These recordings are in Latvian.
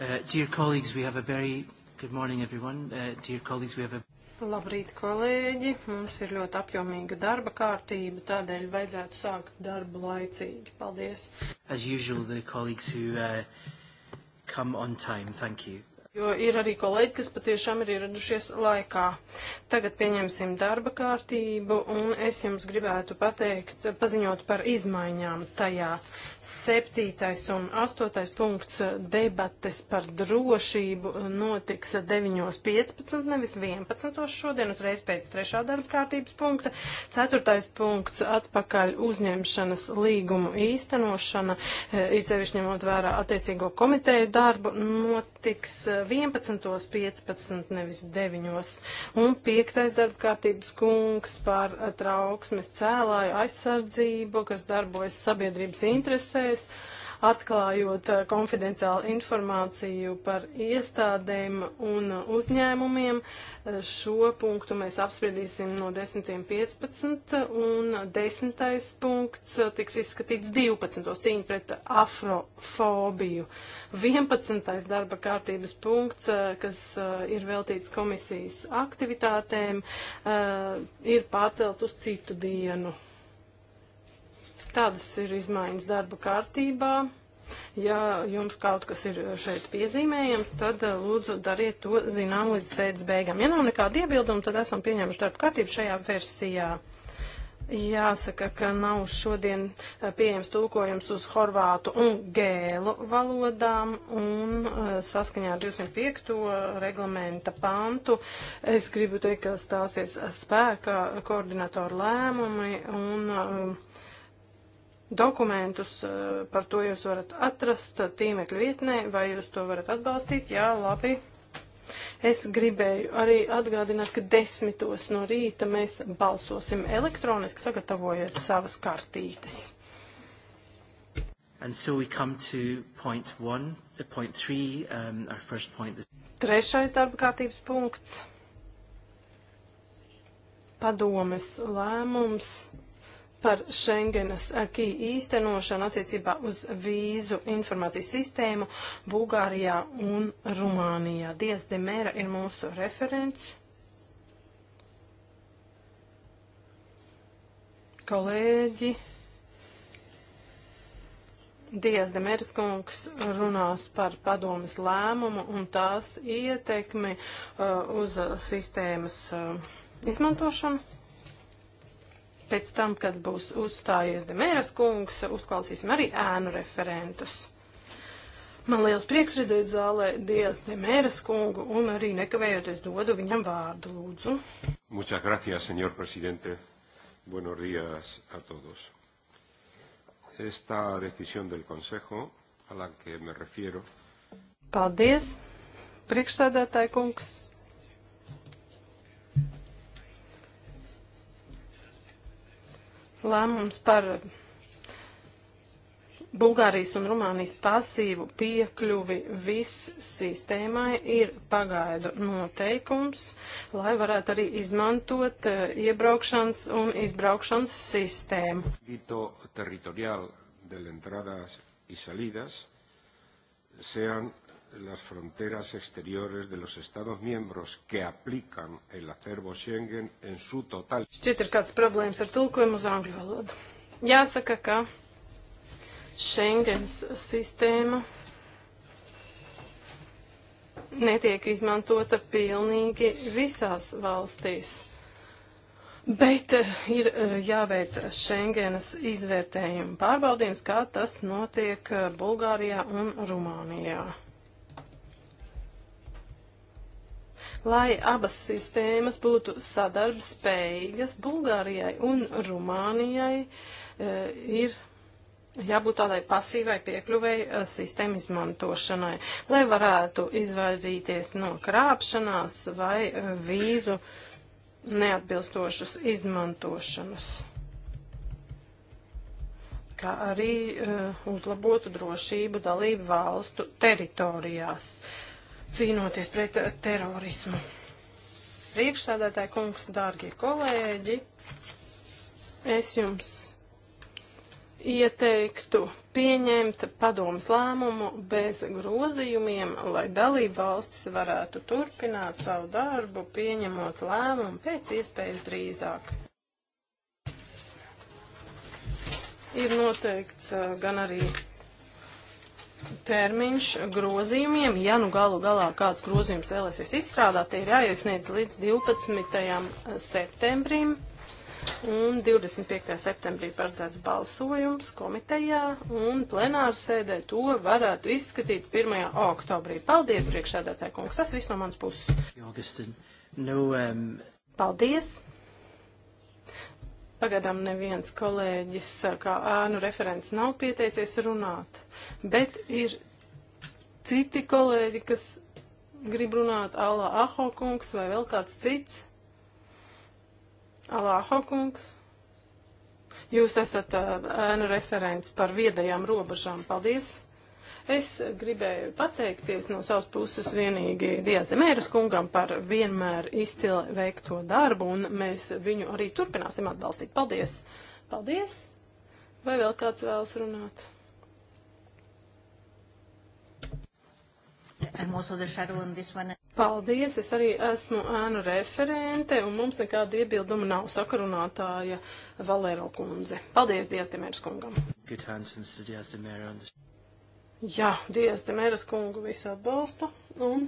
Uh, dear colleagues, we have a very good morning, everyone. Uh, dear colleagues, we have a Labrīt, kolēģi! Mums ir ļoti apjomīga darba kārtība, tādēļ vajadzētu sākt darbu laicīgi. Paldies! As usual, the colleagues who uh, come on time, thank you jo ir arī kolēģi, kas patiešām ir ieradušies laikā. Tagad pieņemsim darba kārtību, un es jums gribētu pateikt, paziņot par izmaiņām tajā. Septītais un astotais punkts debates par drošību notiks 9.15, nevis 11. šodien, uzreiz pēc trešā darba kārtības punkta. Ceturtais punkts atpakaļ uzņemšanas līgumu īstenošana, izsevišķi e, ņemot vērā attiecīgo komiteju darbu, notiks 11.15, nevis 9. Un piektais darba kārtības kungs par eh, trauksmes cēlāju aizsardzību, kas darbojas sabiedrības interesēs. Uh, atklājot eh, konfidenciālu informāciju par iestādēm un uzņēmumiem. Eh, šo punktu mēs apspriedīsim no 10.15 un 10. punkts eh, tiks izskatīts 12. cīņa pret afrofobiju. 11. darba kārtības punkts, kas ir veltīts komisijas aktivitātēm, ir pārcelts uz citu dienu. Tādas ir izmaiņas darba kārtībā. Ja jums kaut kas ir šeit piezīmējams, tad uh, lūdzu dariet to zinām līdz sēdes beigām. Ja nav nekāda iebilduma, tad esam pieņēmuši darba kārtību šajā versijā. Jāsaka, ka nav šodien uh, pieejams tulkojums uz horvātu un gēlu valodām, un uh, saskaņā ar 205. reglamenta pantu es gribu teikt, ka stāsies spēkā koordinatoru lēmumi, un um, Dokumentus eh, par to jūs varat atrast tīmekļa vietnē, vai jūs to varat atbalstīt. Jā, labi. Es gribēju arī atgādināt, ka desmitos no rīta mēs balsosim elektroniski, sagatavojiet savas kartītes. And so we come to point one, the point three, um, our first point. Is... Trešais darba kārtības punkts. Padomes lēmums par Schengenas akī īstenošanu attiecībā uz vīzu informācijas sistēmu Bulgārijā un Rumānijā. Dies de Mēra ir mūsu referents. Kolēģi. Dievs Demers kungs runās par padomas lēmumu un tās ietekmi uh, uz uh, sistēmas uh, izmantošanu. Pēc tam, kad būs uzstājies Demēras kungs, uzklausīsim arī ēnu referentus. Man liels prieks redzēt zālē Dievs Demēras kungu un arī nekavējoties dodu viņam vārdu, lūdzu. Muchas gracias, señor presidente. Buenos días a todos. Esta decisión del Consejo a la que me refiero. Paldies, priekšsēdētāji kungs. Lēmums par Bulgārijas un Rumānijas pasīvu piekļuvi viss sistēmai ir pagaidu noteikums, lai varētu arī izmantot eh, iebraukšanas un izbraukšanas sistēmu. Territorial de entradas y salidas sean las fronteras exteriores de los Estados miembros que aplican el acervo Schengen en su total. Šķiet ir kāds problēmas ar tulkojumu uz angļu valodu. Jāsaka, ka Schengens sistēma netiek izmantota pilnīgi visās valstīs. Bet eh, ir eh, jāveic Schengenas izvērtējuma pārbaudījums, kā tas notiek eh, Bulgārijā un Rumānijā. Lai abas sistēmas būtu sadarbspējīgas, Bulgārijai un Rumānijai e, ir jābūt tādai pasīvai piekļuvēji e, sistēmu izmantošanai, lai varētu izvairīties no krāpšanās vai e, vīzu neatbilstošas izmantošanas kā arī uh, uzlabotu drošību dalību valstu teritorijās. Uh, cīnoties pret eh, terorismu. Priekšsādātāji kungs, dārgie kolēģi, es jums ieteiktu pieņemt padomas lēmumu bez grozījumiem, lai dalību valstis varētu turpināt savu darbu, pieņemot lēmumu pēc iespējas drīzāk. Ir noteikts eh, gan arī termiņš grozījumiem, ja nu galu galā kāds grozījums vēlēsies izstrādāt, ir jāiesniedz līdz 12. septembrim. Un 25. septembrī paredzēts balsojums komitejā, un plenārsēdē to varētu izskatīt 1. oktobrī. Paldies, priekšsēdētāji kungs, tas viss no manas puses. Augustin, no, um... Paldies! Pagaidām neviens kolēģis, kā ānu referents, nav pieteicies runāt, bet ir citi kolēģi, kas grib runāt Alā Ahokungs vai vēl kāds cits. Alā Ahokungs. Jūs esat ēnu referents par viedajām robežām. Paldies! Es gribēju pateikties no savas puses vienīgi Dievs Demēras kungam par vienmēr izcili veikto darbu, un mēs viņu arī turpināsim atbalstīt. Paldies! Paldies! Vai vēl kāds vēlas runāt? I'm also the shadow on this one. Paldies, es arī esmu ēnu referente, un mums nekāda iebilduma nav sakarunātāja Valero kundze. Paldies, Dievs Demērs kungam. Jā, Dievs Demēras kungu visu atbalsta un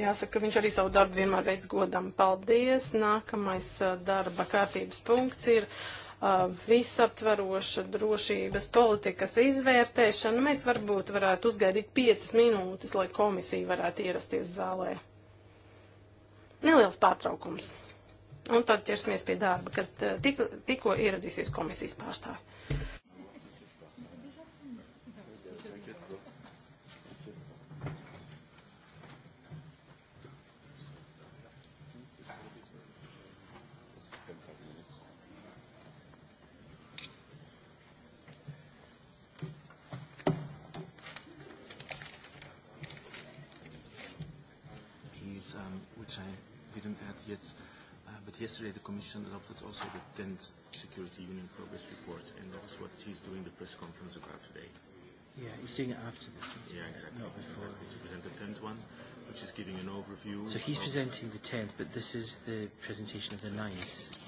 jāsaka, viņš arī savu darbu vienmēr veids godam. Paldies! Nākamais darba kārtības punkts ir uh, visaptveroša drošības politikas izvērtēšana. Mēs varbūt varētu uzgaidīt piecas minūtes, lai komisija varētu ierasties zālē. Neliels pārtraukums. Un tad ķersimies pie darba, kad tik, tikko ieradīsies komisijas pārstāvi. Commission adopted also the 10th Security Union Progress Report, and that's what he's doing the press conference about today. Yeah, he's doing it after this meeting. Yeah, exactly. Not before. Exactly. To present the 10th one, which is giving an overview. So he's of presenting the 10th, but this is the presentation of the 9th.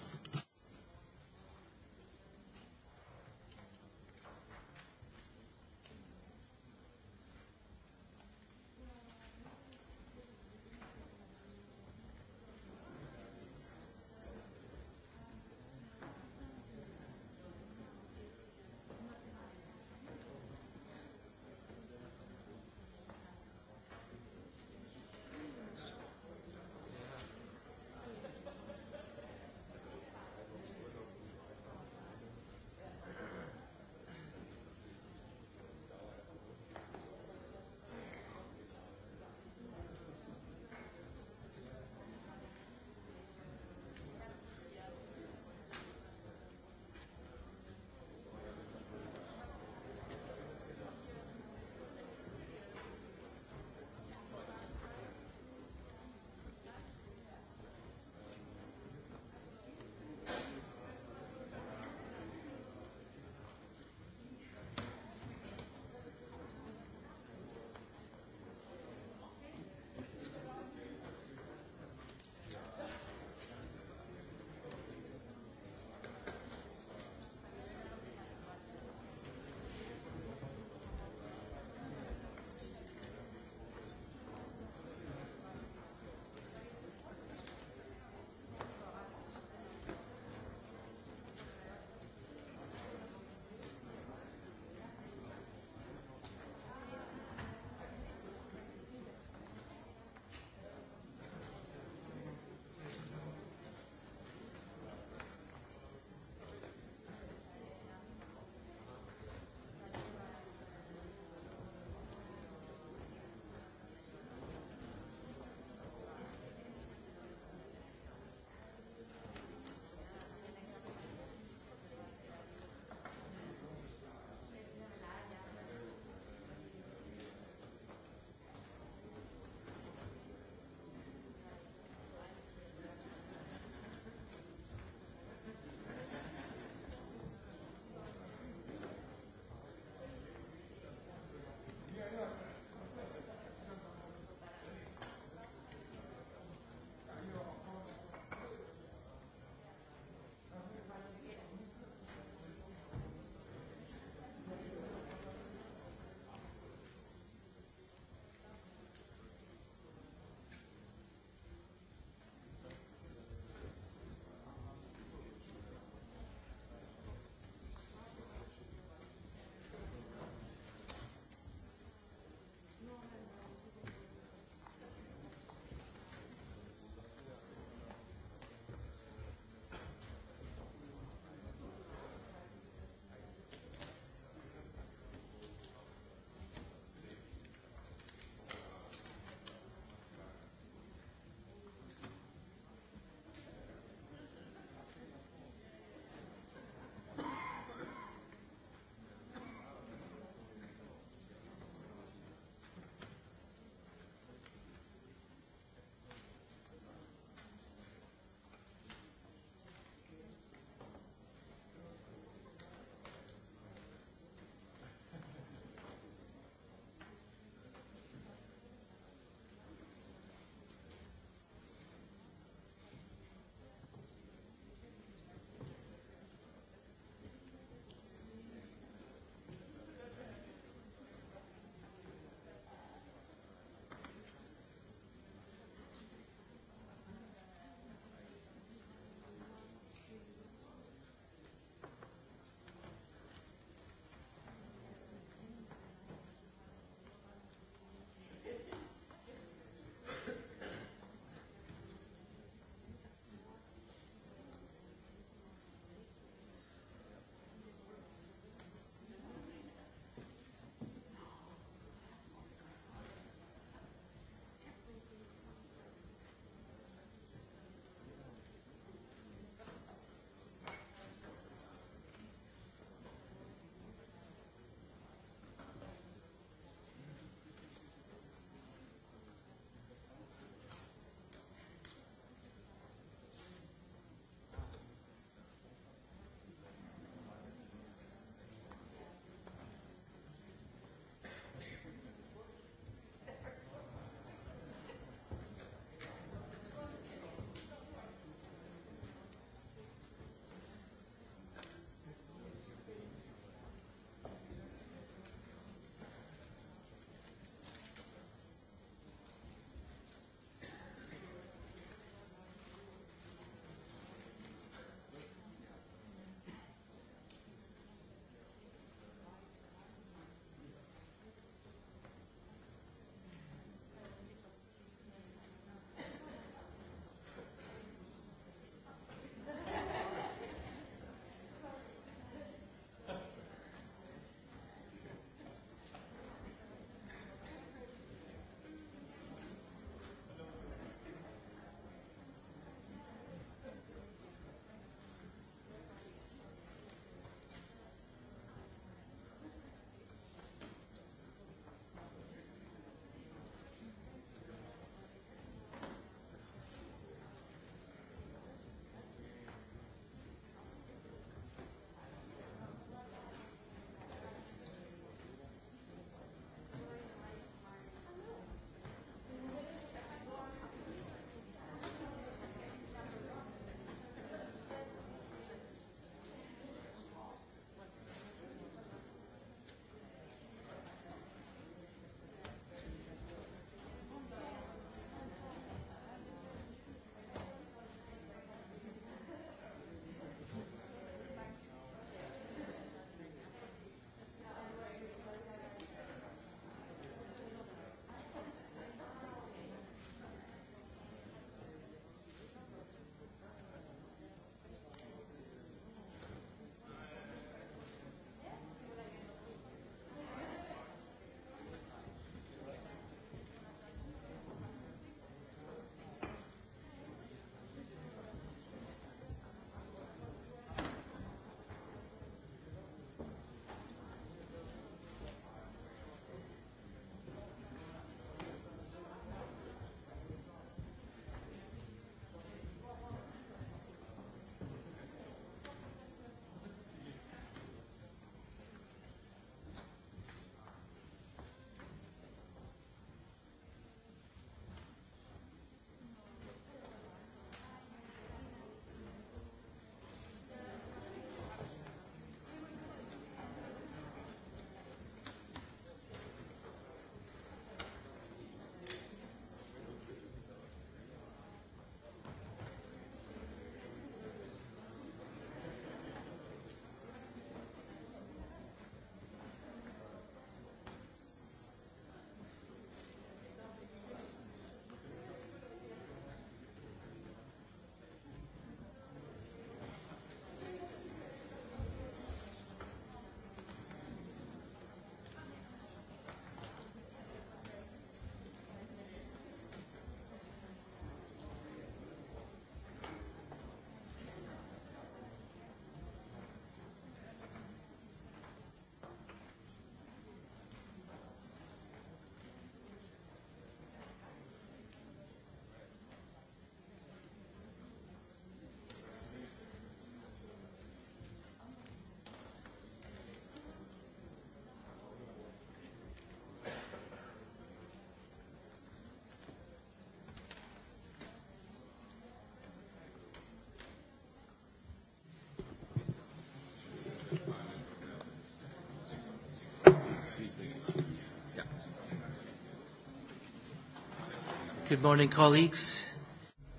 Good morning, colleagues.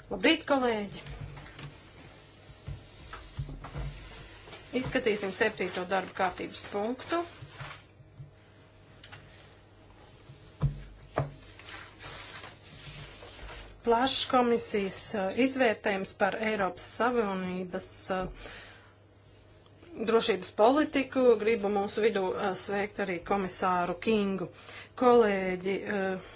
Labrīt, kolēģi! Izskatīsim septīto darba kārtības punktu. Plašs komisijas eh, izvērtējums par Eiropas Savienības eh, drošības politiku. Gribu mūsu vidū eh, sveikt arī komisāru Kingu. Kolēģi, uh,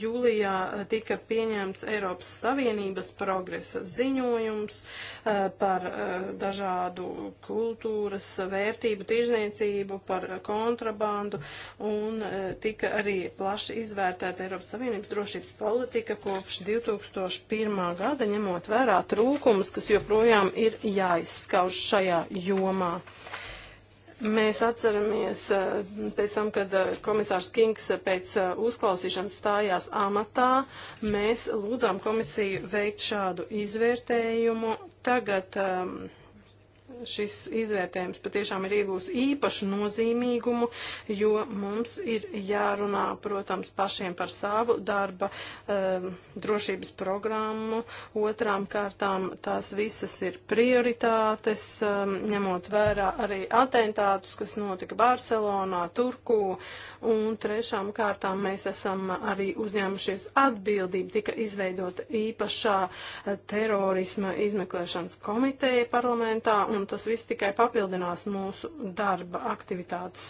Jūlijā eh, tika pieņemts Eiropas Savienības progresa ziņojums eh, par eh, dažādu kultūras vērtību, tirzniecību, par kontrabandu un tika arī plaši izvērtēta Eiropas Savienības drošības politika kopš 2001. gada, ņemot vērā trūkumus, kas joprojām ir jāizskauž šajā jomā. Uh, Mēs atceramies eh, pēc tam, kad eh, komisārs Kings eh, pēc uzklausīšanas stājās amatā, mēs lūdzām komisiju veikt šādu izvērtējumu. Tagad um, šis izvērtējums patiešām ir iegūs īpašu nozīmīgumu, jo mums ir jārunā, protams, pašiem par savu darba eh, drošības programmu. Otrām kārtām tās visas ir prioritātes, eh, ņemot vērā arī atentātus, kas notika Barcelonā, Turku. Un trešām kārtām mēs esam arī uzņēmušies atbildību, tika izveidota īpašā eh, terorisma izmeklēšanas komiteja parlamentā. Un tas viss tikai papildinās mūsu darba aktivitātes.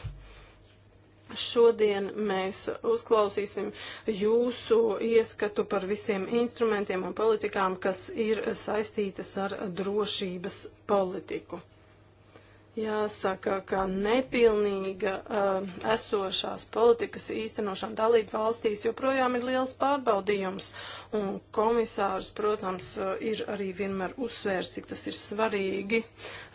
Šodien mēs uzklausīsim jūsu ieskatu par visiem instrumentiem un politikām, kas ir saistītas ar drošības politiku. Jāsaka, ka nepilnīga uh, esošās politikas īstenošana dalību valstīs joprojām ir liels pārbaudījums, Un komisārs, protams, ir arī vienmēr uzsvērs, cik tas ir svarīgi.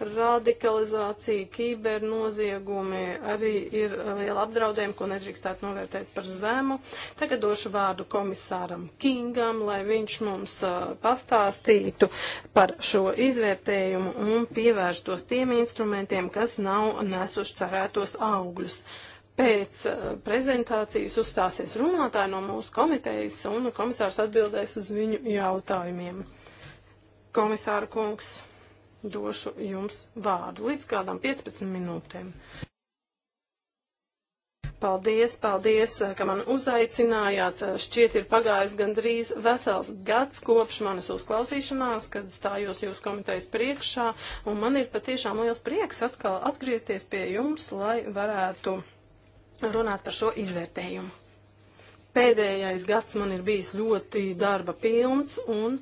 Radikalizācija, kibernoziegumi arī ir liela apdraudējuma, ko nedrīkstētu novērtēt par zemu. Tagad došu vārdu komisāram Kingam, lai viņš mums pastāstītu par šo izvērtējumu un pievērstos tiem instrumentiem, kas nav nesuši cerētos augļus. Uh, Pēc eh, prezentācijas uzstāsies runātāji no mūsu komitejas un komisārs atbildēs uz viņu jautājumiem. Komisāra kungs, došu jums vārdu līdz kādām 15 minūtēm. Paldies, paldies, eh, ka man uzaicinājāt. Eh, šķiet ir pagājis gandrīz vesels gads kopš manas uzklausīšanās, kad stājos jūs komitejas priekšā, un man ir patiešām liels prieks atkal atgriezties pie jums, lai varētu runāt par šo izvērtējumu. Pēdējais gads man ir bijis ļoti darba pilns, un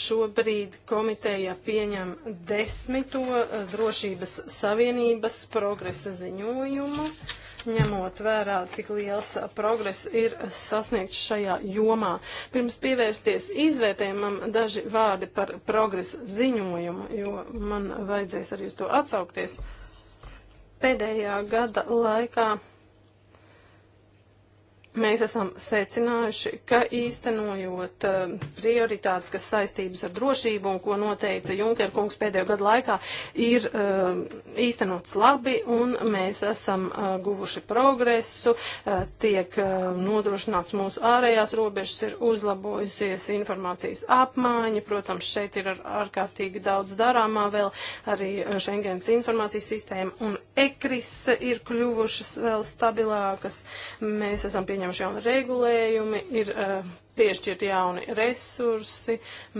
šobrīd komiteja pieņem desmito eh, drošības savienības progresa ziņojumu, ņemot vērā, cik liels eh, progress ir sasniegts šajā jomā. Pirms pievērsties izvērtējumam daži vārdi par progresa ziņojumu, jo man vajadzēs arī uz to atsaukties. Pēdējā gada laikā Mēs esam secinājuši, ka īstenojot uh, prioritātes, kas saistības ar drošību un ko noteica Junker kungs pēdējo gadu laikā, ir uh, īstenots labi un mēs esam uh, guvuši progresu, tiek nodrošināts mūsu ārējās robežas, ir uzlabojusies informācijas apmaiņa, protams, šeit ir ar, ārkārtīgi daudz darāmā vēl arī Schengens informācijas sistēma un ECRIS ir kļuvušas vēl stabilākas. Mēs esam pieņemti pieņemši jauni regulējumi, ir uh, piešķirti jauni resursi,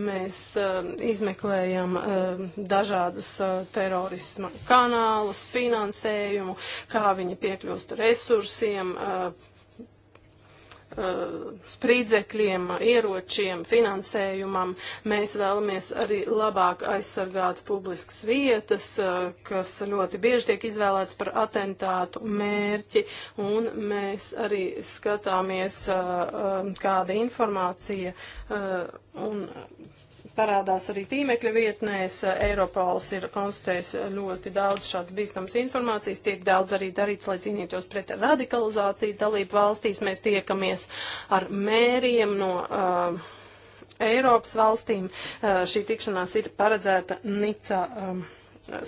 mēs uh, izmeklējam uh, dažādus uh, terorisma kanālus, finansējumu, kā viņi piekļūst resursiem, uh, Eh, sprīdzekļiem, ieročiem, finansējumam. Mēs vēlamies arī labāk aizsargāt publiskas vietas, eh, kas ļoti bieži tiek izvēlēts par atentātu mērķi, un mēs arī skatāmies, eh, kāda informācija un parādās arī tīmekļa vietnēs. Eiropols ir konstatējis ļoti daudz šādas bīstamas informācijas, tiek daudz arī darīts, lai cīnītos pret radikalizāciju dalību valstīs. Mēs tiekamies ar mēriem no. Uh, Eiropas valstīm uh, šī tikšanās ir paredzēta Nicā. Um, uh,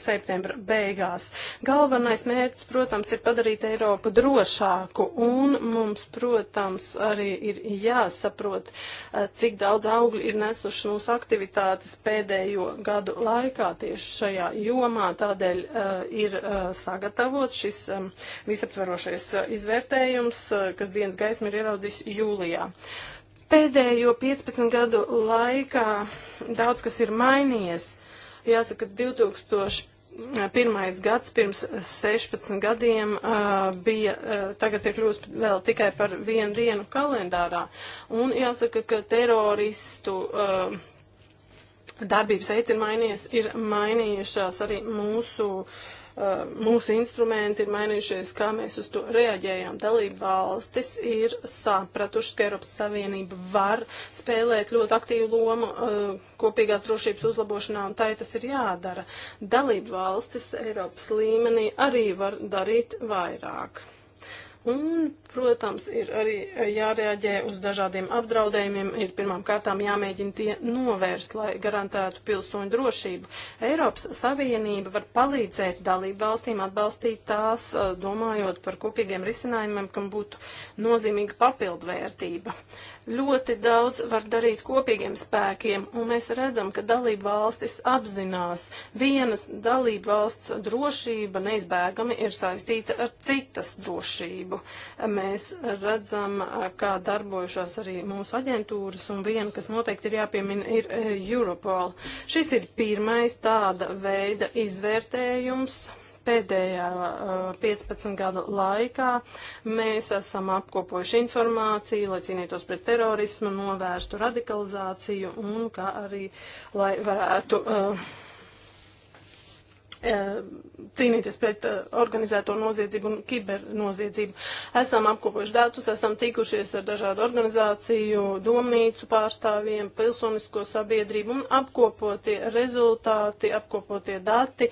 septembra beigās. Galvenais mērķis, protams, ir padarīt Eiropu drošāku, un mums, protams, arī ir jāsaprot, eh, cik daudz augļu ir nesuši mūsu aktivitātes pēdējo gadu laikā tieši šajā jomā. Tādēļ uh, ir uh, sagatavots šis um, visaptvarošais uh, izvērtējums, uh, kas dienas gaismu ir ieraudzis jūlijā pēdējo 15 gadu laikā daudz kas ir mainījies. Jāsaka, 2001. Eh, gads pirms 16 gadiem uh, bija, uh, tagad ir kļūst vēl tikai par vienu dienu kalendārā. Un jāsaka, ka teroristu. Uh, Darbības veids ir mainījies, ir mainījušās arī mūsu uh, Uh, mūsu instrumenti ir mainījušies, kā mēs uz to reaģējām. Dalība valstis ir sapratušas, ka Eiropas Savienība var spēlēt ļoti aktīvu lomu uh, kopīgās drošības uzlabošanā, un tai tas ir jādara. Dalība valstis Eiropas līmenī arī var darīt vairāk. Un, protams, ir arī jārēģē uz dažādiem apdraudējumiem, ir pirmām kārtām jāmēģina tie novērst, lai garantētu pilsoņu drošību. Eiropas Savienība var palīdzēt dalību valstīm atbalstīt tās, domājot par kopīgiem risinājumiem, kam būtu nozīmīga papildvērtība. Ļoti daudz var darīt kopīgiem spēkiem, un mēs redzam, ka dalību valstis apzinās, vienas dalību valsts drošība neizbēgami ir saistīta ar citas drošību. Mēs redzam, kā darbojušās arī mūsu aģentūras, un viena, kas noteikti ir jāpiemina, ir eh, Europol. Šis ir pirmais tāda veida izvērtējums Pēdējā 15 gadu laikā mēs esam apkopojuši informāciju, lai cīnītos pret terorismu, novērstu radikalizāciju un kā arī, lai varētu. Uh, Eh, cīnīties pret eh, organizēto noziedzību un kibernoziedzību. Esam apkopojuši datus, esam tikušies ar dažādu organizāciju, domnīcu pārstāvjiem, pilsonisko sabiedrību un apkopotie rezultāti, apkopotie dati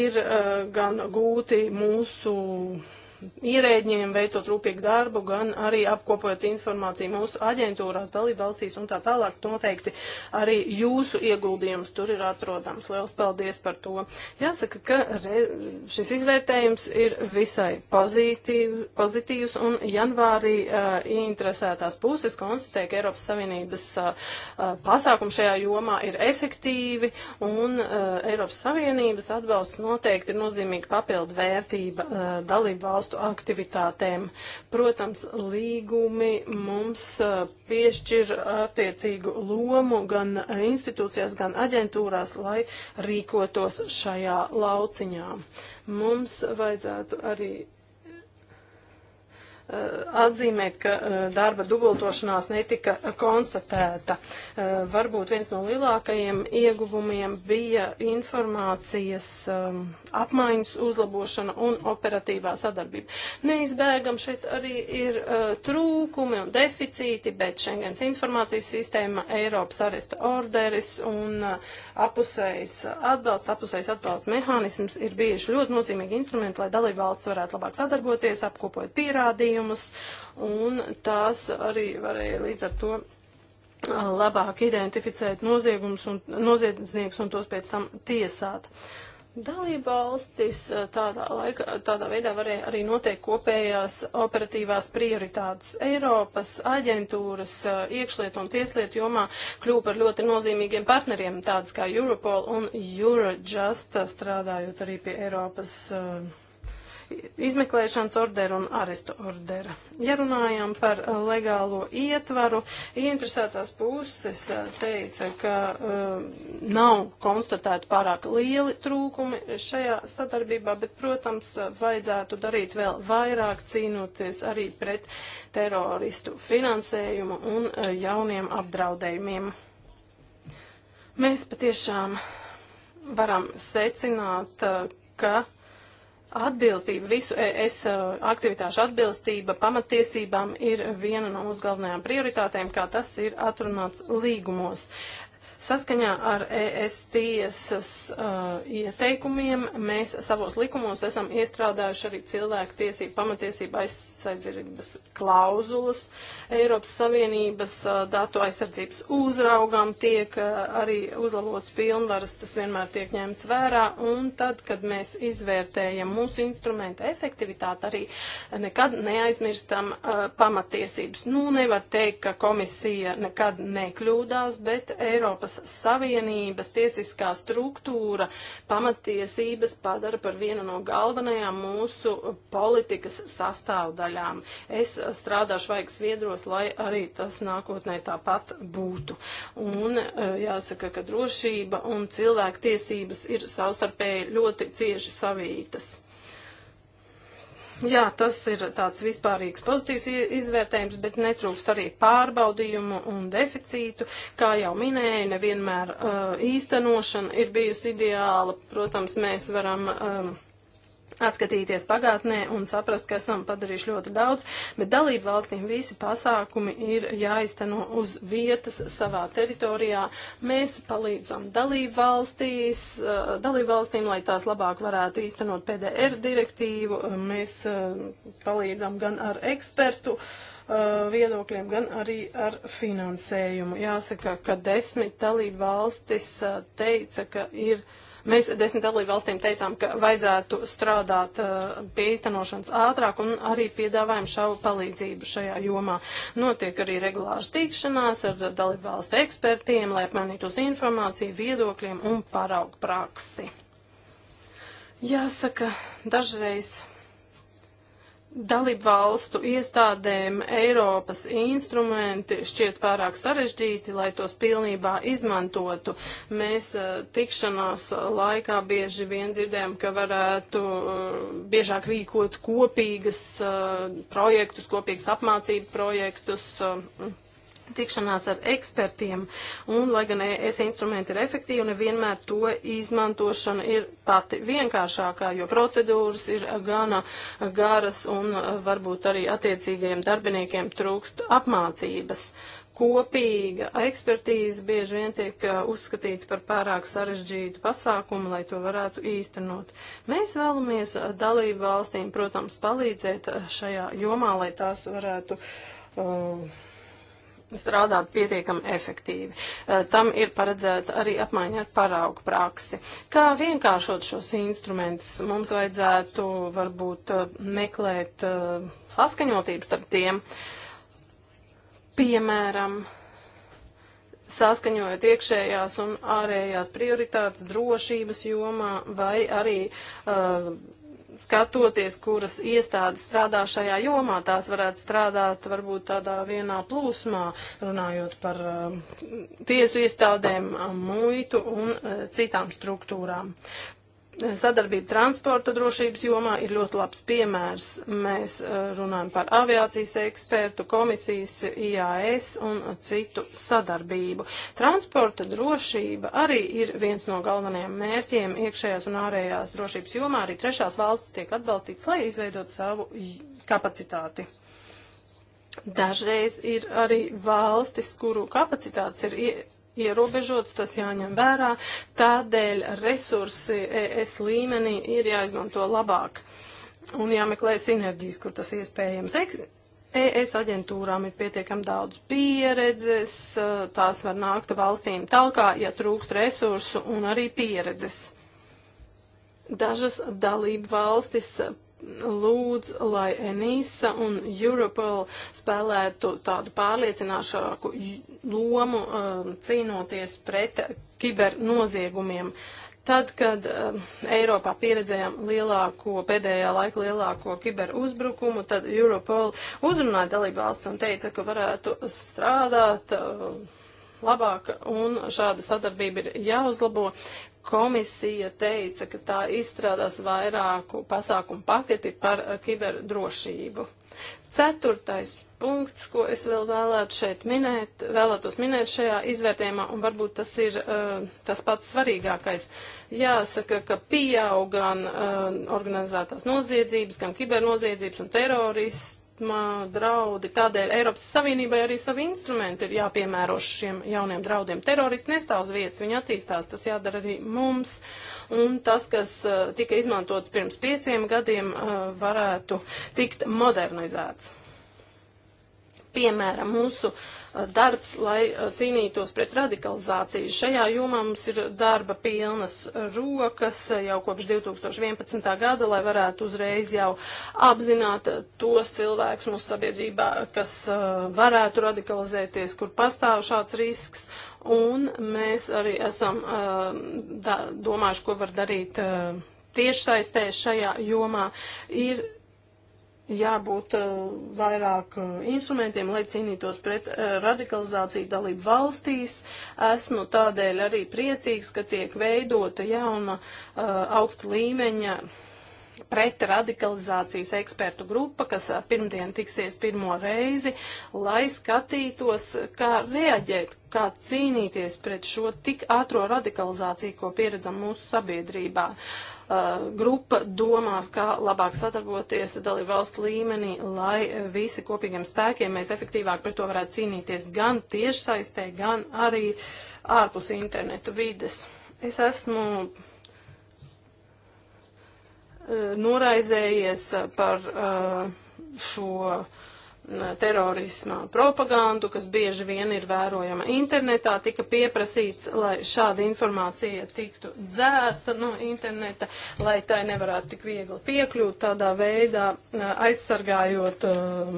ir eh, gan gūti mūsu ierēģiem, veicot rūpīgu darbu, gan arī apkopojot informāciju mūsu aģentūrās, dalībvalstīs un tā tālāk. Noteikti arī jūsu ieguldījums tur ir atrodams. Liels paldies par to. Jāsaka, ka re, šis izvērtējums ir visai pozitīv, pozitīvs un janvārī uh, interesētās puses konstatē, ka Eiropas Savienības uh, pasākumi šajā jomā ir efektīvi un uh, Eiropas Savienības atbalsts noteikti ir nozīmīga papildu vērtība uh, dalību valstu valstu aktivitātēm. Protams, līgumi mums piešķir attiecīgu lomu gan institūcijās, gan aģentūrās, lai rīkotos šajā lauciņā. Mums vajadzētu arī Eh, atzīmēt, ka eh, darba dubultošanās netika konstatēta. Eh, varbūt viens no lielākajiem ieguvumiem bija informācijas apmaiņas uzlabošana un operatīvā sadarbība. Neizbēgam šeit arī ir trūkumi un deficīti, bet Schengens informācijas sistēma, Eiropas aresta orderis un apusējs atbalsts, apusējs atbalsts mehānisms ir bijuši ļoti nozīmīgi instrumenti, lai dalībvalsts varētu labāk sadarboties, apkopot pierādījumus ziņojumus, un tās arī varēja līdz ar to labāk identificēt noziegumus un noziedzniekus un tos pēc tam tiesāt. Dalībvalstis tādā, laika, tādā veidā varēja arī noteikt kopējās operatīvās prioritātes. Eiropas aģentūras iekšlietu un tieslietu jomā kļūpa par ļoti nozīmīgiem partneriem, tādas kā Europol un Eurojust, strādājot arī pie Eiropas uh, izmeklēšanas orderu un arestu orderu. Ja runājam par uh, legālo ietvaru, ieinteresētās puses uh, teica, ka um, nav konstatēti pārāk lieli trūkumi šajā sadarbībā, bet, protams, vajadzētu darīt vēl vairāk cīnoties arī pret teroristu finansējumu un jauniem apdraudējumiem. Mēs patiešām varam secināt, ka Atbilstība, visu es uh, aktivitāšu atbilstība pamatiesībām ir viena no mūsu galvenajām prioritātēm, kā tas ir atrunāts līgumos. Saskaņā ar ES tiesas uh, ieteikumiem mēs savos likumos esam iestrādājuši arī cilvēku tiesību pamatiesību aizsardzības klauzulas. Eiropas Savienības uh, datu aizsardzības uzraugam tiek uh, arī uzlabots pilnvaras, tas vienmēr tiek ņemts vērā. Un tad, kad mēs izvērtējam mūsu instrumenta efektivitāti, arī nekad neaizmirstam uh, pamatiesības. Nu, nevar teikt, ka komisija nekad nekļūdās, bet Eiropas Eiropas Savienības tiesiskā struktūra pamatiesības padara par vienu no galvenajām mūsu politikas sastāvdaļām. Es strādāšu vaigas viedros, lai arī tas nākotnē tāpat būtu. Un e, jāsaka, ka drošība un cilvēktiesības ir savstarpēji ļoti cieši savītas. Jā, tas ir tāds vispārīgs pozitīvs izvērtējums, bet netrūkst arī pārbaudījumu un deficītu. Kā jau minēju, nevienmēr uh, īstenošana ir bijusi ideāla. Protams, mēs varam. Um, atskatīties pagātnē un saprast, ka esam padarījuši ļoti daudz, bet dalību valstīm visi pasākumi ir jāizteno uz vietas savā teritorijā. Mēs palīdzam dalību valstīs, eh, dalību valstīm, lai tās labāk varētu īstenot PDR direktīvu. Eh, mēs eh, palīdzam gan ar ekspertu viedokļiem, gan arī ar finansējumu. Jāsaka, ka desmit dalību valstis teica, ka ir uh, Mēs desmit dalību valstīm teicām, ka vajadzētu strādāt uh, pie īstenošanas ātrāk un arī piedāvājam šau palīdzību šajā jomā. Notiek arī regulāras tikšanās ar dalību valstu ekspertiem, lai apmainītos informāciju, viedokļiem un paraugu praksi. Jāsaka, dažreiz dalību valstu iestādēm Eiropas instrumenti šķiet pārāk sarežģīti, lai tos pilnībā izmantotu. Mēs eh, tikšanās laikā bieži vien dzirdējam, ka varētu eh, biežāk rīkot kopīgas eh, projektus, kopīgas apmācību projektus tikšanās ar ekspertiem, un, lai gan ES instrumenti ir efektīvi, nevienmēr to izmantošana ir pati vienkāršākā, jo procedūras ir gana garas un eh, varbūt arī attiecīgajiem darbiniekiem trūkst apmācības. Kopīga ekspertīze bieži vien tiek eh, uzskatīta par pārāk sarežģītu pasākumu, lai to varētu īstenot. Mēs vēlamies eh, dalību valstīm, protams, palīdzēt šajā jomā, lai tās varētu uh, strādāt pietiekami efektīvi. Eh, tam ir paredzēta arī apmaiņa ar paraugu praksi. Kā vienkāršot šos instrumentus, mums vajadzētu varbūt eh, meklēt eh, saskaņotību starp tiem, piemēram, saskaņojot iekšējās un ārējās prioritātes drošības jomā vai arī uh, skatoties, kuras iestādes strādā šajā jomā, tās varētu strādāt varbūt tādā vienā plūsmā, runājot par um, tiesu iestādēm, muitu un uh, citām struktūrām. Sadarbība transporta drošības jomā ir ļoti labs piemērs. Mēs eh, runājam par aviācijas ekspertu, komisijas, IAS un citu sadarbību. Transporta drošība arī ir viens no galvenajiem mērķiem iekšējās un ārējās drošības jomā. Arī trešās valstis tiek atbalstīts, lai izveidot savu kapacitāti. Dažreiz ir arī valstis, kuru kapacitātes ir ierobežots, tas jāņem vērā, tādēļ resursi ES līmenī ir jāizmanto labāk un jāmeklē sinerģijas, kur tas iespējams. ES e aģentūrām ir pietiekami daudz pieredzes, tās var nākt valstīm talkā, ja trūkst resursu un arī pieredzes. Dažas dalību valstis lūdz, lai Enisa un Europol spēlētu tādu pārliecināšāku lomu um, cīnoties pret kibernoziegumiem. Tad, kad um, Eiropā pieredzējām lielāko, pēdējā laika lielāko kiberuzbrukumu, tad Europol uzrunāja dalībvalsts un teica, ka varētu strādāt um, labāk, un šāda sadarbība ir jāuzlabo komisija teica, ka tā izstrādās vairāku pasākumu paketi par eh, kiberdrošību. Ceturtais punkts, ko es vēl vēlētu šeit minēt, vēlētos minēt šajā izvērtējumā, un varbūt tas ir uh, tas pats svarīgākais. Jāsaka, ka pieaug gan uh, organizētās noziedzības, gan kibernoziedzības un terorists nopietnā draudi. Tādēļ Eiropas Savienībai arī savi instrumenti ir jāpiemēro šiem jauniem draudiem. Teroristi nestāv uz vietas, viņi attīstās, tas jādara arī mums. Un tas, kas eh, tika izmantots pirms pieciem gadiem, eh, varētu tikt modernizēts. Piemēram, mūsu uh, darbs, lai uh, cīnītos pret radikalizāciju. Šajā jomā mums ir darba pilnas rokas uh, jau kopš 2011. gada, lai varētu uzreiz jau apzināt tos cilvēkus mūsu sabiedrībā, kas varētu radikalizēties, kur pastāv šāds risks. Un mēs arī esam da, domājuši, ko var darīt tiešsaistē šajā jomā. Ir jābūt eh, vairāk eh, instrumentiem, lai cīnītos pret eh, radikalizāciju dalību valstīs. Esmu tādēļ arī priecīgs, ka tiek veidota jauna augsta līmeņa pret radikalizācijas ekspertu grupa, kas pirmdien tiksies pirmo reizi, lai skatītos, kā reaģēt, kā cīnīties pret šo tik ātro radikalizāciju, ko pieredzam mūsu sabiedrībā. Uh, Uh, grupa domās, kā labāk sadarboties dalību valstu līmenī, lai visi kopīgiem spēkiem mēs efektīvāk pret to varētu cīnīties gan tiešsaistē, gan arī ārpus interneta vides. Es esmu uh, noraizējies par uh, šo terorisma propagandu, kas bieži vien ir vērojama internetā, tika pieprasīts, lai šāda informācija tiktu dzēsta no interneta, lai tai nevarētu tik viegli piekļūt, tādā veidā aizsargājot e,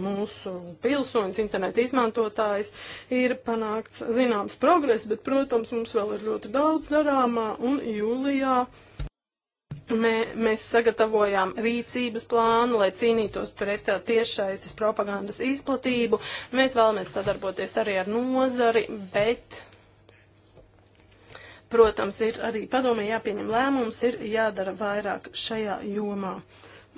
mūsu pilsoņus, interneta izmantotājus, ir panākts zināms progress, bet, protams, mums vēl ir ļoti daudz darāmā un jūlijā. Mē, mēs sagatavojām rīcības plānu, lai cīnītos pret uh, tiešsaistes propagandas izplatību. Mēs vēlamies sadarboties arī ar nozari, bet, protams, ir arī padomē jāpieņem lēmums, ir jādara vairāk šajā jomā.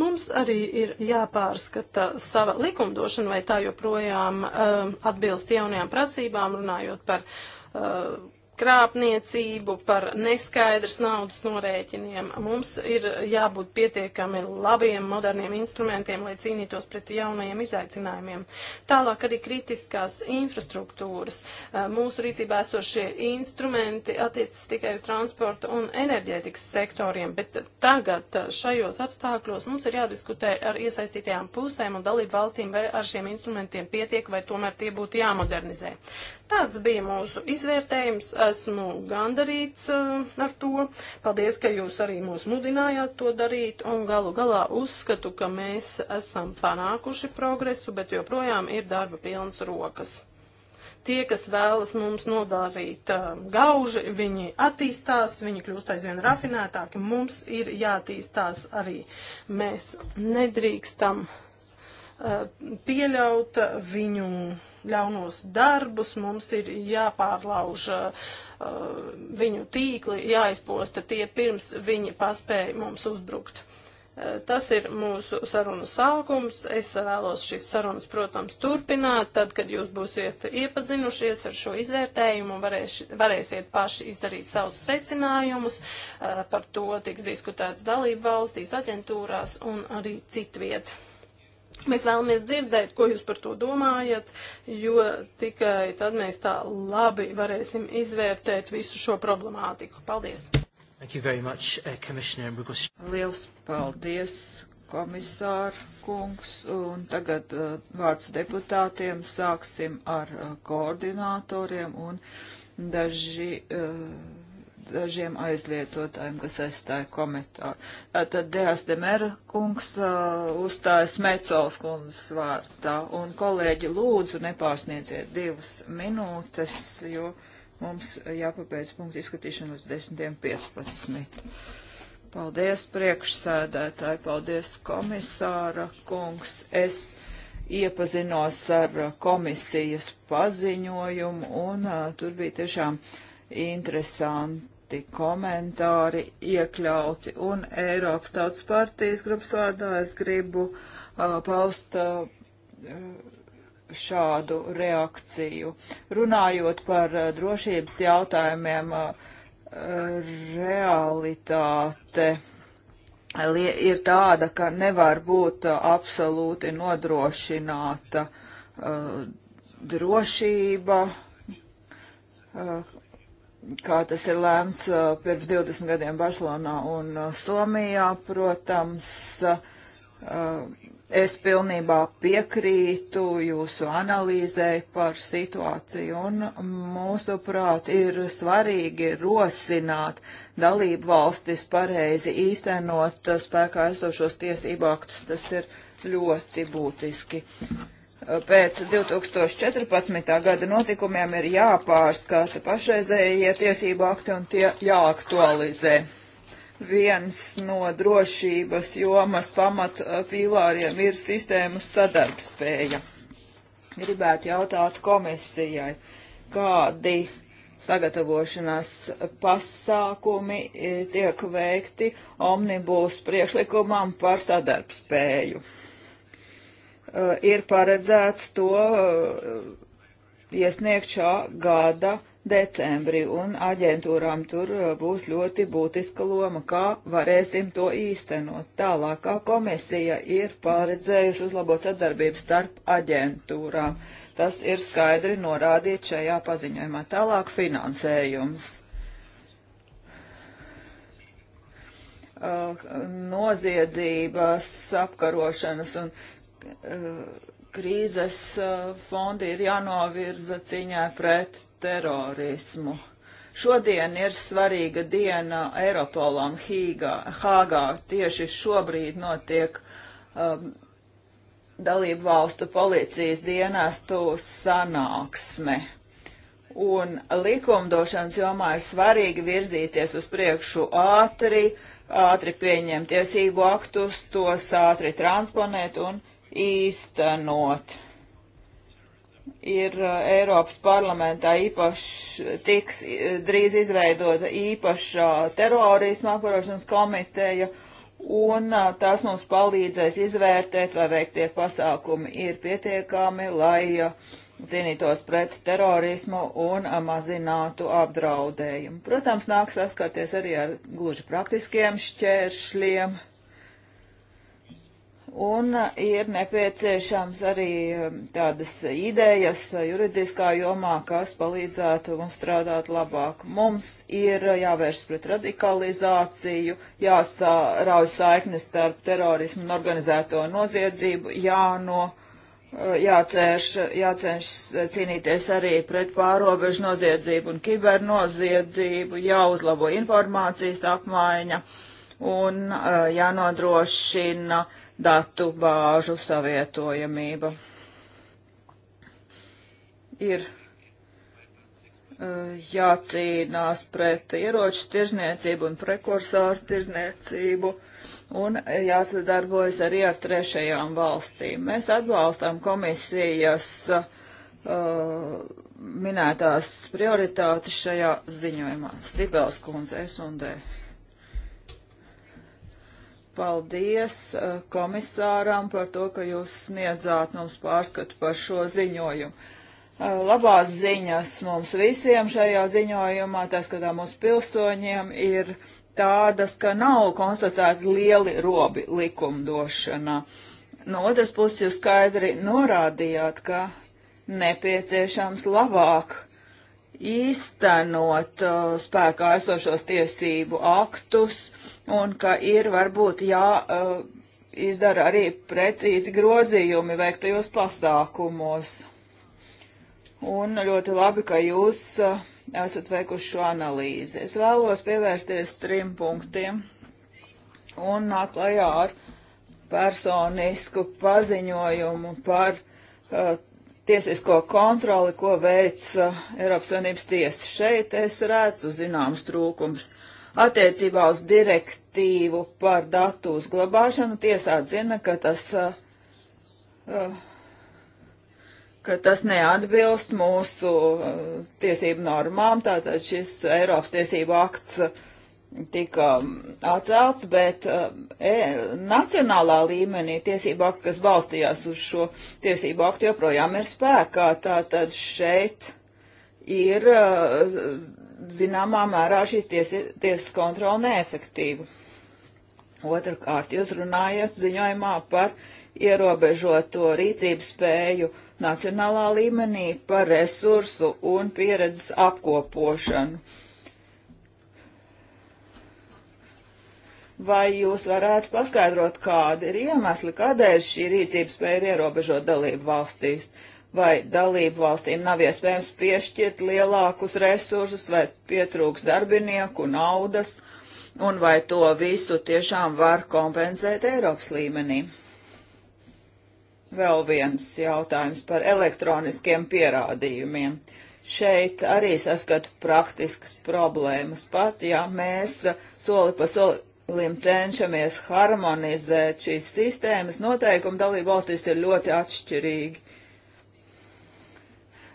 Mums arī ir jāpārskata sava likumdošana, vai tā joprojām uh, atbilst jaunajām prasībām, runājot par uh, krāpniecību, par neskaidrs naudas norēķiniem. Mums ir jābūt pietiekami labiem, moderniem instrumentiem, lai cīnītos pret jaunajiem izaicinājumiem. Tālāk arī kritiskās infrastruktūras. Eh, mūsu rīcībā esošie instrumenti attiecas tikai uz transporta un enerģētikas sektoriem, bet tagad eh, šajos apstākļos mums ir jādiskutē ar iesaistītajām pusēm un dalību valstīm, vai ar šiem instrumentiem pietiek, vai tomēr tie būtu jāmodernizē. Tāds bija mūsu izvērtējums. Esmu gandarīts uh, ar to. Paldies, ka jūs arī mūs mudinājāt to darīt. Un galu galā uzskatu, ka mēs esam panākuši progresu, bet joprojām ir darba pilnas rokas. Tie, kas vēlas mums nodarīt uh, gauži, viņi attīstās, viņi kļūst aizvien rafinētāki. Mums ir jātīstās arī. Mēs nedrīkstam uh, pieļaut viņu ļaunos darbus, mums ir jāpārlauž uh, viņu tīkli, jāizposta tie pirms viņi paspēja mums uzbrukt. Uh, tas ir mūsu sarunas sākums. Es vēlos šīs sarunas, protams, turpināt. Tad, kad jūs būsiet iepazinušies ar šo izvērtējumu, varēš, varēsiet paši izdarīt savus secinājumus. Uh, par to tiks diskutēts dalību valstīs, aģentūrās un arī citviet. Mēs vēlamies dzirdēt, ko jūs par to domājat, jo tikai tad mēs tā labi varēsim izvērtēt visu šo problemātiku. Paldies! Much, uh, Liels paldies, komisār kungs, un tagad uh, vārds deputātiem sāksim ar uh, koordinātoriem un daži. Uh, dažiem aizlietotājiem, kas aizstāja komentāru. Tātad Dēls Demera kungs uh, uzstājas Mecols kundzes vārtā, un kolēģi lūdzu nepārsniedziet divas minūtes, jo mums jāpabeidz punktu izskatīšanu līdz 10.15. Paldies priekšsēdētāji, paldies komisāra kungs. Es iepazinos ar komisijas paziņojumu un uh, tur bija tiešām interesanti citi komentāri iekļauti. Un Eiropas Tautas partijas grupas vārdā es gribu uh, paust uh, šādu reakciju. Runājot par uh, drošības jautājumiem, uh, realitāte ir tāda, ka nevar būt uh, absolūti nodrošināta uh, drošība, kā tas ir lēmts uh, pirms 20 gadiem Barcelonā un uh, Somijā, protams, uh, es pilnībā piekrītu jūsu analīzei par situāciju un mūsuprāt ir svarīgi rosināt dalību valstis pareizi īstenot spēkā esošos tiesību aktus. Tas ir ļoti būtiski pēc 2014. gada notikumiem ir jāpārskata pašreizējie tiesību akti un tie jāaktualizē. Viens no drošības jomas pamat eh, pīlāriem ir sistēmas sadarbspēja. Gribētu jautāt komisijai, kādi sagatavošanās pasākumi eh, tiek veikti omnibūs priešlikumam par sadarbspēju. Eh, ir paredzēts to eh, iesniegt šā gada decembrī, un aģentūrām tur eh, būs ļoti būtiska loma, kā varēsim to īstenot. Tālākā komisija ir paredzējuši uzlabot sadarbību starp aģentūrām. Tas ir skaidri norādīts šajā paziņojumā. Tālāk finansējums. Noziedzības apkarošanas un uh, Eh, krīzes eh, fondi ir jānovirza ciņā pret terorismu. Šodien ir svarīga diena Eiropolam Hīgā, Hāgā. Tieši šobrīd notiek um, dalību valstu policijas dienestu sanāksme. Un likumdošanas jomā ir svarīgi virzīties uz priekšu ātri, ātri pieņemt tiesību aktus, tos ātri transponēt un īstenot. Ir eh, Eiropas parlamentā īpaši tiks eh, drīz izveidota īpaša terorisma apkarošanas komiteja, un eh, tas mums palīdzēs izvērtēt, vai veiktie pasākumi ir pietiekami, lai cīnītos pret terorismu un mazinātu apdraudējumu. Protams, nāk saskarties arī ar gluži praktiskiem šķēršļiem Un uh, ir nepieciešams arī um, tādas idejas uh, juridiskā jomā, kas palīdzētu mums strādāt labāk. Mums ir uh, jāvērš pret radikalizāciju, jāsarauj saiknes starp terorismu un organizēto noziedzību, jāno, jācērš, jācenšas cīnīties arī pret pārobežu noziedzību un kibernoziedzību, jāuzlabo informācijas apmaiņa un jānodrošina. Uh, datu bāžu savietojamība. Ir e, jācīnās pret ieroču tirzniecību un prekursoru tirzniecību un jāsadarbojas arī ar trešajām valstīm. Mēs atbalstām komisijas uh, minētās prioritātes šajā ziņojumā. Sibels kundze, S&D. Paldies eh, komisāram par to, ka jūs sniedzāt mums pārskatu par šo ziņojumu. Eh, labās ziņas mums visiem šajā ziņojumā, tā skatā mūsu pilsoņiem, ir tādas, ka nav konstatēti lieli robi likumdošanā. No otras puses jūs skaidri norādījāt, ka nepieciešams labāk īstenot uh, spēkā esošos tiesību aktus, uh, un ka ir varbūt jā. Uh, izdara arī precīzi grozījumi veiktajos pasākumos. Un ļoti labi, ka jūs eh, esat veikuši šo analīzi. Es vēlos pievērsties trim punktiem un nāk lajā ar personisku paziņojumu par uh, tiesisko kontroli, ko veic uh, Eiropas Savienības tiesa. Šeit es redzu zināmas trūkums. Uh, Attiecībā uz direktīvu par datu uzglabāšanu tiesā atzina, ka tas, uh, uh, ka tas neatbilst mūsu uh, tiesību normām, tātad šis Eiropas tiesību akts tika um, atcelts, bet e, nacionālā līmenī tiesību akti, kas balstījās uz šo tiesību aktu, joprojām ir spēkā. Tātad šeit ir uh, zināmā mērā šī tiesas kontrola neefektīva. Otrakārt, jūs runājat ziņojumā par ierobežoto rīcības spēju nacionālā līmenī, par resursu un pieredzes apkopošanu. Vai jūs varētu paskaidrot, kādi ir iemesli, kādēļ šī rīcības spēja ir ierobežot dalību valstīs? Uh, vai dalību valstīm nav iespējams piešķirt lielākus resursus, vai pietrūks darbinieku, naudas, un vai to visu tiešām var kompensēt Eiropas līmenī. Vēl viens jautājums par elektroniskiem pierādījumiem. Šeit arī saskatu praktiskas problēmas pat, ja mēs soli pa soli Lim cenšamies harmonizēt šīs sistēmas, noteikumi dalību valstīs ir ļoti atšķirīgi.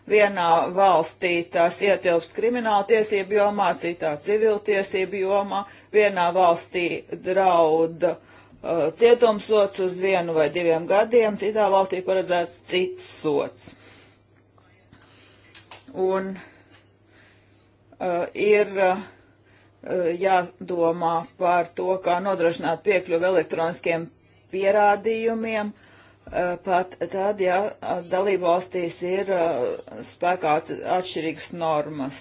Vienā valstī tās ietilps krimināla tiesību jomā, citā civiltiesību jomā, vienā valstī drauda uh, cietumsots uz vienu vai diviem gadiem, citā valstī paredzēts cits sots. Un uh, ir uh, jādomā par to, kā nodrošināt piekļuvi elektroniskiem pierādījumiem, uh, Eh, pat tad, ja dalībvalstīs ir eh, spēkā atšķirīgas normas.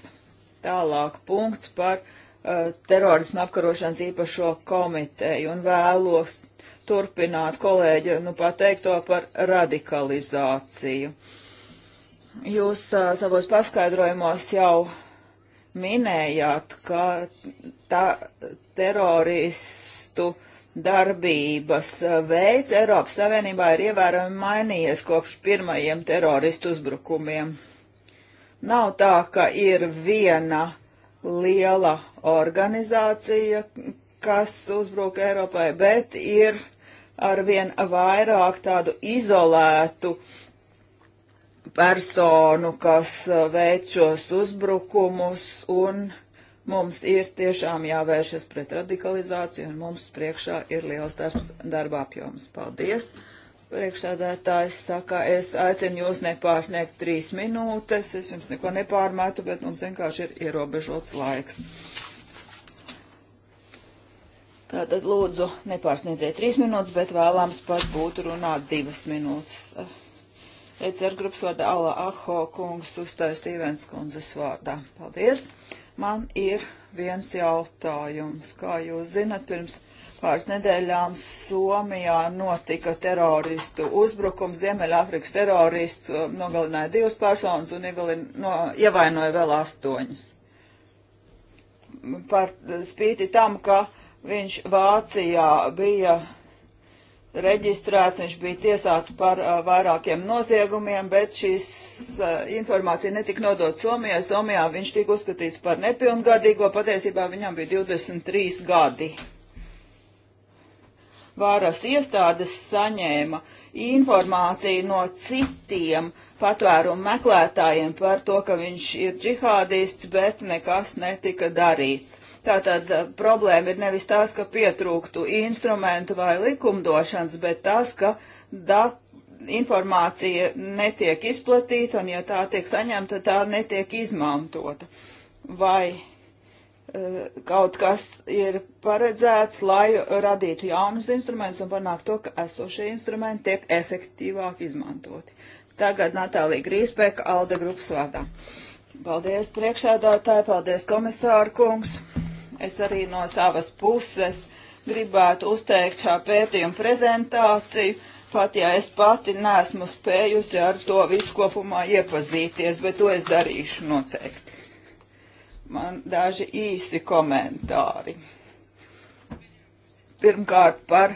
Tālāk punkts par eh, terorismu apkarošanas īpašo komiteju un vēlos turpināt kolēģi, nu, pateikto par radikalizāciju. Jūs uh, savos paskaidrojumos jau minējāt, ka tā teroristu uh, darbības eh, veids Eiropas Savienībā ir ievērojami mainījies kopš pirmajiem teroristu uzbrukumiem. Nav tā, ka ir viena liela organizācija, kas uzbruk Eiropai, bet ir arvien vairāk tādu izolētu personu, kas eh, veic šos uzbrukumus un uh, Mums ir tiešām jāvēršas pret radikalizāciju, un mums priekšā ir liels darbs, darba apjoms. Paldies! Priekšsādātājs saka, es aicinu jūs nepārsniegt trīs minūtes, es jums neko nepārmetu, bet mums vienkārši ir ierobežots laiks. Tātad lūdzu nepārsniedziet trīs minūtes, bet vēlams pat būtu runāt divas minūtes. ECR grupas vārdā Ala Aho kungs uzstājas Stīvens kundzes vārdā. Paldies! Man ir viens jautājums. Kā jūs zinat, pirms pāris nedēļām Somijā notika teroristu uzbrukums. Ziemeļāfrikas terorists um, nogalināja divas personas un iegalina, no, ievainoja vēl astoņas. Par spīti tam, ka viņš Vācijā bija reģistrēts, viņš bija tiesāts par uh, vairākiem noziegumiem, bet šīs uh, informācija netika nodot Somijai. Somijā viņš tika uzskatīts par nepilngadīgo, patiesībā viņam bija 23 gadi. Vāras iestādes saņēma informāciju no citiem patvērumu meklētājiem par to, ka viņš ir džihādists, bet nekas netika darīts Tātad eh, problēma ir nevis tās, ka pietrūktu instrumentu vai likumdošanas, bet tas, ka dati informācija netiek izplatīta, un ja tā tiek saņemta, tā netiek izmantota. Vai uh, kaut kas ir paredzēts, lai radītu jaunus instrumentus un panāktu to, ka esošie instrumenti tiek efektīvāk izmantoti. Tagad Natālija Grīspēka, Alde grupas vārdā. Paldies priekšsēdātāji, paldies komisāru kungs. Es arī no savas puses gribētu uzteikt šā pētījuma prezentāciju, pat ja es pati nesmu spējusi ar to visu kopumā iepazīties, bet to es darīšu noteikti. Man daži īsi komentāri. Pirmkārt par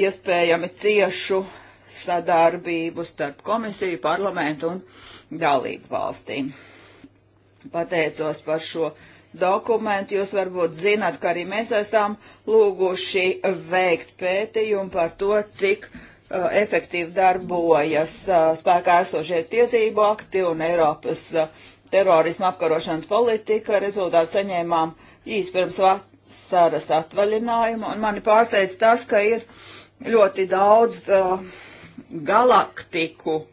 iespējami ciešu sadarbību starp komisiju, parlamentu un dalību valstīm. Pateicos par šo dokumentu. Jūs varbūt zināt, ka arī mēs esam lūguši veikt pētījumu par to, cik uh, efektīvi darbojas uh, spēkā esošie tiesību akti un Eiropas uh, terorisma apkarošanas politika. Rezultātu saņēmām īs pirms vasaras atvaļinājumu, un mani pārsteidz tas, ka ir ļoti daudz uh, galaktiku.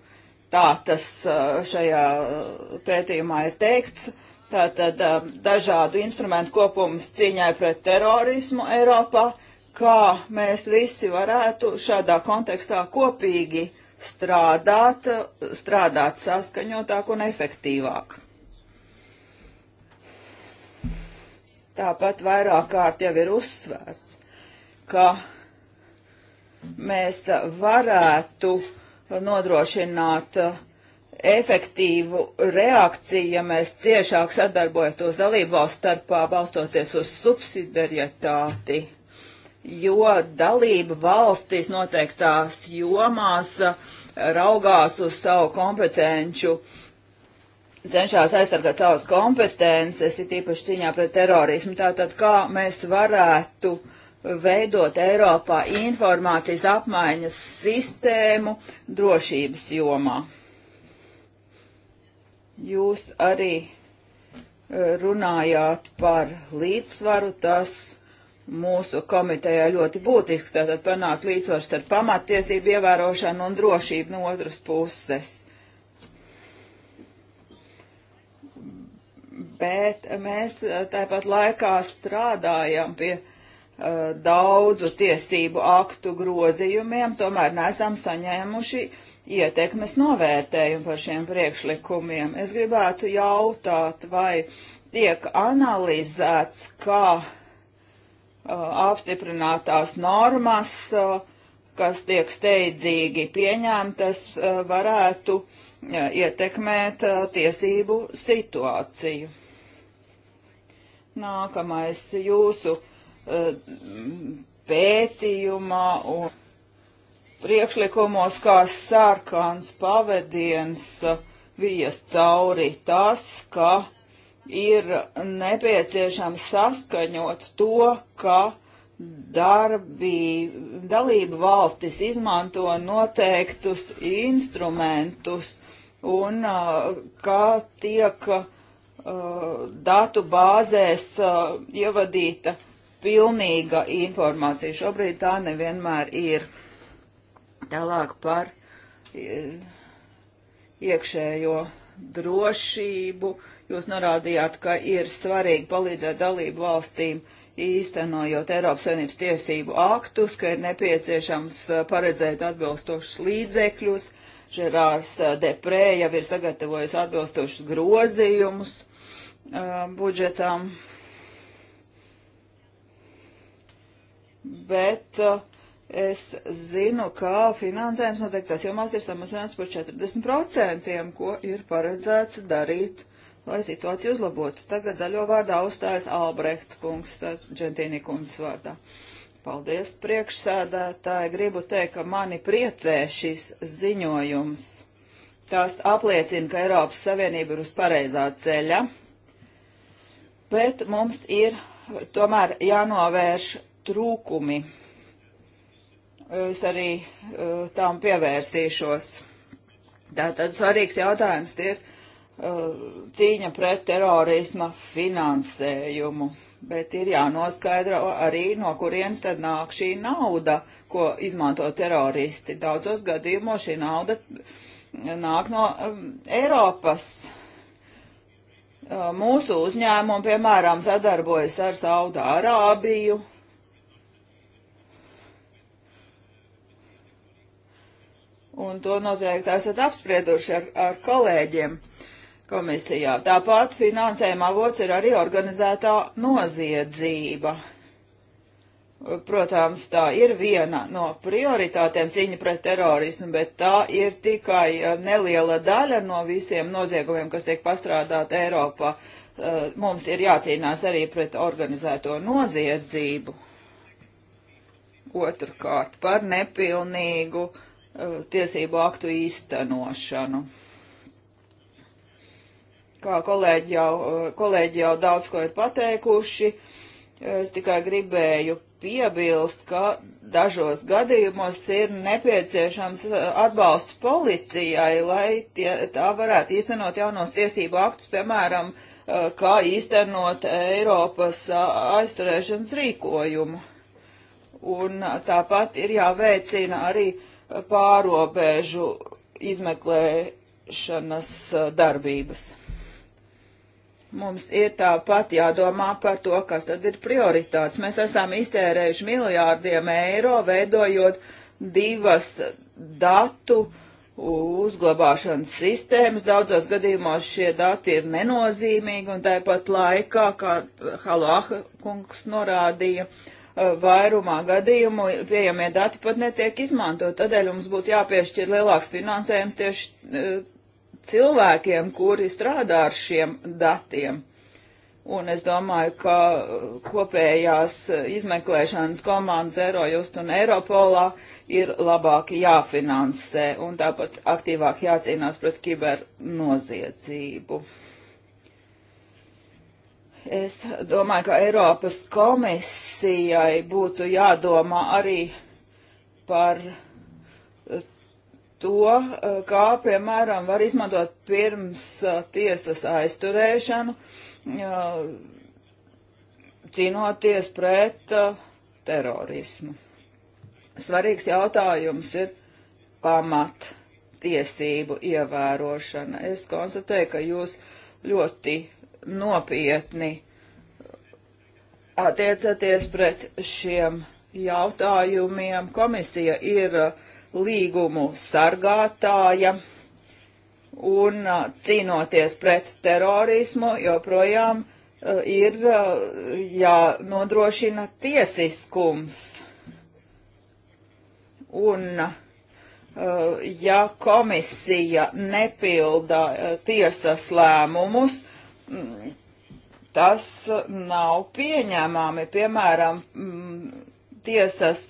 Tā tas uh, šajā uh, pētījumā ir teikts. Uh, tātad dažādu instrumentu kopums cīņai pret terorismu Eiropā, kā mēs visi varētu šādā kontekstā kopīgi strādāt, strādāt saskaņotāk un efektīvāk. Tāpat vairāk kārt jau ir uzsvērts, ka mēs varētu nodrošināt uh, efektīvu reakciju, ja mēs ciešāk sadarbojotos dalību valsts starpā, balstoties uz subsidiarietāti, jo dalība valstis noteiktās jomās uh, raugās uz savu kompetenču, cenšas aizsargāt savas kompetences, ir tīpaši cīņā pret terorismu. Tātad, kā mēs varētu uh, veidot Eiropā informācijas apmaiņas sistēmu drošības jomā. Jūs arī e, runājāt par līdzsvaru, tas mūsu komitejā ļoti būtisks, tātad panākt līdzsvaru starp pamattiesību ievērošanu un drošību no otras puses. Bet mēs e, tāpat laikā strādājam pie uh, daudzu tiesību aktu grozījumiem, tomēr nesam saņēmuši uh, ietekmes novērtējumu par šiem priekšlikumiem. Es gribētu jautāt, vai tiek analizēts, kā apstiprinātās normas, kas tiek steidzīgi pieņemtas, varētu ietekmēt tiesību situāciju. Nākamais jūsu pētījumā un priekšlikumos kā sārkāns pavadiens uh, vijas cauri tas, ka ir nepieciešams saskaņot to, ka darbi, dalību valstis izmanto noteiktus instrumentus un uh, kā tiek uh, datu bāzēs uh, ievadīta pilnīga informācija. Šobrīd tā nevienmēr ir. Uh, Tālāk par e, iekšējo drošību. Jūs norādījāt, ka ir svarīgi palīdzēt dalību valstīm īstenojot Eiropas Savienības tiesību aktus, ka ir nepieciešams e, paredzēt atbilstošus līdzekļus. Žerārs e, Deprē jau ir sagatavojis atbilstošus grozījumus uh, budžetām. Bet uh, Es zinu, ka finansējums noteiktās jomās ir samazināts par 40%, ko ir paredzēts darīt, lai situāciju uzlabotu. Tagad zaļo vārdā uzstājas Albrecht kungs, Džentīnī kundzes vārdā. Paldies, priekšsēdētāji. Gribu teikt, ka mani priecē šis ziņojums. Tās apliecina, ka Eiropas Savienība ir uz pareizā ceļa, bet mums ir tomēr jānovērš trūkumi es arī uh, tām pievērsīšos. Tātad svarīgs jautājums ir uh, cīņa pret terorisma finansējumu, bet ir jānoskaidro arī, no kurienes tad nāk šī nauda, ko izmanto teroristi. Daudzos gadījumos šī nauda eh, nāk no um, Eiropas. Uh, mūsu uzņēmumi, piemēram, sadarbojas ar Saudārābiju, un to noteikti esat apsprieduši ar, ar kolēģiem komisijā. Tāpat finansējuma avots ir arī organizētā noziedzība. Protams, tā ir viena no prioritātēm cīņa pret terorismu, bet tā ir tikai eh, neliela daļa no visiem noziegumiem, kas tiek pastrādāt Eiropā. Eh, mums ir jācīnās arī pret organizēto noziedzību. Otrkārt, par nepilnīgu uh, Uh, tiesību aktu īstenošanu. Kā kolēģi jau, uh, kolēģi jau daudz ko ir pateikuši, es tikai gribēju piebilst, ka dažos gadījumos ir nepieciešams uh, atbalsts policijai, lai tie, tā varētu īstenot jaunos tiesību aktus, piemēram, kā īstenot Eiropas aizturēšanas rīkojumu. Un tāpat ir jāveicina arī uh, pārobežu izmeklēšanas eh, darbības. Mums ir tāpat jādomā par to, kas tad ir prioritāts. Mēs esam iztērējuši miljārdiem eiro, veidojot divas datu uzglabāšanas sistēmas. Daudzos gadījumos šie dati ir nenozīmīgi, un tāpat laikā, kā Halāha kungs norādīja, uh, vairumā gadījumu pieejamie dati pat netiek izmantot. Tādēļ mums būtu jāpiešķir lielāks finansējums tieši e, cilvēkiem, kuri strādā ar šiem datiem. Un es domāju, ka kopējās izmeklēšanas komandas Eurojust un Eiropolā ir labāk jāfinansē un tāpat aktīvāk jācīnās pret kibernoziedzību. Es domāju, ka Eiropas komisijai būtu jādomā arī par eh, to, eh, kā, piemēram, var izmantot pirms eh, tiesas aizturēšanu, cīnoties pret terorismu. Svarīgs jautājums ir pamat tiesību ievērošana. Es konstatēju, ka jūs ļoti nopietni attiecaties pret šiem jautājumiem. Komisija ir līgumu sargātāja un cīnoties pret terorismu joprojām ir jānodrošina tiesiskums. Un ja komisija nepilda tiesas lēmumus, tas nav pieņēmami. Piemēram, mm, tiesas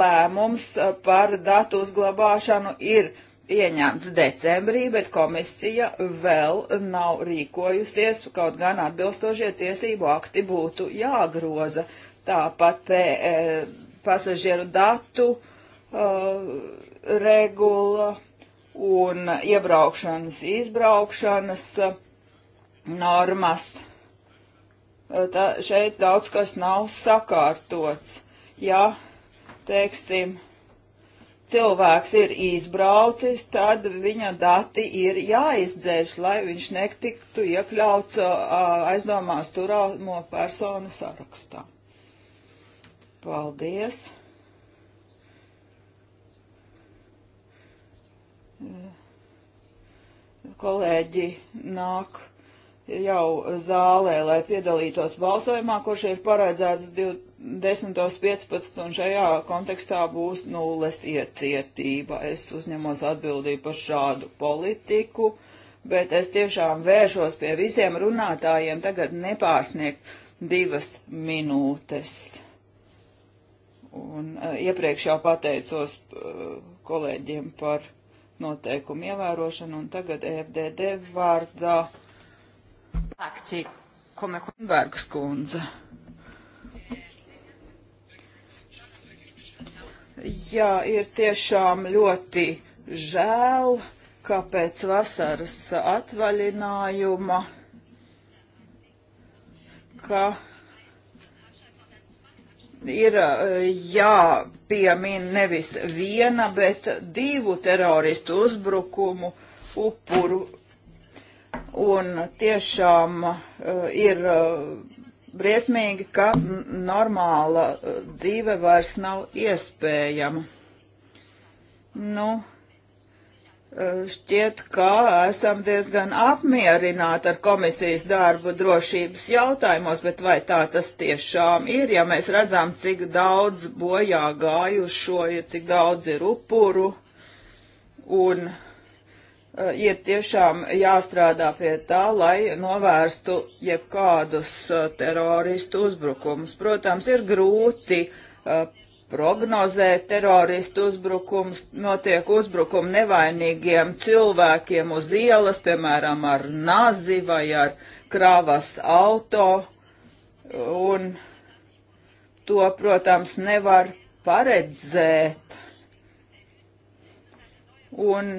lēmums par datu uzglabāšanu ir pieņemts decembrī, bet komisija vēl nav rīkojusies, kaut gan atbilstošie tiesību akti būtu jāgroza. Tāpat pē, e, pasažieru datu uh, regula un iebraukšanas, izbraukšanas. Uh, normas. Tā, šeit daudz kas nav sakārtots. Ja, teiksim, cilvēks ir izbraucis, tad viņa dati ir jāizdzēš, lai viņš netiktu iekļauts aizdomās turāmo personu sarakstā. Paldies! Kolēģi nāk jau zālē, lai piedalītos balsojumā, kurš ir paredzēts 10.15. un šajā kontekstā būs nulles iecietība. Es uzņemos atbildību par šādu politiku, bet es tiešām vēršos pie visiem runātājiem tagad nepārsniegt divas minūtes. Un uh, iepriekš jau pateicos uh, kolēģiem par noteikumu ievērošanu, un tagad FDD vārdā. Bergs kundze. Jā, ir tiešām ļoti žēl, ka pēc vasaras atvaļinājuma, ka ir jāpiemin nevis viena, bet divu teroristu uzbrukumu upuru Un tiešām eh, ir eh, briesmīgi, ka normāla eh, dzīve vairs nav iespējama. Nu, šķiet, ka esam diezgan apmierināti ar komisijas darbu drošības jautājumos, bet vai tā tas tiešām ir, ja mēs redzam, cik daudz bojā gājušo ir, cik daudz ir upuru un. Uh, Eh, ir tiešām jāstrādā pie tā, lai novērstu jebkādus eh, teroristu uzbrukumus. Protams, ir grūti uh, prognozēt teroristu uzbrukums, notiek uzbrukumi nevainīgiem cilvēkiem uz ielas, piemēram, ar nazi vai ar krāvas auto, un to, protams, nevar paredzēt. Un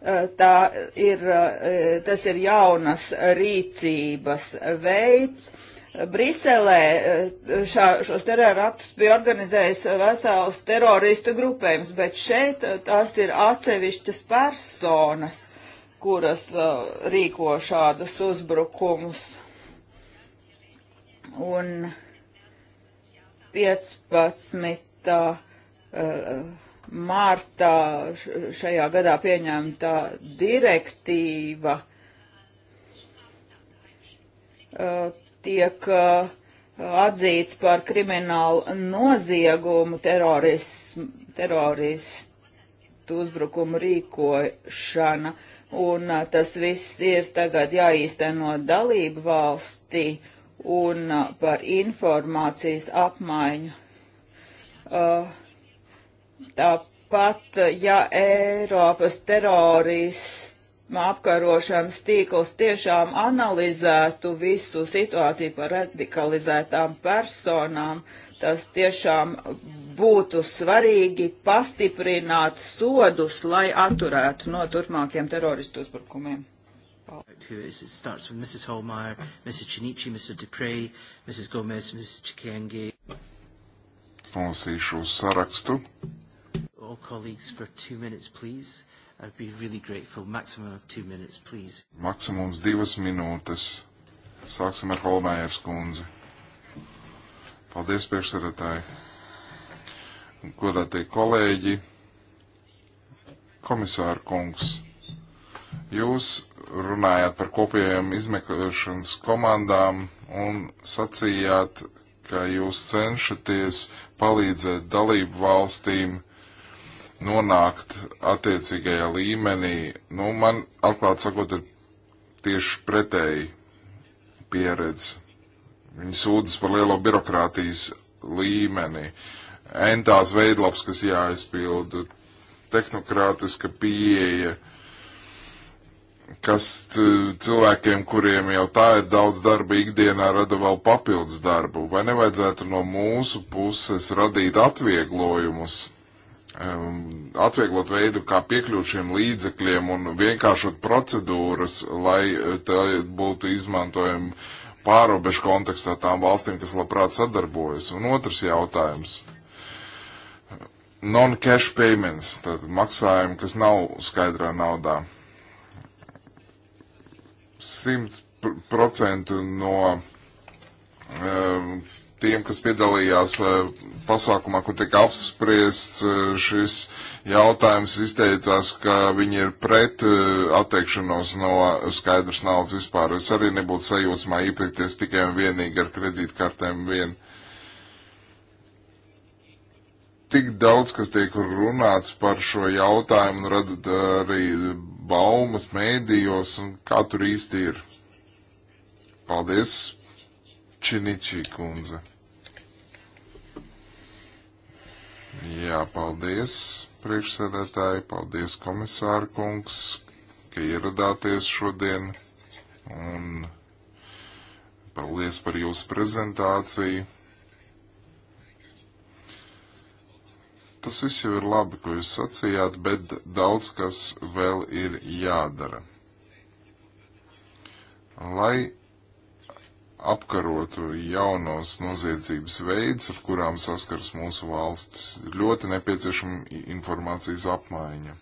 Tā ir, eh, tas ir jaunas rīcības veids. Briselē eh, šā, šos terroraktus bija organizējis vesels teroristu grupējums, bet šeit eh, tās ir atsevišķas personas, kuras uh, rīko šādus uzbrukumus. Un 15. Uh, martā šajā gadā pieņemta direktīva tiek atzīts par kriminālu noziegumu teroristu uzbrukumu rīkošana, un tas viss ir tagad jāīsteno dalību valstī un par informācijas apmaiņu. Uh, Tāpat, ja Eiropas terorisma apkarošanas tīkls tiešām analizētu visu situāciju par radikalizētām personām, tas tiešām būtu svarīgi pastiprināt sodus, lai atturētu no turpmākiem teroristu uzbrukumiem. Who is, it starts with Mrs. Hallmeyer, Mrs. Chinichi, Mr. Dupre, Mrs. Gomez, Mrs. Chikengi. Nolasīšu sarakstu all colleagues for two minutes, please. I'd be really grateful. Maximum of two minutes, please. Maksimums divas minūtes. Sāksim ar Holmējers kundzi. Paldies, priekšsarētāji. Godātie kolēģi, komisāra kungs, jūs runājāt par kopējām izmeklēšanas komandām un sacījāt, ka jūs cenšaties palīdzēt dalību valstīm nonākt attiecīgajā līmenī. Nu, man, atklāt sakot, ir tieši pretēji pieredze. Viņi sūdzas par lielo birokrātijas līmeni, entās veidlaps, kas jāizpilda, tehnokrātiska pieeja, kas cilvēkiem, kuriem jau tā ir daudz darba ikdienā, rada vēl papildus darbu. Vai nevajadzētu no mūsu puses radīt atvieglojumus? um, atvieglot veidu, kā piekļūt šiem līdzekļiem un vienkāršot procedūras, lai e, tā būtu izmantojama pārobežu kontekstā tām valstīm, kas labprāt sadarbojas. Un otrs jautājums - non-cash payments, tad maksājumi, kas nav skaidrā naudā. 100% no um, tiem, kas piedalījās eh, pasākumā, kur tika apspriests eh, šis jautājums, izteicās, ka viņi ir pret eh, atteikšanos no skaidras naudas vispār. Es arī nebūtu sajūsmā iepirkties tikai un vienīgi ar kredītkartēm vien. Tik daudz, kas tiek runāts par šo jautājumu, rada arī baumas mēdījos un kā tur īsti ir. Paldies Činičī kundze. Jā, paldies, priekšsēdētāji, paldies, komisāra kungs, ka ieradāties šodien un paldies par jūsu prezentāciju. Tas viss jau ir labi, ko jūs sacījāt, bet daudz kas vēl ir jādara. Lai apkarotu jaunos noziedzības veids, ar kurām saskars mūsu valstis. Ļoti nepieciešama informācijas apmaiņa.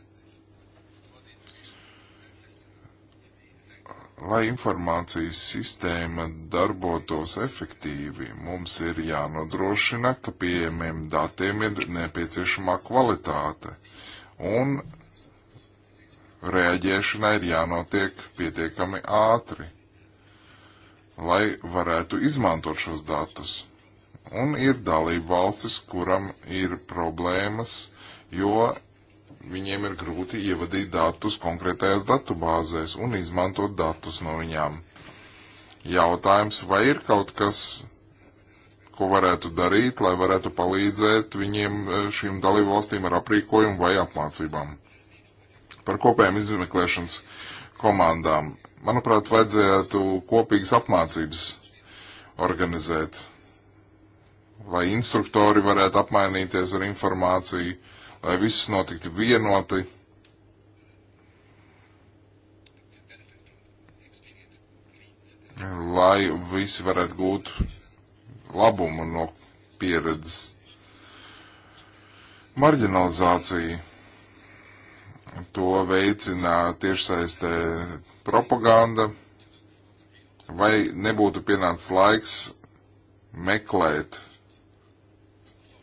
Lai informācijas sistēma darbotos efektīvi, mums ir jānodrošina, ka pieejamiem datiem ir nepieciešamā kvalitāte un reaģēšanai ir jānotiek pietiekami ātri lai varētu izmantot šos datus. Un ir dalība valstis, kuram ir problēmas, jo viņiem ir grūti ievadīt datus konkrētajās datubāzēs un izmantot datus no viņām. Jautājums, vai ir kaut kas, ko varētu darīt, lai varētu palīdzēt viņiem eh, šīm dalību valstīm ar aprīkojumu vai apmācībām. Par kopējām izmeklēšanas komandām Manuprāt, vajadzētu kopīgas apmācības organizēt, lai instruktori varētu apmainīties ar informāciju, lai viss notiktu vienoti. Lai visi varētu gūt labumu no pieredzes. Marginalizācija to veicina tiešsaistē propaganda, vai nebūtu pienācis laiks meklēt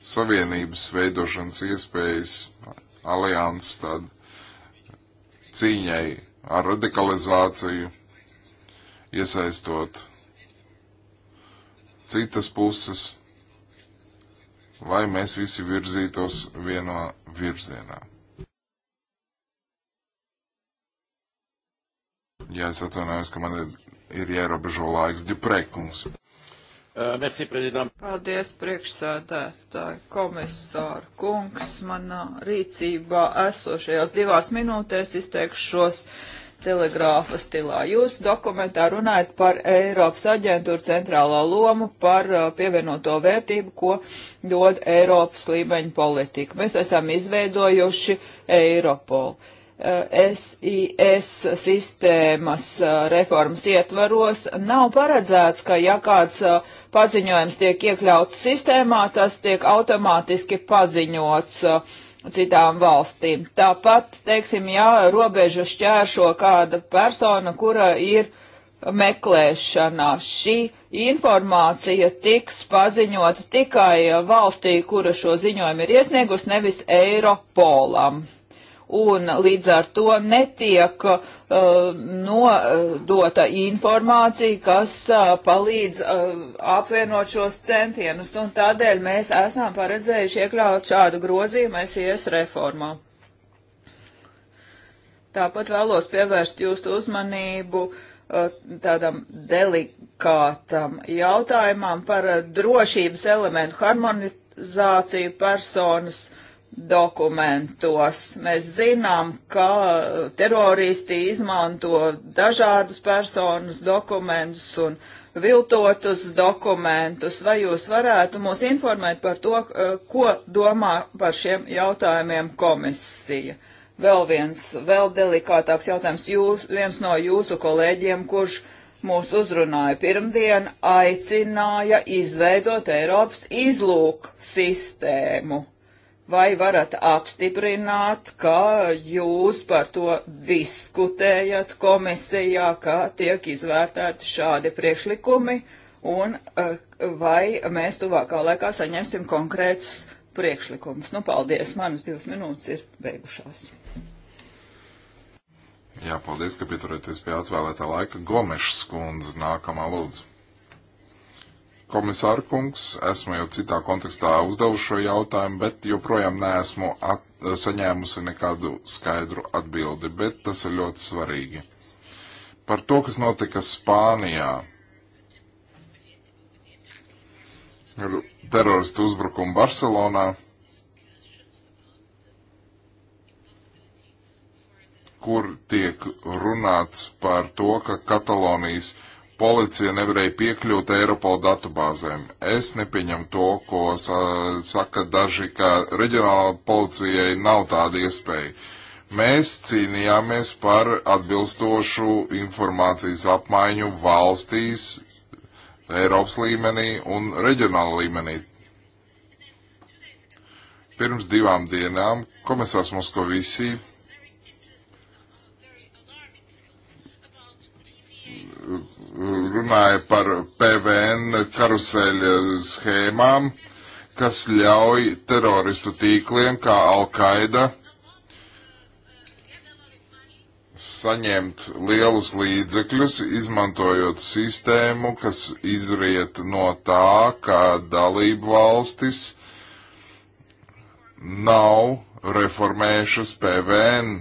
savienības veidošanas iespējas, alianses tad cīņai ar radikalizāciju, iesaistot citas puses, lai mēs visi virzītos vienā virzienā. Jā, es atvainojos, ka man ir, ir ierobežo laiks Duprēkungs. Uh, merci, prezident. Paldies, priekšsēdētāji, komisāri, kungs. Manā rīcībā esošajās divās minūtēs izteikšos telegrāfa stilā. Jūs dokumentā runājat par Eiropas aģentūru centrālo lomu, par uh, pievienoto vērtību, ko dod Eiropas līmeņa politika. Mēs esam izveidojuši Eiropolu. SIS sistēmas reformas ietvaros nav paredzēts, ka ja kāds paziņojums tiek iekļauts sistēmā, tas tiek automātiski paziņots citām valstīm. Tāpat, teiksim, ja robežu šķēršo kāda persona, kura ir meklēšanā, šī informācija tiks paziņota tikai valstī, kura šo ziņojumu ir iesniegus, nevis Eiropolam un līdz ar to netiek uh, nodota informācija, kas uh, palīdz uh, apvienot šos centienus, un tādēļ mēs esam paredzējuši iekļaut šādu grozījumu SIS reformā. Tāpat vēlos pievērst jūsu uzmanību uh, tādam delikātam jautājumam par drošības elementu harmonizāciju personas uh, dokumentos. Mēs zinām, ka teroristi izmanto dažādus personas dokumentus un viltotus dokumentus. Vai jūs varētu mūs informēt par to, ko domā par šiem jautājumiem komisija? Vēl viens, vēl delikātāks jautājums. Jūs, viens no jūsu kolēģiem, kurš mūs uzrunāja pirmdien, aicināja izveidot Eiropas izlūk sistēmu vai varat apstiprināt, ka jūs par to diskutējat komisijā, kā tiek izvērtēti šādi priekšlikumi, un eh, vai mēs tuvākā laikā saņemsim konkrētus priekšlikumus. Nu, paldies, manas divas minūtes ir beigušās. Jā, paldies, ka pieturēties pie atvēlētā laika. Gomešs kundze nākamā lūdzu komisāra kungs, esmu jau citā kontekstā uzdevuši šo jautājumu, bet joprojām neesmu at, saņēmusi nekādu skaidru atbildi, bet tas ir ļoti svarīgi. Par to, kas notika Spānijā ar teroristu uzbrukumu Barcelonā, kur tiek runāts par to, ka Katalonijas policija nevarēja piekļūt Eiropola datubāzēm. Es nepieņemu to, ko sa saka daži, ka reģionāla policijai nav tāda iespēja. Mēs cīnījāmies par atbilstošu informācijas apmaiņu valstīs, Eiropas līmenī un reģionāla līmenī. Pirms divām dienām komisārs Moskovisī runāja par PVN karuseļa schēmām, kas ļauj teroristu tīkliem kā Al-Qaida saņemt lielus līdzekļus, izmantojot sistēmu, kas izriet no tā, ka dalību valstis nav reformējušas PVN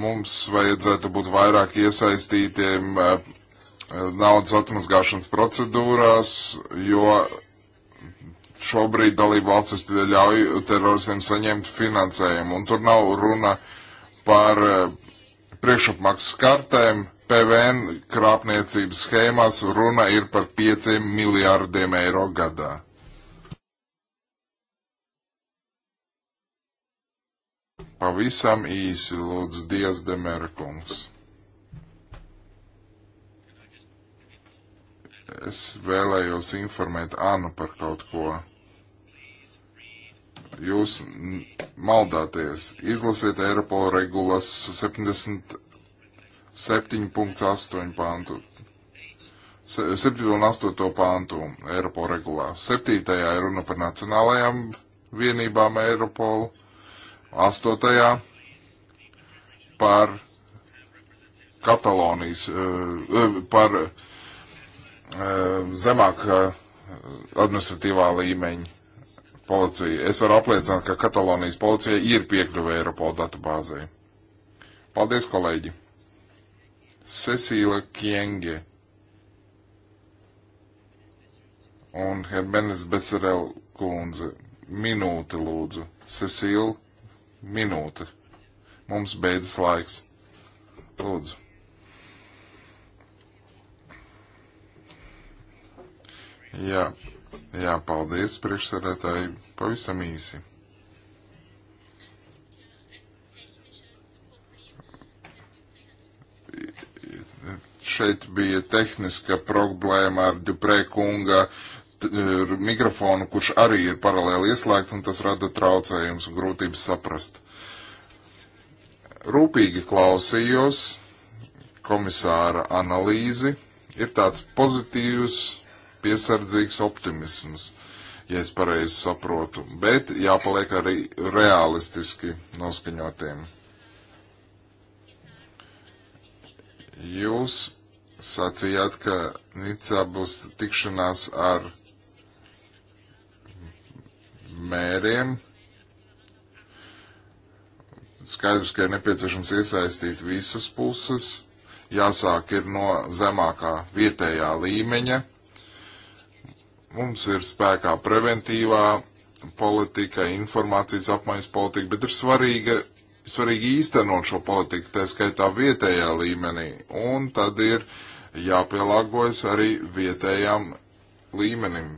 mums vajadzētu būt vairāk iesaistītiem eh, naudas atmazgāšanas procedūrās, jo šobrīd dalību valstis ļauj teroristiem saņemt finansējumu. Un tur nav runa par eh, priekšapmaksas kartēm, PVN krāpniecības schēmās, runa ir par 5 miljārdiem eiro gadā. Pavisam īsi, lūdzu, Dievs Demerkungs. es vēlējos informēt Anu par kaut ko. Jūs maldāties. Izlasiet Eiropola regulas 77.8 pāntu. 7. un 8. pāntu Eiropola regulā. 7. ir runa par nacionālajām vienībām Eiropola astotajā par Katalonijas, eh, eh, par eh, zemākā administratīvā līmeņa policiju. Es varu apliecināt, ka Katalonijas policija ir piekļuve Eiropola datubāzē. Paldies, kolēģi! Cecīla Kienge un Hermenes Beserel kundze. Minūti lūdzu. Cecīla minūte. Mums beidzas laiks. Lūdzu. Jā, jā paldies priekšsēdētāji. Pavisam īsi. Šeit bija tehniska problēma ar Duprē kunga uh, E, mikrofonu, kurš arī ir paralēli ieslēgts, un tas rada traucējums un grūtības saprast. Rūpīgi klausījos komisāra analīzi, ir tāds pozitīvs, piesardzīgs optimisms, ja es pareizi saprotu, bet jāpaliek arī realistiski noskaņotiem. Jūs sacījāt, ka Nicā būs tikšanās ar mēriem. Skaidrs, ka ir nepieciešams iesaistīt visas puses. Jāsāk ir no zemākā vietējā līmeņa. Mums ir spēkā preventīvā politika, informācijas apmaiņas politika, bet ir svarīga, svarīgi īstenot šo politiku, tā skaitā vietējā līmenī. Un tad ir jāpielāgojas arī vietējām līmenim.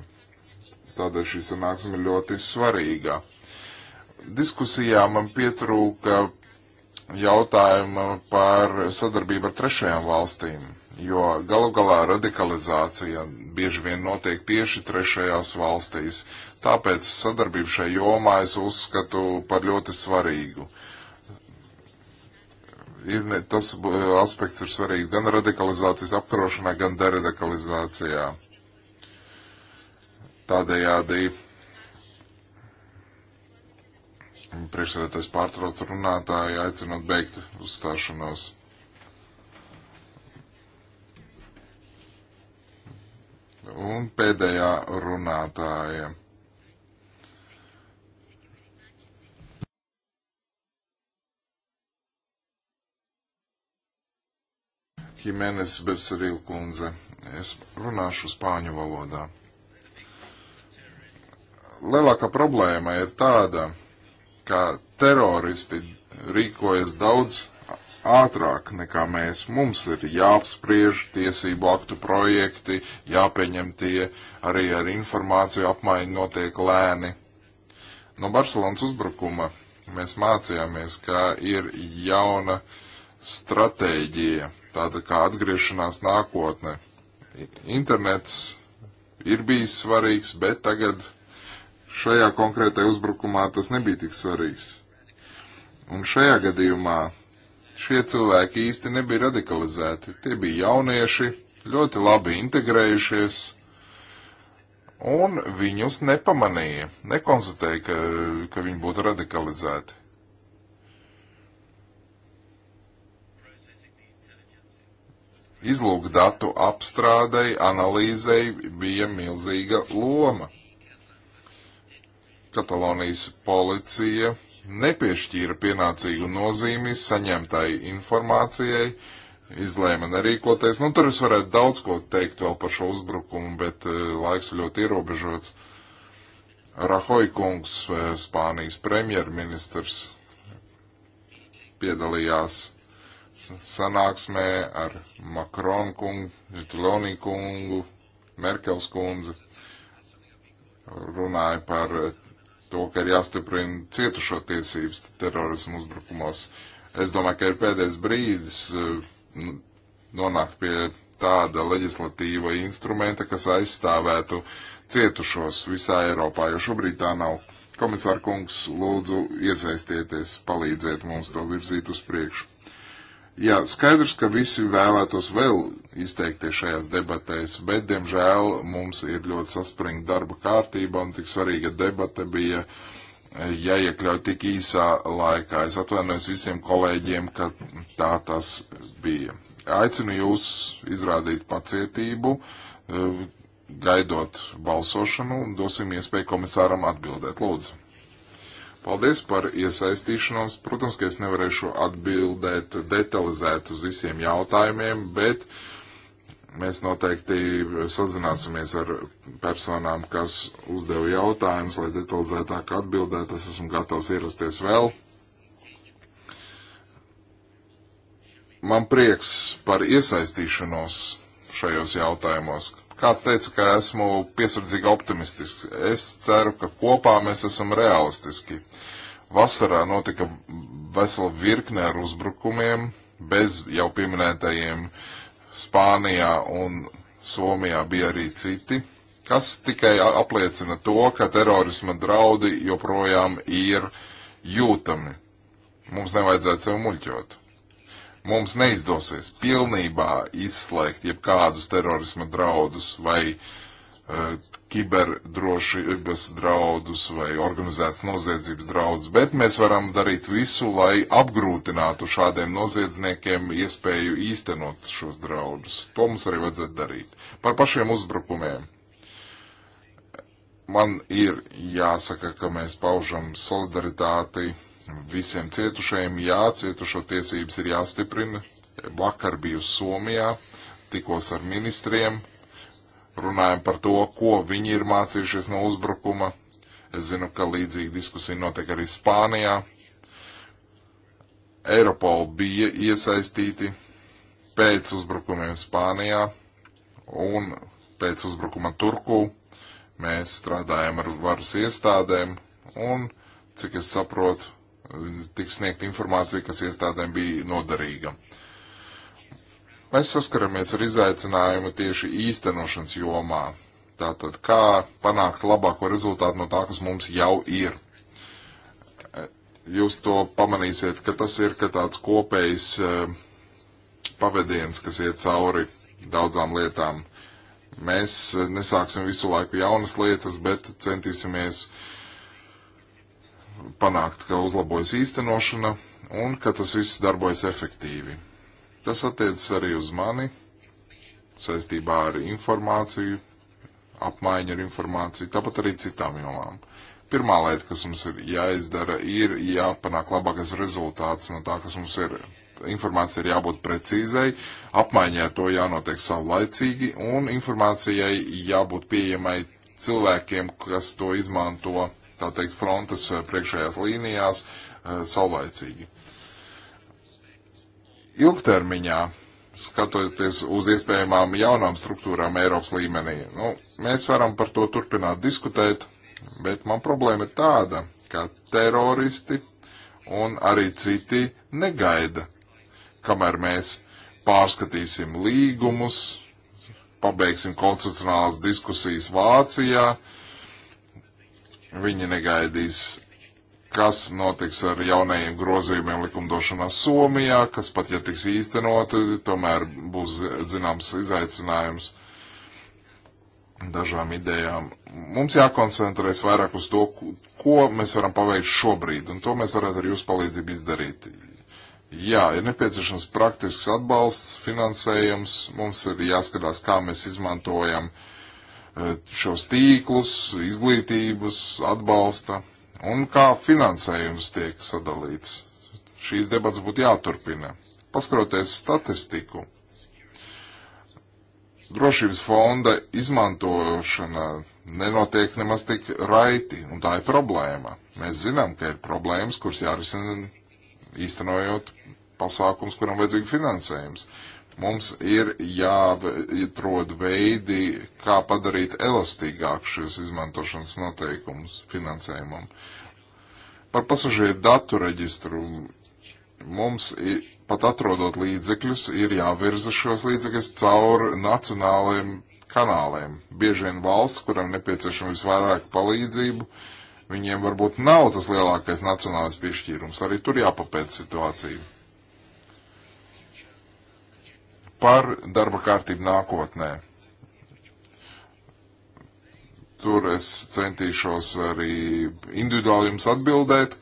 Tādēļ šī sanāksme ir ļoti svarīga. Diskusijā man pietrūka jautājuma par sadarbību ar trešajām valstīm, jo galu galā radikalizācija bieži vien notiek tieši trešajās valstīs. Tāpēc sadarbību šai jomā es uzskatu par ļoti svarīgu ir ne, tas aspekts ir svarīgi gan radikalizācijas apkarošanā, gan deradikalizācijā. Tādējādi priekšsēdētājs pārtrauc runātāju, aicinot beigt uzstāšanos. Un pēdējā runātāja. Jimenez Berserīl kundze. Es runāšu spāņu valodā lielākā problēma ir tāda, ka teroristi rīkojas daudz ātrāk nekā mēs. Mums ir jāapspriež tiesību aktu projekti, jāpieņem tie, arī ar informāciju apmaiņu notiek lēni. No Barcelonas uzbrukuma mēs mācījāmies, ka ir jauna stratēģija, tāda kā atgriešanās nākotne. Internets ir bijis svarīgs, bet tagad Šajā konkrētajā uzbrukumā tas nebija tik svarīgs. Un šajā gadījumā šie cilvēki īsti nebija radikalizēti. Tie bija jaunieši, ļoti labi integrējušies, un viņus nepamanīja, nekonstatēja, ka, ka viņi būtu radikalizēti. Izlūkdatu apstrādei, analīzei bija milzīga loma. Katalonijas policija nepiešķīra pienācīgu nozīmi saņemtai informācijai, izlēma nerīkoties. Nu, tur es varētu daudz ko teikt vēl par šo uzbrukumu, bet eh, laiks ļoti ierobežots. Rahoj kungs, eh, Spānijas premjerministrs, piedalījās sanāksmē ar Makronu kungu, Žitulonī kungu, Merkels kundzi runāja par to, ka ir jāstiprina cietušo tiesības terorismu uzbrukumos. Es domāju, ka ir pēdējais brīdis eh, nu, nonākt pie tāda leģislatīva instrumenta, kas aizstāvētu cietušos visā Eiropā, jo šobrīd tā nav. Komisāra kungs, lūdzu, iesaistieties, palīdziet mums to virzīt uz priekšu. Jā, skaidrs, ka visi vēlētos vēl izteikties šajās debatēs, bet, diemžēl, mums ir ļoti saspringta darba kārtība un tik svarīga debata bija eh, jāiekļauj ja tik īsā laikā. Es atvainojos visiem kolēģiem, ka tā tas bija. Aicinu jūs izrādīt pacietību, eh, gaidot balsošanu un dosim iespēju komisāram atbildēt. Lūdzu! Paldies par iesaistīšanos. Protams, ka es nevarēšu atbildēt detalizēt uz visiem jautājumiem, bet mēs noteikti sazināsimies ar personām, kas uzdeva jautājumus, lai detalizētāk atbildētu. Es esmu gatavs ierasties vēl. Man prieks par iesaistīšanos šajos jautājumos. Kāds teica, ka esmu piesardzīgi optimistisks. Es ceru, ka kopā mēs esam realistiski. Vasarā notika vesela virkne ar uzbrukumiem, bez jau pieminētajiem Spānijā un Somijā bija arī citi, kas tikai apliecina to, ka terorisma draudi joprojām ir jūtami. Mums nevajadzētu sev muļķot. Mums neizdosies pilnībā izslēgt jebkādus terorisma draudus vai uh, kiberdrošības draudus vai organizētas noziedzības draudus, bet mēs varam darīt visu, lai apgrūtinātu šādiem noziedzniekiem iespēju īstenot šos draudus. To mums arī vajadzētu darīt. Par pašiem uzbrukumiem man ir jāsaka, ka mēs paužam solidaritāti visiem cietušajiem, jā, cietušo tiesības ir jāstiprina. Vakar biju Somijā, tikos ar ministriem, runājam par to, ko viņi ir mācījušies no uzbrukuma. Es zinu, ka līdzīga diskusija notiek arī Spānijā. Eiropola bija iesaistīti pēc uzbrukumiem Spānijā un pēc uzbrukuma Turku. Mēs strādājam ar varas iestādēm un, cik es saprotu, tiks sniegt informācija, kas iestādēm bija noderīga. Mēs saskaramies ar izaicinājumu tieši īstenošanas jomā. Tātad, kā panākt labāko rezultātu no tā, kas mums jau ir. Jūs to pamanīsiet, ka tas ir ka tāds kopējs eh, pavadiens, kas iet cauri daudzām lietām. Mēs eh, nesāksim visu laiku jaunas lietas, bet centīsimies uh, panākt, ka uzlabojas īstenošana un ka tas viss darbojas efektīvi. Tas attiecas arī uz mani saistībā ar informāciju, apmaiņu ar informāciju, tāpat arī citām jomām. Pirmā lieta, kas mums ir jāizdara, ir jāpanāk labākais rezultāts no tā, kas mums ir. Informācija ir jābūt precīzai, apmaiņai ar to jānotiek savlaicīgi un informācijai jābūt pieejamai cilvēkiem, kas to izmanto tā teikt, frontes eh, priekšējās līnijās eh, saulaicīgi. Ilgtermiņā, skatoties uz iespējamām jaunām struktūrām Eiropas līmenī, nu, mēs varam par to turpināt diskutēt, bet man problēma ir tāda, ka teroristi un arī citi negaida, kamēr mēs pārskatīsim līgumus, pabeigsim konstitucionālas diskusijas Vācijā, uh, Viņi negaidīs, kas notiks ar jaunajiem grozījumiem likumdošanā Somijā, kas pat ja tiks īstenoti, tomēr būs zināms izaicinājums dažām idejām. Mums jākoncentrēs vairāk uz to, ko mēs varam paveikt šobrīd, un to mēs varētu ar jūsu palīdzību izdarīt. Jā, ir nepieciešams praktisks atbalsts, finansējums, mums ir jāskatās, kā mēs izmantojam uh, šos tīklus, izglītības, atbalsta un kā finansējums tiek sadalīts. Šīs debats būtu jāturpina. Paskaroties statistiku, drošības fonda izmantošana nenotiek nemaz tik raiti, un tā ir problēma. Mēs zinām, ka ir problēmas, kuras jārisina īstenojot pasākums, kuram vajadzīga finansējums. Mums ir jāatrod veidi, kā padarīt elastīgāk šis izmantošanas noteikums finansējumam. Par pasažieru datu reģistru mums ir, pat atrodot līdzekļus, ir jāvirza šos līdzekļus caur nacionālajiem kanāliem. Bieži vien valsts, kuram nepieciešama visvairāk palīdzību, viņiem varbūt nav tas lielākais nacionālais piešķīrums. Arī tur jāpapēc situācija. par darba kārtību nākotnē. Tur es centīšos arī individuāli jums atbildēt.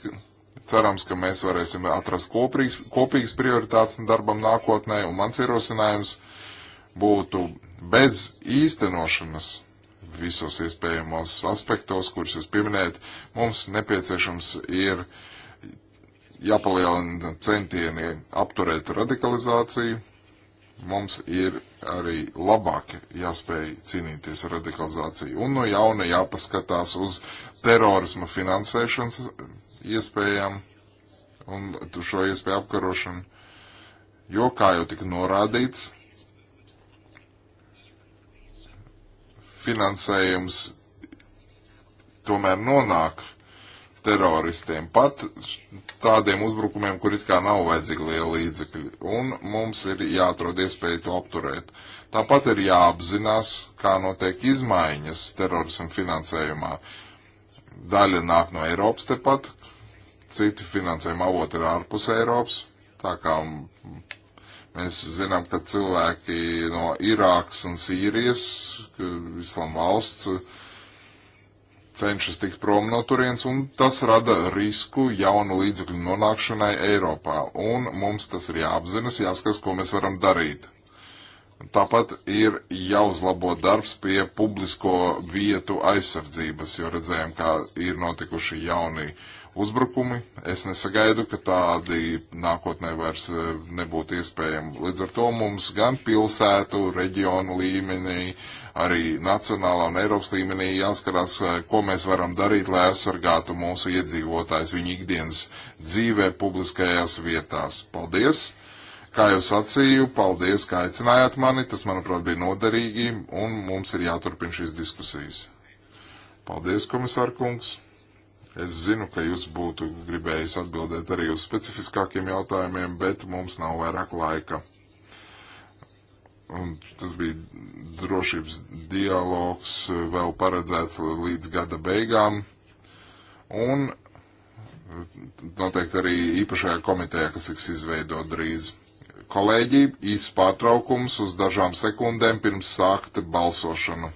Cerams, ka mēs varēsim atrast kopīgs, kopīgas prioritātes darbam nākotnē, un mans ierosinājums būtu bez īstenošanas visos iespējamos aspektos, kurus jūs pieminējat, mums nepieciešams ir jāpalielina centieni apturēt radikalizāciju, mums ir arī labāk jāspēj cīnīties ar radikalizāciju. Un no jauna jāpaskatās uz terorismu finansēšanas iespējām un šo iespēju apkarošanu. Jo, kā jau tika norādīts, finansējums tomēr nonāk teroristiem, pat tādiem uzbrukumiem, kur it kā nav vajadzīgi liela līdzekļi, un mums ir jāatrod iespēja to apturēt. Tāpat ir jāapzinās, kā notiek izmaiņas terorismu finansējumā. Daļa nāk no Eiropas tepat, citi finansējuma avoti ir ārpus Eiropas, tā kā mēs zinām, ka cilvēki no Irākas un Sīrijas, Islam valsts, cenšas tikt prom no turienes, un tas rada risku jaunu līdzekļu nonākšanai Eiropā. Un mums tas ir jāapzinas, jāskatās, ko mēs varam darīt. Tāpat ir jāuzlabo darbs pie publisko vietu aizsardzības, jo redzējām, kā ir notikuši jauni uh, uzbrukumi. Es nesagaidu, ka tādi nākotnē vairs e, nebūtu iespējami. Līdz ar to mums gan pilsētu, reģionu līmenī, arī nacionālā un Eiropas līmenī jāskarās, e, ko mēs varam darīt, lai aizsargātu mūsu iedzīvotājs viņu ikdienas dzīvē publiskajās vietās. Paldies! Kā jau sacīju, paldies, ka aicinājāt mani, tas, manuprāt, bija noderīgi, un mums ir jāturpina šīs diskusijas. Paldies, komisārkungs! Es zinu, ka jūs būtu gribējis atbildēt arī uz specifiskākiem jautājumiem, bet mums nav vairāk laika. Un tas bija drošības dialogs vēl paredzēts līdz gada beigām. Un noteikti arī īpašajā komitejā, kas tiks izveidot drīz. Kolēģi, īsts pārtraukums uz dažām sekundēm pirms sākt balsošanu.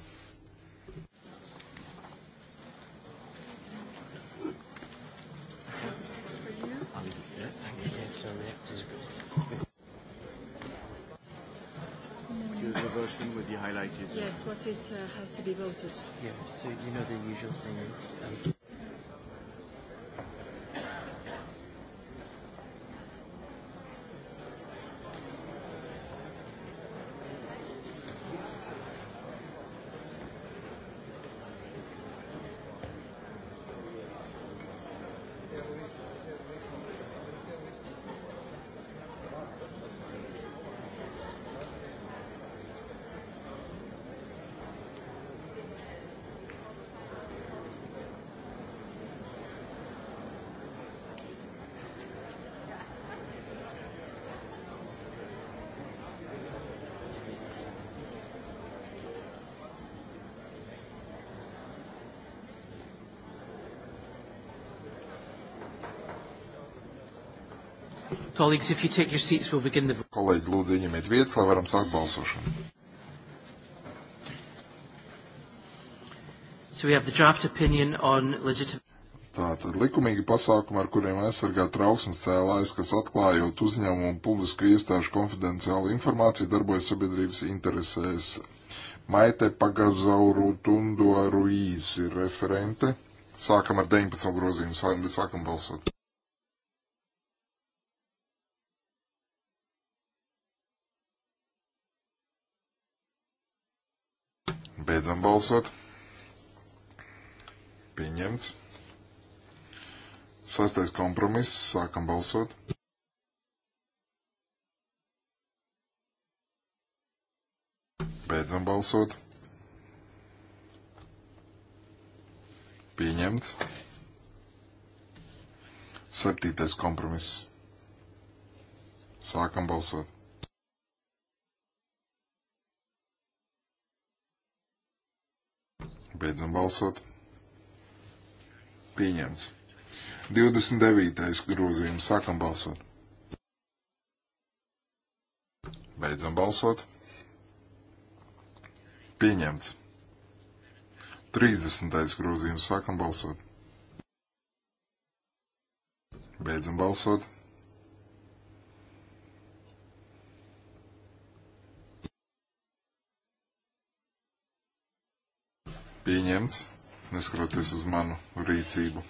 already highlighted. Yes, what is, uh, has to be voted. Yeah, so you know the usual thing. Colleagues, if you take your seats, we'll begin the... Kolēģi, lūdzu, ieņemiet vietas, lai varam sākt balsošanu. So we have the draft opinion on legitimate... Tātad likumīgi pasākumi, ar kuriem aizsargāt trauksmes cēlājs, kas atklājot uzņēmumu un publisku iestāžu konfidenciālu informāciju, darbojas sabiedrības interesēs. Maite Pagazauru Tundo Ruiz ir referente. Sākam ar 19 grozījumu, sākam balsot. Beidzam balsot. Pieņemts. Sastais kompromiss. Sākam balsot. Beidzam balsot. Pieņemts. Septītais kompromiss. Sākam balsot. Beidzam balsot. Pieņemts. 29. grozījums. Sākam balsot. Beidzam balsot. Pieņemts. 30. grozījums. Sākam balsot. Beidzam balsot. pieņemts, neskatoties uz manu rīcību.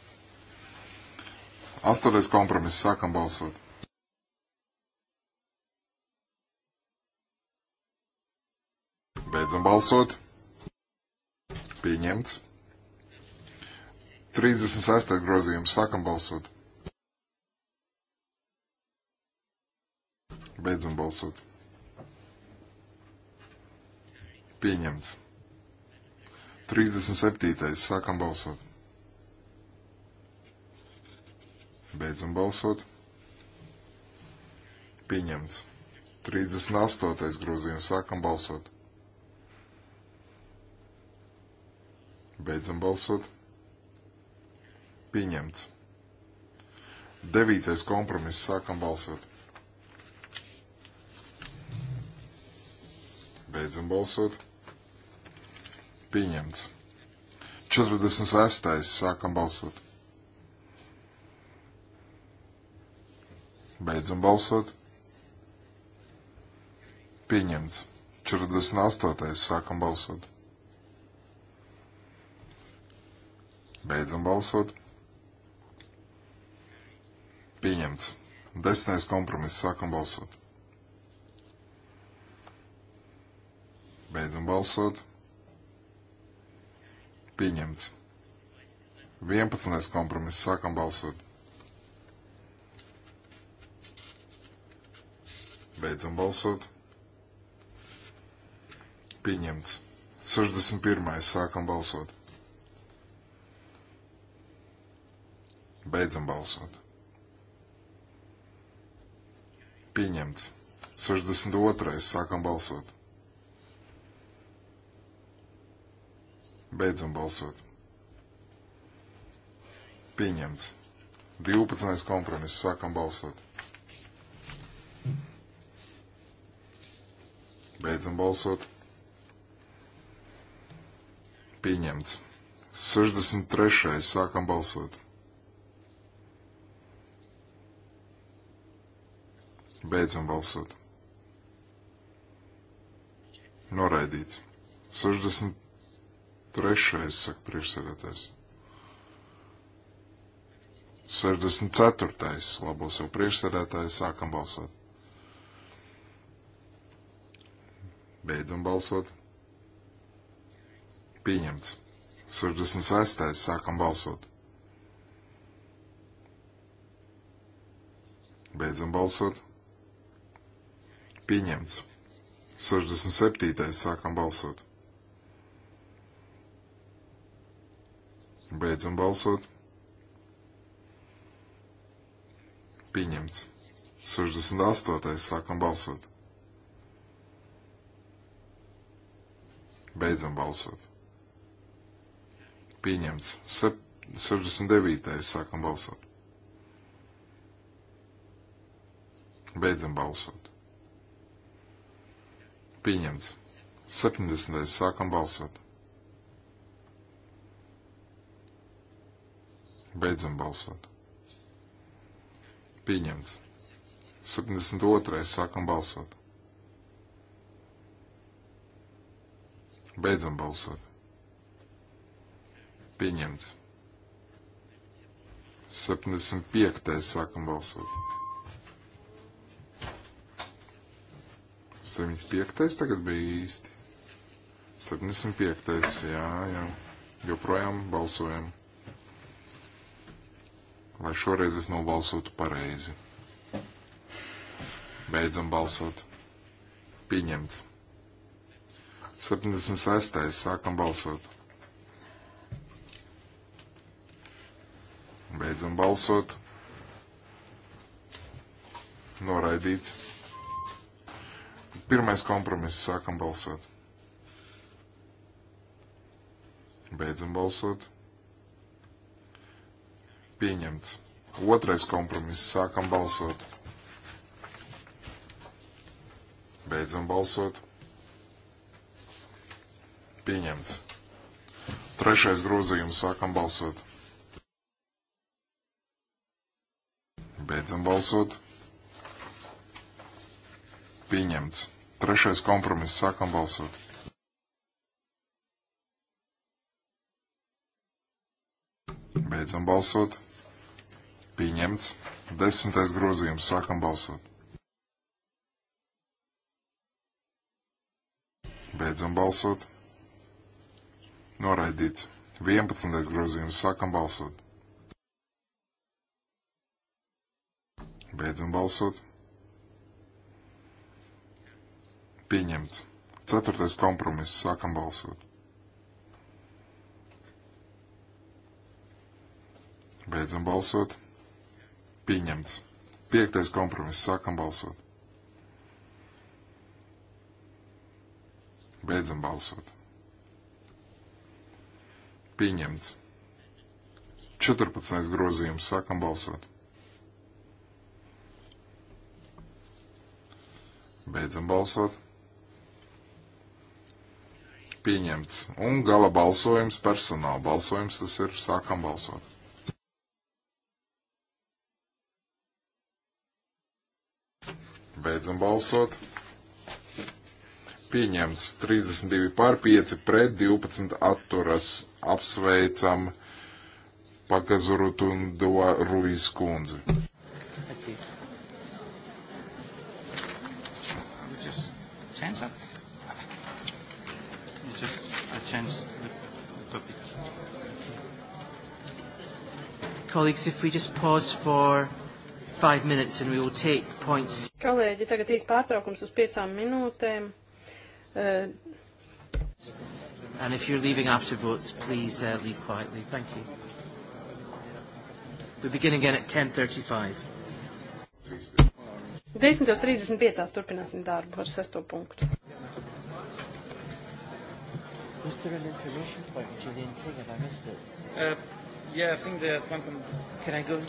Astoties kompromiss, sākam balsot. Beidzam balsot. Pieņemts. 36. grozījums, sākam balsot. Beidzam balsot. Pieņemts. 37. Sākam balsot. Beidzam balsot. Pieņemts. 38. grozījums. Sākam balsot. Beidzam balsot. Pieņemts. 9. kompromiss. Sākam balsot. Beidzam balsot. Pieņemts. 46. Sākam balsot. Beidzam balsot. Pieņemts. 48. Sākam balsot. Beidzam balsot. Pieņemts. Desmitais kompromiss. Sākam balsot. Beidzam balsot. Pieņemts. 11. kompromiss. Sākam balsot. Beidzam balsot. Pieņemts. 61. Sākam balsot. Beidzam balsot. Pieņemts. 62. Sākam balsot. Beidzam balsot. Pieņemts. 12. kompromiss. Sākam balsot. Beidzam balsot. Pieņemts. 63. Sākam balsot. Beidzam balsot. Noraidīts. 60. Trešais, saka priekšsēdētājs. 64. labos jau priekšsēdētājs, sākam balsot. Beidzam balsot. Pieņemts. 66. sākam balsot. Beidzam balsot. Pieņemts. 67. sākam balsot. Beidzam balsot. Pieņemts. 68. Sākam balsot. Beidzam balsot. Pieņemts. 69. Sākam balsot. Beidzam balsot. Pieņemts. 70. Sākam balsot. Beidzam balsot. Pieņemts. 72. Sākam balsot. Beidzam balsot. Pieņemts. 75. Sākam balsot. 75. tagad bija īsti. 75. jā, jā. Joprojām balsojam. Vai šoreiz es nobalsotu pareizi? Beidzam balsot. Pieņemts. 76. Sākam balsot. Beidzam balsot. Noraidīts. Pirmais kompromiss. Sākam balsot. Beidzam balsot. Pieņemts. Otrais kompromiss. Sākam balsot. Beidzam balsot. Pieņemts. Trešais grozījums. Sākam balsot. Beidzam balsot. Pieņemts. Trešais kompromiss. Sākam balsot. Beidzam balsot. Pieņemts. Desmitais grozījums. Sākam balsot. Beidzam balsot. Noraidīts. 11. grozījums. Sākam balsot. Beidzam balsot. Pieņemts. 4. kompromiss. Sākam balsot. Beidzam balsot. Pieņemts. Piektais kompromiss. Sākam balsot. Beidzam balsot. Pieņemts. 14. grozījums. Sākam balsot. Beidzam balsot. Pieņemts. Un gala balsojums, personāla balsojums, tas ir sākam balsot. Beidzam balsot. Pieņemts 32 pār 5 pret 12 atturas. Apsveicam Pakazurutundo Ruijas kundzi. change that? You just I changed the, the topic. Colleagues, if we just pause for five minutes and we will take points. Kolēģi, tagad īsts pārtraukums uz piecām minūtēm. Uh, and if you're leaving after votes, please uh, leave quietly. Thank you. We begin again at 10.35. 10.35 turpināsim darbu ar sesto punktu. Was there an information point you didn't think of? I missed it. Uh, yeah, I think the one... Can I go?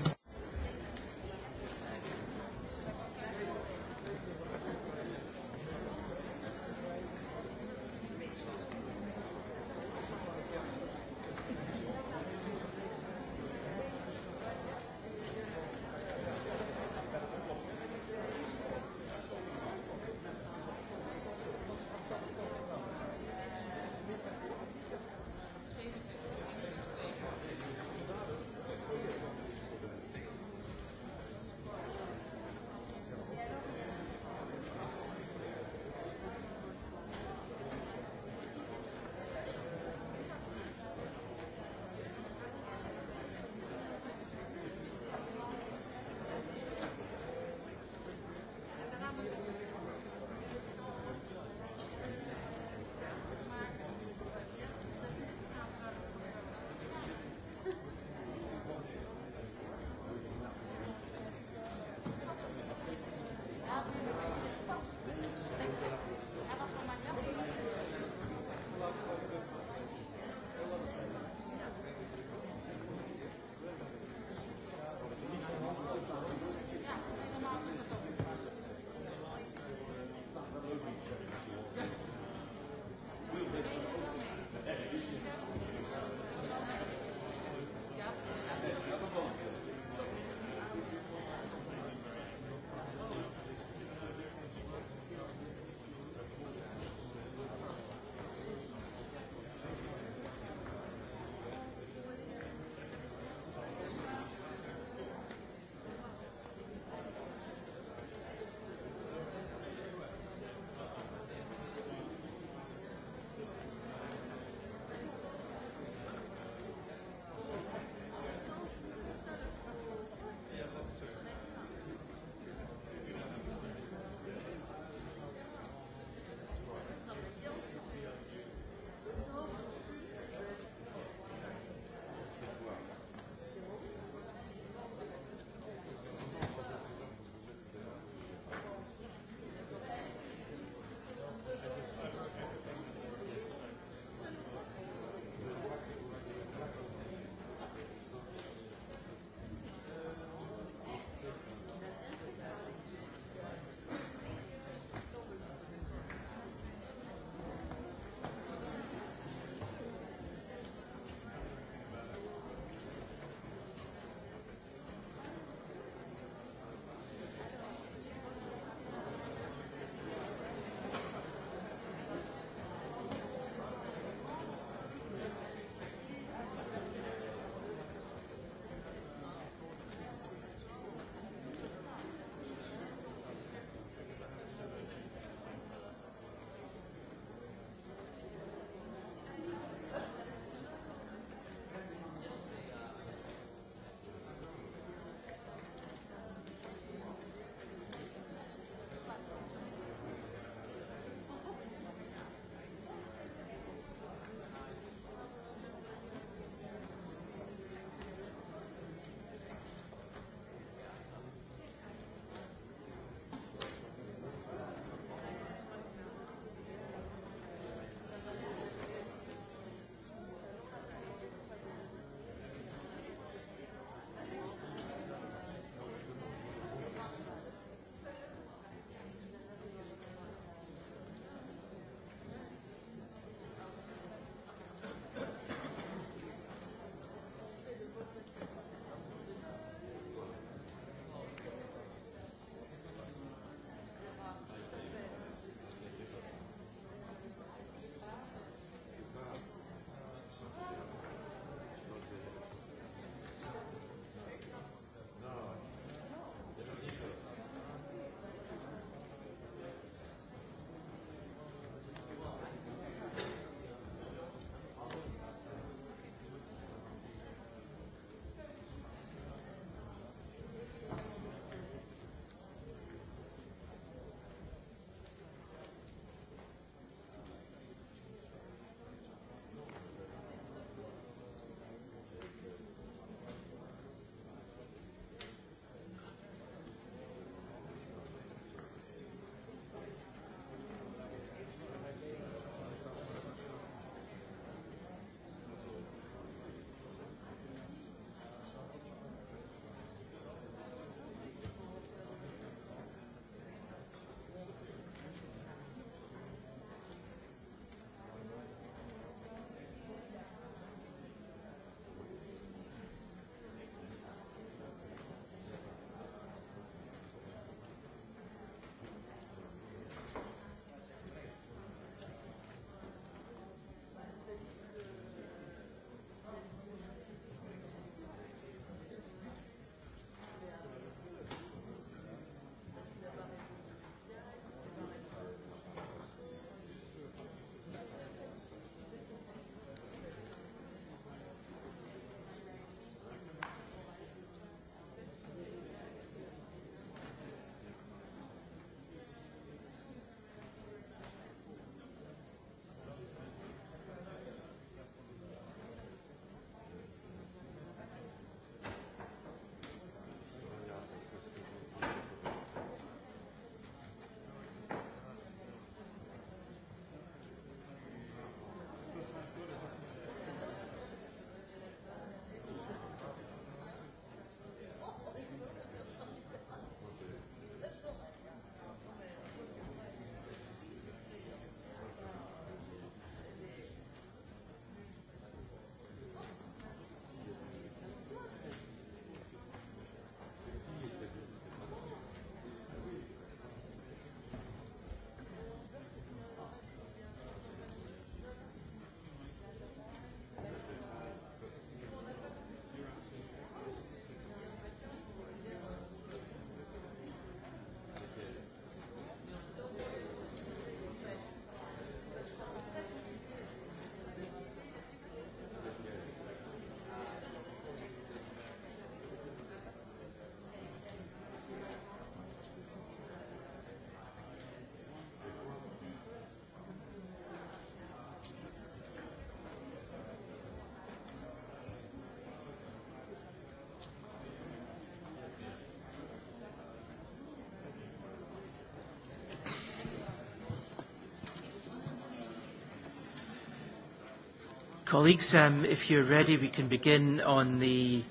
Colleagues, um, if you're ready, we can begin on the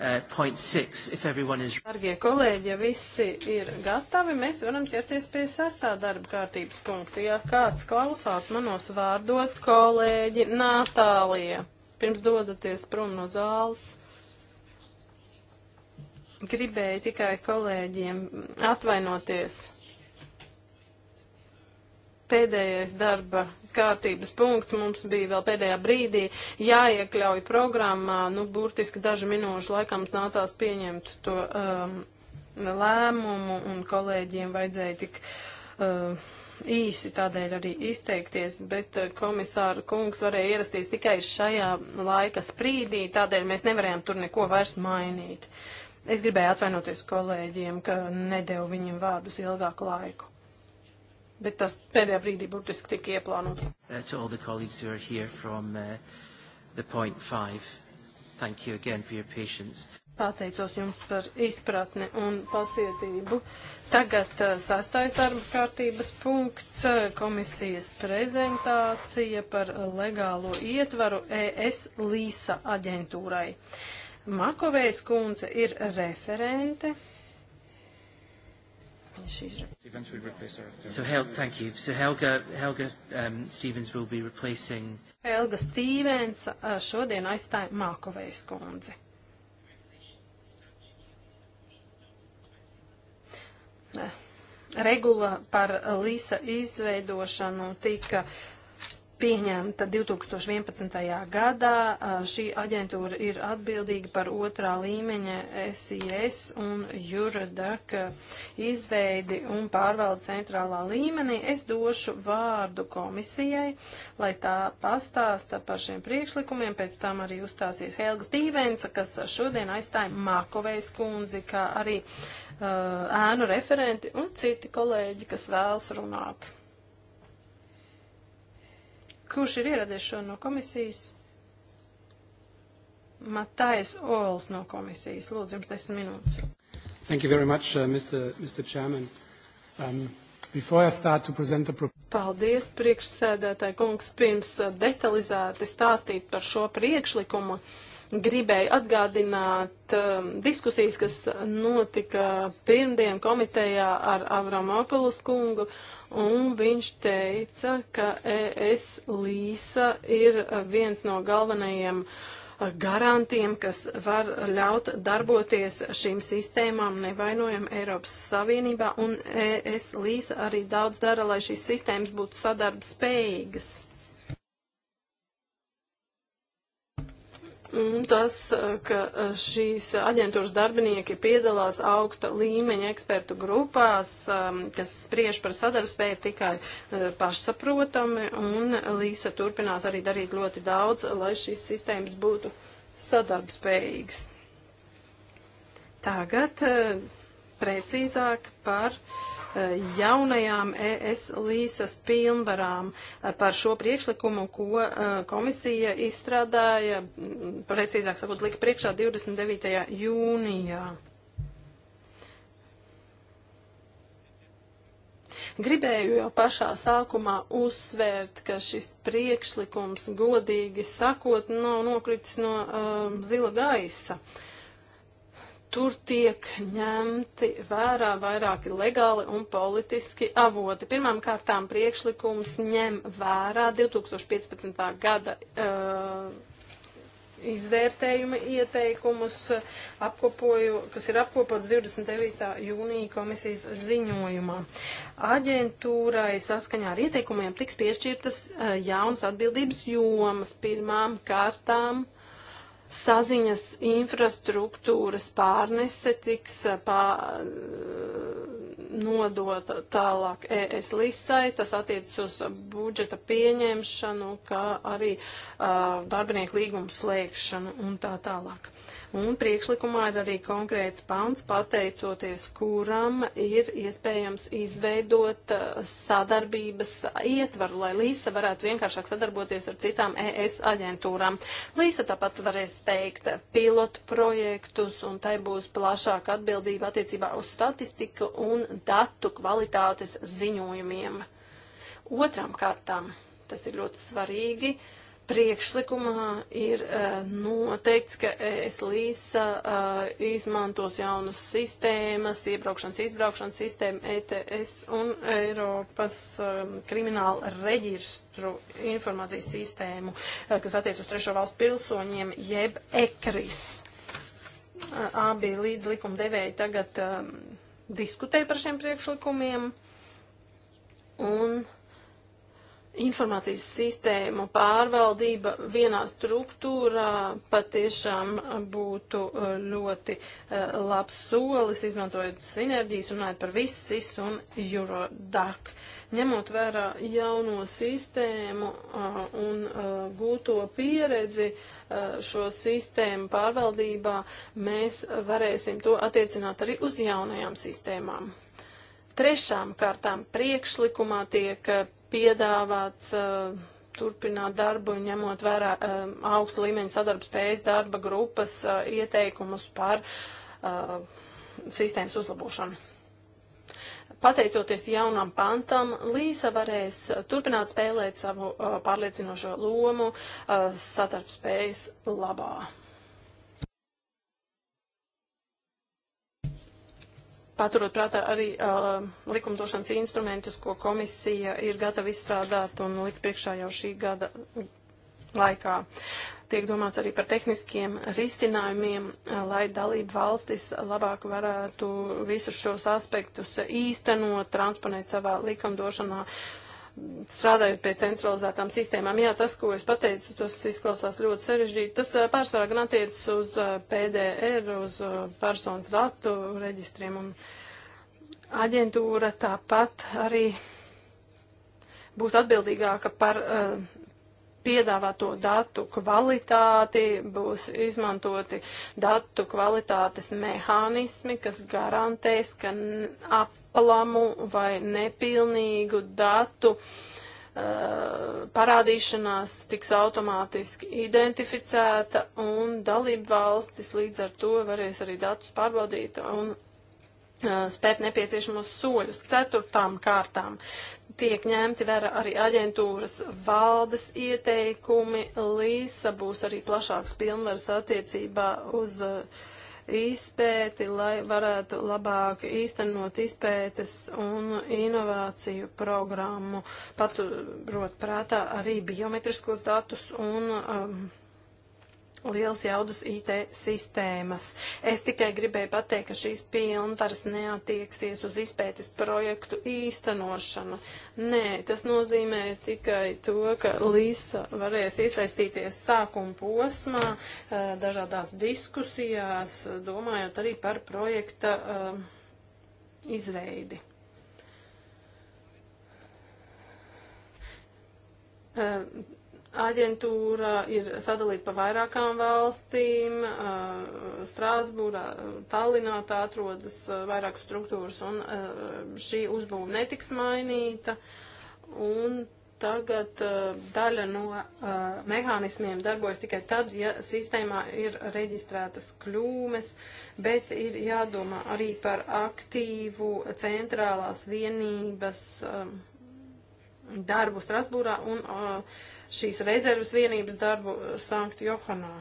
uh, point six, if everyone is... Dargie kolēģi, ja visi ir gatavi, mēs varam ķerties pie sastā darba kārtības punkta. Ja kāds klausās manos vārdos, kolēģi Natālija, pirms dodaties prom no zāles, gribēju tikai kolēģiem atvainoties. Pēdējais darba kārtības punkts mums bija vēl pēdējā brīdī jāiekļauj programmā, nu, burtiski dažu minūšu laikā mums nācās pieņemt to um, lēmumu un kolēģiem vajadzēja tik. Uh, īsi tādēļ arī izteikties, bet uh, komisāra kungs varēja ierasties tikai šajā laika sprīdī, tādēļ mēs nevarējām tur neko vairs mainīt. Es gribēju atvainoties kolēģiem, ka nedēvu viņiem vārdus ilgāku laiku. Bet tas pēdējā brīdī burtiski tika ieplānots. From, uh, Pateicos jums par izpratni un pacietību. Tagad uh, sastais darba kārtības punkts uh, - komisijas prezentācija par legālo ietvaru ES Līsa aģentūrai. Makovējas kundze ir referente. So Hel thank you. So Helga, Helga um, Stevens will be replacing... Helga Stevens uh, šodien aizstāja Mākovejas kundzi. Uh, regula par Līsa izveidošanu tika uh, pieņemta 2011. gadā. Šī aģentūra ir atbildīga par otrā līmeņa SIS un Juradak izveidi un pārvaldu centrālā līmenī. Es došu vārdu komisijai, lai tā pastāsta par šiem priekšlikumiem. Pēc tam arī uzstāsies Helga Stīvensa, kas šodien aizstāja Makovejas kundzi, kā arī uh, ēnu referenti un citi kolēģi, kas vēlas runāt. Kurš ir ieradies šo no komisijas? Matais Oils no komisijas. Lūdzu, jums desmit minūtes. Thank you very much, uh, Mr. Mr. Chairman. Um, Before I start to present the proposal. Paldies, priekšsēdētāji kungs, pirms uh, detalizēti stāstīt par šo priekšlikumu. Uh, gribēju atgādināt um, diskusijas, kas notika pirmdien komitejā ar Avramopulus kungu, un viņš teica, ka ES līsa ir viens no galvenajiem garantiem, kas var ļaut darboties šīm sistēmām nevainojam Eiropas Savienībā, un ES līsa arī daudz dara, lai šīs sistēmas būtu sadarbspējīgas. spējīgas. Tas, eh, ka eh, šīs aģentūras darbinieki piedalās augsta līmeņa ekspertu grupās, eh, kas spriež par sadarbspēju tikai pašsaprotami, un Līsa turpinās arī darīt ļoti daudz, lai šīs sistēmas būtu sadarbspējīgas. Tagad precīzāk par uh, jaunajām ES līsas pilnvarām eh, par šo priekšlikumu, ko eh, komisija izstrādāja, mm, precīzāk sakot, lika priekšā 29. jūnijā. Gribēju jau pašā sākumā uzsvērt, ka šis priekšlikums godīgi sakot nav nokritis no uh, zila gaisa. Uh, tur tiek ņemti vērā vairāki legāli un politiski avoti. Pirmām kārtām priekšlikums ņem vērā 2015. gada uh, izvērtējuma ieteikumus, apkopoju, kas ir apkopots 29. jūnija komisijas ziņojumā. Aģentūrai saskaņā ar ieteikumiem tiks piešķirtas uh, jaunas atbildības jomas pirmām kārtām. Uh, saziņas infrastruktūras pārnese tiks eh, pā, eh, nodota tālāk ES lisai, tas attiecas uz budžeta pieņemšanu, kā arī uh, darbinieku līgumu slēgšanu un tā tālāk. Un priekšlikumā ir arī konkrēts pants, pateicoties kuram ir iespējams izveidot uh, sadarbības ietvaru, lai Līsa varētu vienkāršāk sadarboties ar citām ES aģentūrām. Līsa tāpat varēs teikt pilotu projektus, un tai būs plašāka atbildība attiecībā uz statistiku un datu kvalitātes ziņojumiem. Otram kārtām, tas ir ļoti svarīgi, uh, priekšlikumā ir uh, noteikts, ka ESLISA uh, e, izmantos jaunas sistēmas, iebraukšanas, izbraukšanas sistēmu, ETS un Eiropas um, krimināla reģistru informācijas sistēmu, uh, kas attiec uz trešo valstu pilsoņiem, jeb ECRIS. Uh, abi līdz likumdevēji tagad um, diskutē par šiem priekšlikumiem un. Uh, informācijas sistēmu pārvaldība vienā struktūrā patiešām būtu uh, ļoti uh, labs solis, izmantojot sinerģijas, runājot par visis un Eurodac. Ņemot vērā jauno sistēmu uh, un gūto pieredzi šo sistēmu pārvaldībā, mēs varēsim to attiecināt arī uz jaunajām sistēmām. Trešām kārtām priekšlikumā tiek eh, piedāvāts uh, turpināt darbu, ņemot vērā um, eh, augstu līmeņu sadarbspējas darba grupas uh, ieteikumus par uh, sistēmas uzlabošanu. Pateicoties jaunam pantam, Līsa varēs turpināt spēlēt savu uh, pārliecinošo lomu uh, sadarbspējas labā. paturot prātā arī uh, likumdošanas instrumentus, ko komisija ir gatava izstrādāt un likt priekšā jau šī gada laikā. Tiek domāts arī par tehniskiem risinājumiem, uh, lai dalību valstis labāk varētu visus šos aspektus īstenot, transponēt savā likumdošanā. Uh, strādājot pie centralizētām sistēmām. Jā, tas, ko es pateicu, tas izklausās ļoti sarežģīti. Tas pārsvarā gan attiecas uz PDR, uz personas datu reģistriem, un aģentūra tāpat arī būs atbildīgāka par uh, piedāvāto datu kvalitāti, būs izmantoti datu kvalitātes mehānismi, kas garantēs, ka ap nopalamu vai nepilnīgu datu eh, parādīšanās tiks automātiski identificēta un dalību valstis līdz ar to varēs arī datus pārbaudīt un eh, spēt nepieciešamos soļus. Ceturtām kārtām tiek ņemti vērā arī aģentūras valdes ieteikumi. Līsa būs arī plašāks pilnvars attiecībā uz uh, izpēti, lai varētu labāk īstenot izpētes un inovāciju programmu, paturot prātā arī biometriskos datus un um, liels jaudas IT sistēmas. Es tikai gribēju pateikt, ka šīs pilnvaras neatieksies uz izpētes projektu īstenošanu. Nē, tas nozīmē tikai to, ka Līsa varēs iesaistīties sākuma posmā, eh, dažādās diskusijās, domājot arī par projekta eh, izveidi. Uh, aģentūra ir sadalīta pa vairākām valstīm. Strāsbūrā, Tallinā tā atrodas vairākas struktūras, un šī uzbūve netiks mainīta. Un tagad daļa no mehānismiem darbojas tikai tad, ja sistēmā ir reģistrētas kļūmes, bet ir jādomā arī par aktīvu centrālās vienības darbu Strasbūrā un uh, šīs rezervas vienības darbu eh, Sankt Johanā.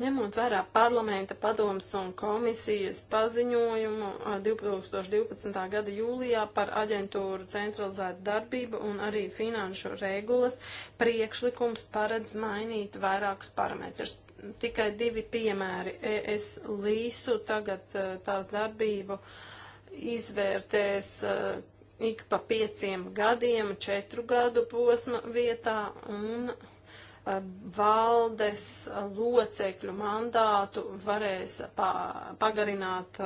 Ņemot vērā parlamenta padomas un komisijas paziņojumu 2012. Eh, gada jūlijā par aģentūru centralizētu darbību un arī finanšu regulas, priekšlikums paredz mainīt vairākus parametrus. Tikai divi piemēri. Es līsu tagad eh, tās darbību izvērtēs ik pa pieciem gadiem, četru gadu posma vietā un valdes locekļu mandātu varēs pagarināt.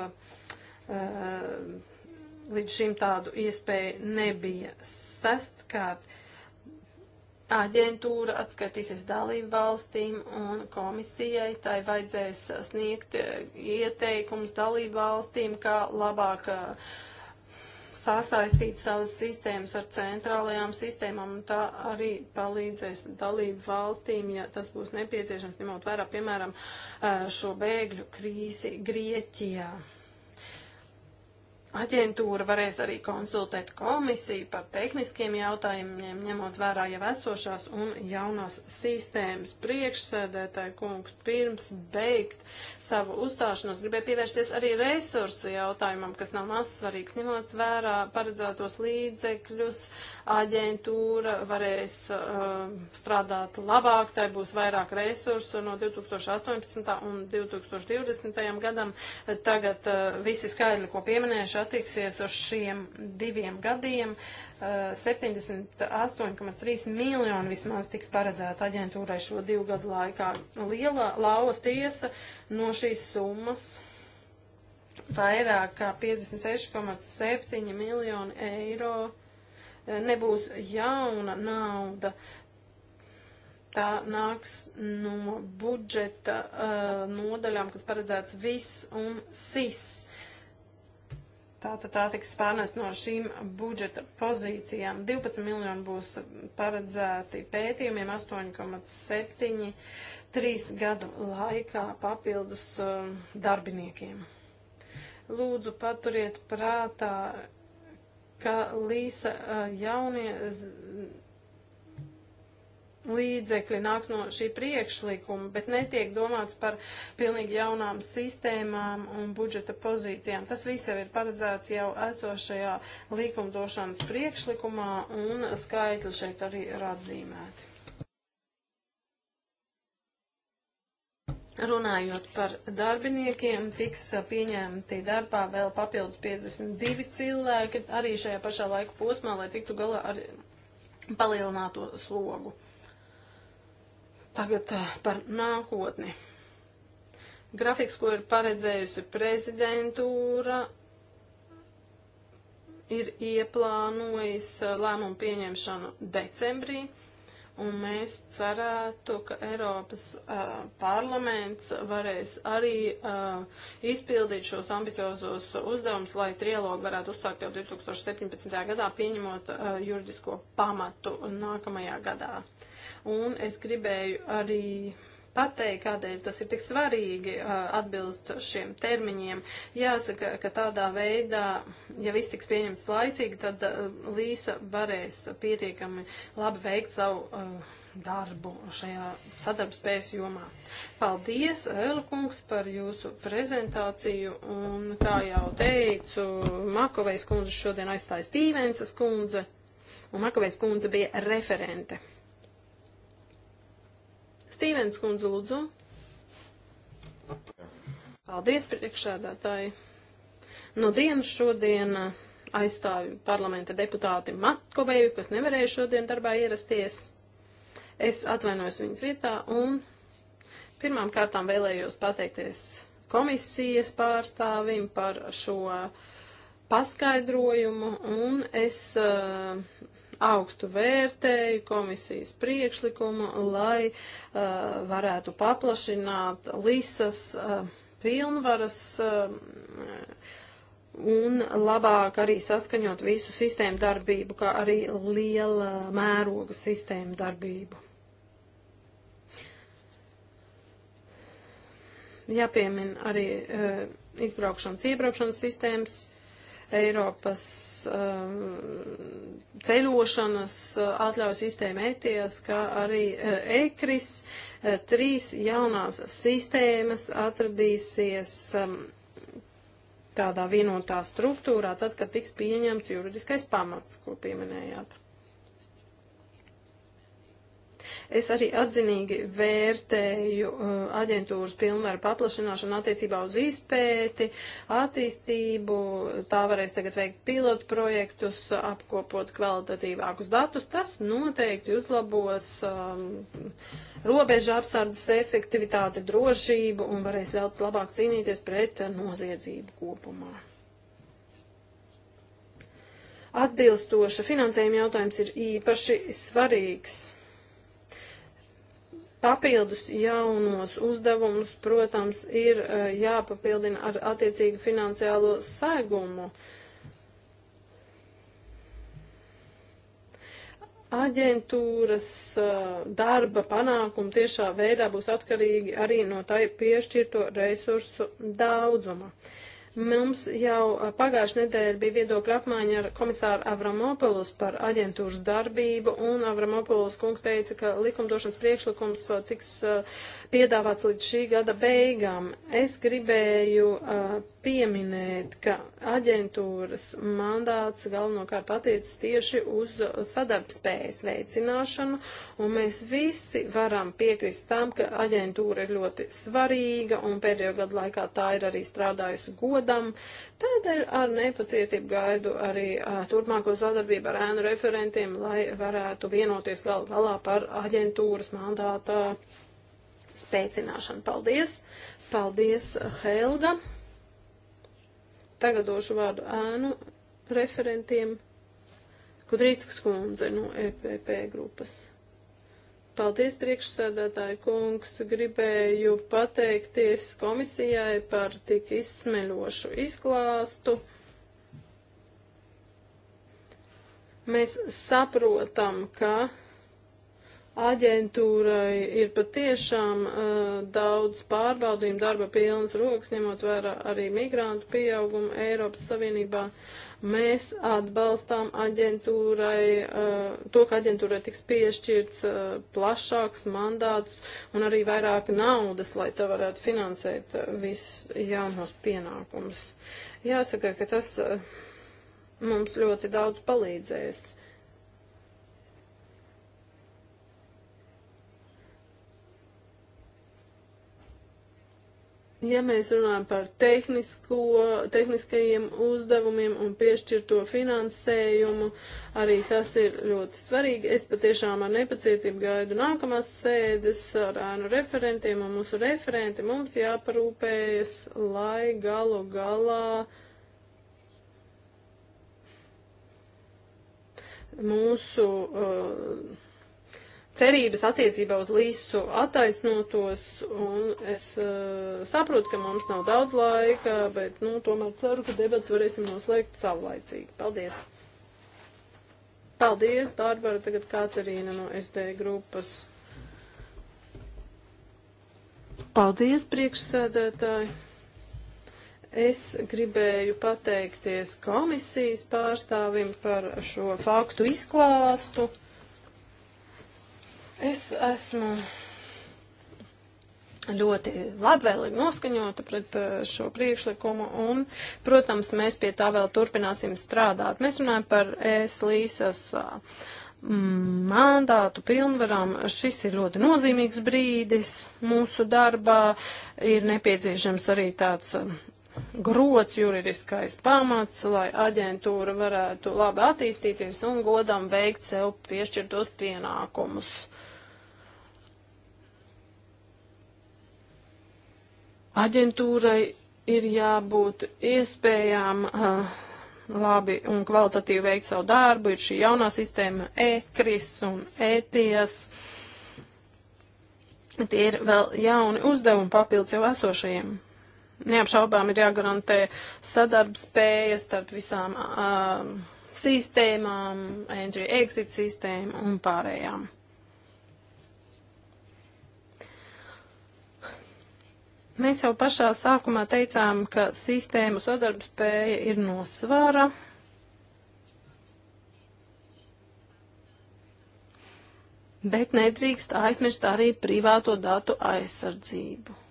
Līdz šim tādu iespēju nebija. Sestkārt, aģentūra atskaitīsies dalību valstīm un komisijai, tai vajadzēs sniegt e, ieteikums dalību valstīm, kā labāk uh, sasaistīt savas sistēmas ar centrālajām sistēmām, un tā arī palīdzēs dalību valstīm, ja tas būs nepieciešams, ņemot vērā, piemēram, šo bēgļu krīzi Grieķijā. Aģentūra varēs arī konsultēt komisiju par tehniskiem jautājumiem, ņemot vērā jau esošās un jaunās sistēmas priekšsēdētāju kungs pirms beigt savu uzstāšanos gribēju pievērsties arī resursu jautājumam, kas nav maz svarīgs, ņemot vērā paredzētos līdzekļus, aģentūra varēs uh, strādāt labāk, tai būs vairāk resursu no 2018. un 2020. gadam. Tagad uh, visi skaidri, ko pieminēšu, attieksies uz šiem diviem gadiem. Uh, 78,3 miljoni vismaz tiks paredzēta aģentūrai šo divu gadu laikā. Liela lauvas tiesa no šīs summas vairāk kā 56,7 miljoni eiro e, nebūs jauna nauda. Tā nāks no budžeta uh, nodaļām, kas paredzēts vis un sis. Tātad tā tiks pārnest no šīm budžeta pozīcijām. 12 miljoni būs paredzēti pētījumiem, 8,7 trīs gadu laikā papildus uh, darbiniekiem. Lūdzu, paturiet prātā, ka Līsa uh, jaunie līdzekļi nāks no šī priekšlikuma, bet netiek domāts par pilnīgi jaunām sistēmām un budžeta pozīcijām. Tas viss jau ir paredzēts jau esošajā likumdošanas priekšlikumā un skaitļi šeit arī ir atzīmēti. Runājot par darbiniekiem, tiks pieņemti darbā vēl papildus 52 cilvēki arī šajā pašā laika posmā, lai tiktu galā ar palielināto slogu. Tagad eh, par nākotni. Grafiks, ko ir paredzējusi prezidentūra, ir ieplānojis eh, lēmumu pieņemšanu decembrī, un mēs cerētu, ka Eiropas uh, parlaments varēs arī uh, izpildīt šos ambiciozos uzdevumus, lai trialogu varētu uzsākt jau 2017. gadā, pieņemot uh, juridisko pamatu nākamajā gadā. Uh, Un es gribēju arī pateikt, kādēļ tas ir tik svarīgi atbilst šiem termiņiem. Jāsaka, ka tādā veidā, ja viss tiks pieņemts laicīgi, tad Līsa varēs pietiekami labi veikt savu darbu šajā sadarbspējas jomā. Paldies, Elkungs, par jūsu prezentāciju, un kā jau teicu, Makovejs kundze šodien aizstāja Stīvensas kundze, un Makovejs kundze bija referente. Stīvens kundze, lūdzu. Paldies, priekšsēdētāji. No nu, dienas šodien aizstāvi parlamenta deputāti Matkoveju, kas nevarēja šodien darbā ierasties. Es atvainojos viņas vietā un pirmām kārtām vēlējos pateikties komisijas pārstāvim par šo paskaidrojumu, un es uh, augstu vērtēju komisijas priekšlikumu, lai uh, varētu paplašināt lisas uh, pilnvaras uh, un labāk arī saskaņot visu sistēmu darbību, kā arī liela mēroga sistēmu darbību. Jāpiemin arī uh, izbraukšanas, iebraukšanas sistēmas Eiropas um, ceļošanas uh, atļauju sistēma ETIAS, kā arī uh, ECRIS. Uh, trīs jaunās sistēmas atradīsies um, tādā vienotā struktūrā, tad, kad tiks pieņemts juridiskais pamats, ko pieminējāt. Es arī atzinīgi vērtēju uh, aģentūras pilnvaru paplašināšanu attiecībā uz izpēti, attīstību. Tā varēs tagad veikt pilotu projektus, apkopot kvalitatīvākus datus. Tas noteikti uzlabos um, robežu apsardzes efektivitāti, drošību un varēs ļaut labāk cīnīties pret noziedzību kopumā. Atbilstoša finansējuma jautājums ir īpaši svarīgs. Papildus jaunos uzdevumus, protams, ir e, jāpapildina ar attiecīgu finansiālo segumu. Aģentūras e, darba panākumi tiešā veidā būs atkarīgi arī no tai piešķirto resursu daudzuma. Uh, Mums jau pagājušajā nedēļā bija viedokļa apmaiņa ar komisāru Avramopoulos par aģentūras darbību, un Avramopoulos kungs teica, ka likumdošanas priekšlikums tiks piedāvāts līdz šī gada beigām. Es gribēju pieminēt, ka aģentūras mandāts galvenokārt attiecas tieši uz sadarbspējas veicināšanu, un mēs visi varam piekrist tam, ka aģentūra ir ļoti svarīga, un pēdējo gadu laikā tā ir arī strādājusi godīgi gadam. Tādēļ ar nepacietību gaidu arī a, turpmāko sadarbību ar ēnu referentiem, lai varētu vienoties gal galā par aģentūras mandātā spēcināšanu. Paldies! Paldies, Helga! Tagad došu vārdu ēnu referentiem. Kudrītskas kundze no EPP grupas. Paldies, priekšsēdētāji kungs. Gribēju pateikties komisijai par tik izsmeļošu izklāstu. Mēs saprotam, ka aģentūrai ir patiešām uh, daudz pārbaudījumu, darba pilnas rokas, ņemot vērā arī migrantu pieaugumu Eiropas Savienībā. Mēs atbalstām aģentūrai, uh, to, ka aģentūrai tiks piešķirts uh, plašāks mandāts un arī vairāk naudas, lai tā varētu finansēt uh, visus jaunos pienākumus. Jāsaka, ka tas uh, mums ļoti daudz palīdzēs. Uh, Ja mēs runājam par tehnisko, tehniskajiem uzdevumiem un piešķirto finansējumu, arī tas ir ļoti svarīgi. Es patiešām ar nepacietību gaidu nākamās sēdes ar ēnu referentiem un mūsu referenti. Mums jāparūpējas, lai galu galā mūsu. Uh, cerības attiecībā uz līsu attaisnotos, un es uh, saprotu, ka mums nav daudz laika, bet, nu, tomēr ceru, ka debats varēsim noslēgt savlaicīgi. Paldies! Paldies, Bārbara, tagad Katarīna no SD grupas. Paldies, priekšsēdētāji! Es gribēju pateikties komisijas pārstāvim par šo faktu izklāstu. Es esmu ļoti labvēlīgi noskaņota pret eh, šo priekšlikumu un, protams, mēs pie tā vēl turpināsim strādāt. Mēs runājam par ES līsas eh, mandātu pilnvarām. Šis ir ļoti nozīmīgs brīdis mūsu darbā. Ir nepieciešams arī tāds eh, grots juridiskais pamats, lai aģentūra varētu labi attīstīties un godam veikt sev piešķirtos pienākumus. Aģentūrai ir jābūt iespējām uh, labi un kvalitatīvi veikt savu darbu, ir šī jaunā sistēma e-kris un e-ties. Tie ir vēl jauni uzdevumi papildus jau esošajiem. Neapšaubām ir jāgarantē sadarbspējas starp visām uh, sistēmām, entry exit sistēmu un pārējām. Mēs jau pašā sākumā teicām, ka sistēmu sadarbspēja ir nosvara. Bet nedrīkst aizmirst arī privāto datu aizsardzību.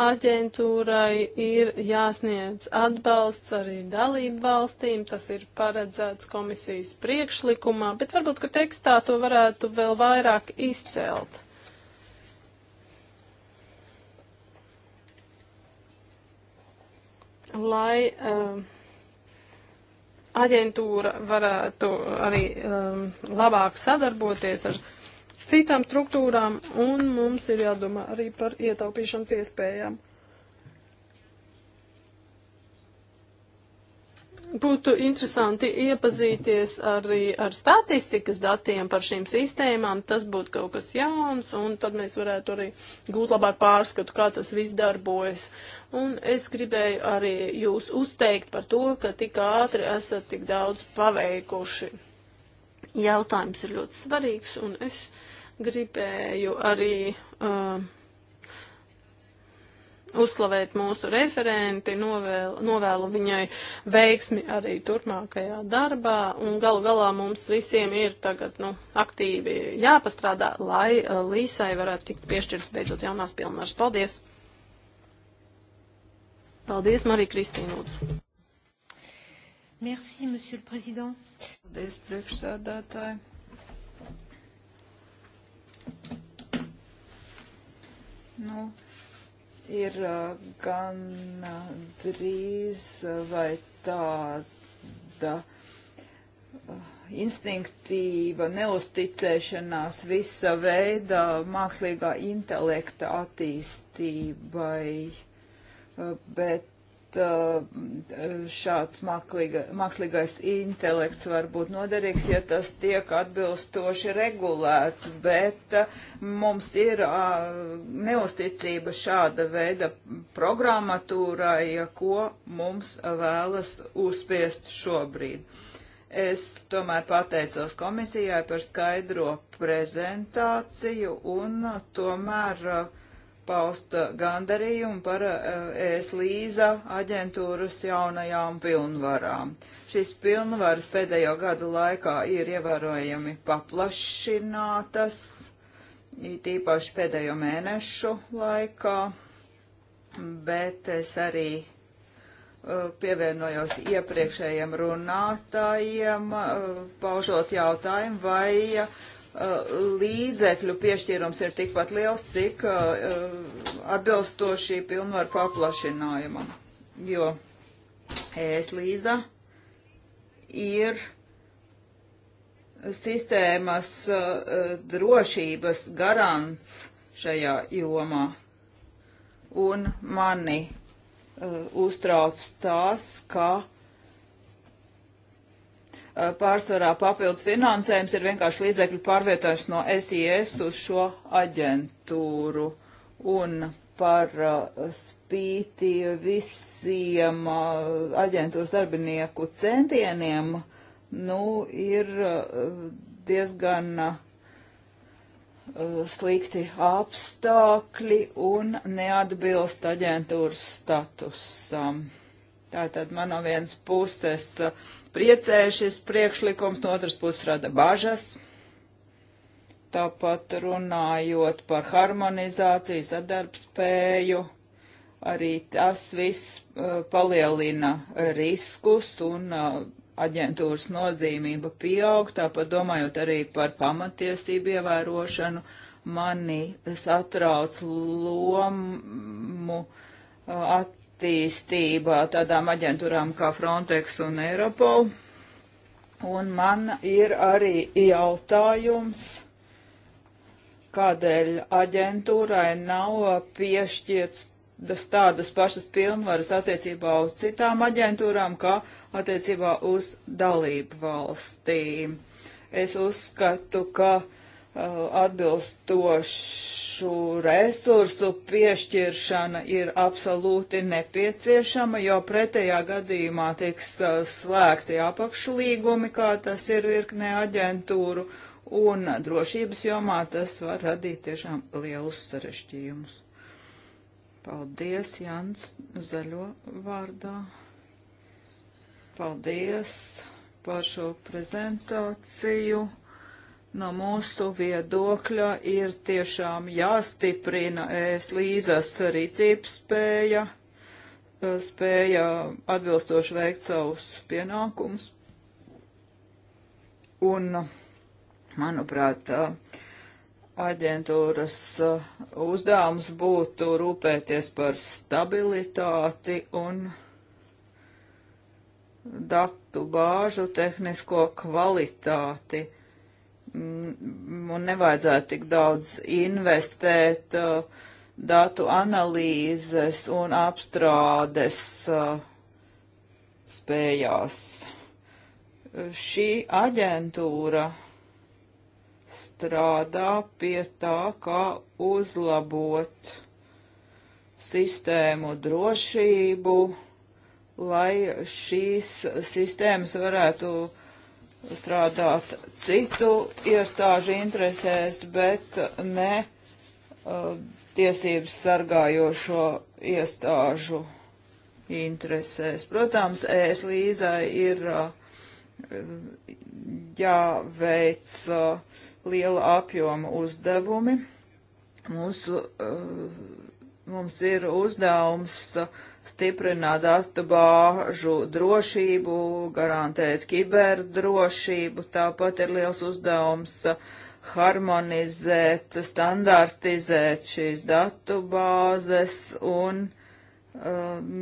Aģentūrai ir jāsniedz atbalsts arī dalību valstīm, tas ir paredzēts komisijas priekšlikumā, bet varbūt, ka tekstā to varētu vēl vairāk izcelt. Lai um, aģentūra varētu arī um, labāk sadarboties ar citām struktūrām, un mums ir jādomā arī par ietaupīšanas iespējām. Būtu interesanti iepazīties arī ar statistikas datiem par šīm sistēmām. Tas būtu kaut kas jauns, un tad mēs varētu arī gūt labāk pārskatu, kā tas viss darbojas. Un es gribēju arī jūs uzteikt par to, ka tik ātri esat tik daudz paveikuši jautājums ir ļoti svarīgs, un es Gribēju arī uh, uzslavēt mūsu referenti, novēlu, novēlu viņai veiksmi arī turpmākajā darbā, un galu galā mums visiem ir tagad, nu, aktīvi jāpastrādā, lai uh, Līsai varētu tikt piešķirts beidzot jaunās pilnvaras. Paldies! Paldies, Marija Kristīna Lūdzu! Merci, monsieur le président. Paldies, priekšsēdētāji. Nu, ir uh, gan uh, drīz uh, vai tāda instinktīva neusticēšanās visa veida mākslīgā intelekta attīstībai, bet šāds mākliga, mākslīgais intelekts var būt noderīgs, ja tas tiek atbilstoši regulēts, bet mums ir neusticība šāda veida programmatūrai, ko mums vēlas uzspiest šobrīd. Es tomēr pateicos komisijai par skaidro prezentāciju un tomēr uh, paust gandarījumu par ES eh, e līza aģentūras jaunajām pilnvarām. Šīs pilnvaras pēdējo gadu laikā ir ievērojami paplašinātas, it īpaši pēdējo mēnešu laikā, bet es arī eh, pievienojos iepriekšējiem runātājiem, eh, paužot jautājumu, vai Uh, līdzekļu piešķīrums ir tikpat liels, cik uh, uh, atbilstoši pilnvaru paplašinājumam. Jo ēs līza ir sistēmas drošības garants šajā jomā. Un mani uztrauc tās, ka Eh, pārsvarā papildus finansējums ir vienkārši līdzekļu pārvietojums no SIS uz šo aģentūru. Un par eh, spīti visiem eh, aģentūras darbinieku centieniem, nu, ir diezgan slikti apstākļi un neatbilst aģentūras statusam. Um Tātad man no vienas puses uh, priecē šis priekšlikums, no otras puses rada bažas. Tāpat runājot par harmonizāciju, sadarbspēju, arī tas viss uh, palielina riskus un uh, aģentūras nozīmība pieaug, tāpat domājot arī par pamatiesību ievērošanu, mani satrauc lomu uh, at, attīstība tādām aģentūrām kā Frontex un Europol. Un man ir arī jautājums, kādēļ aģentūrai nav piešķirts tas tādas pašas pilnvaras attiecībā uz citām aģentūrām, kā attiecībā uz dalību valstīm. Es uzskatu, ka uh, Eh, atbilstošu resursu piešķiršana ir absolūti nepieciešama, jo pretējā gadījumā tiks eh, slēgti apakšlīgumi, kā tas ir virknē aģentūru, un drošības jomā tas var radīt tiešām lielus sarežģījumus. Paldies, Jans, zaļo vārdā. Paldies par šo prezentāciju no mūsu viedokļa ir tiešām jāstiprina ēs līzas rīcības spēja, spēja atbilstoši veikt savus pienākumus. Un, manuprāt, aģentūras uzdevums būtu rūpēties par stabilitāti un datu bāžu tehnisko kvalitāti Mm, un nevajadzētu tik daudz investēt uh, datu analīzes un apstrādes uh, spējās. Šī aģentūra strādā pie tā, kā uzlabot sistēmu drošību, lai šīs sistēmas varētu uh, strādāt citu iestāžu interesēs, bet ne uh, tiesības sargājošo iestāžu interesēs. Protams, ES līzai ir uh, jāveic uh, liela apjoma uzdevumi. Mūsu, uh, mums ir uzdevums uh, stiprināt datu bāžu drošību, garantēt kiberdrošību, tāpat ir liels uzdevums harmonizēt, standartizēt šīs datu bāzes un uh,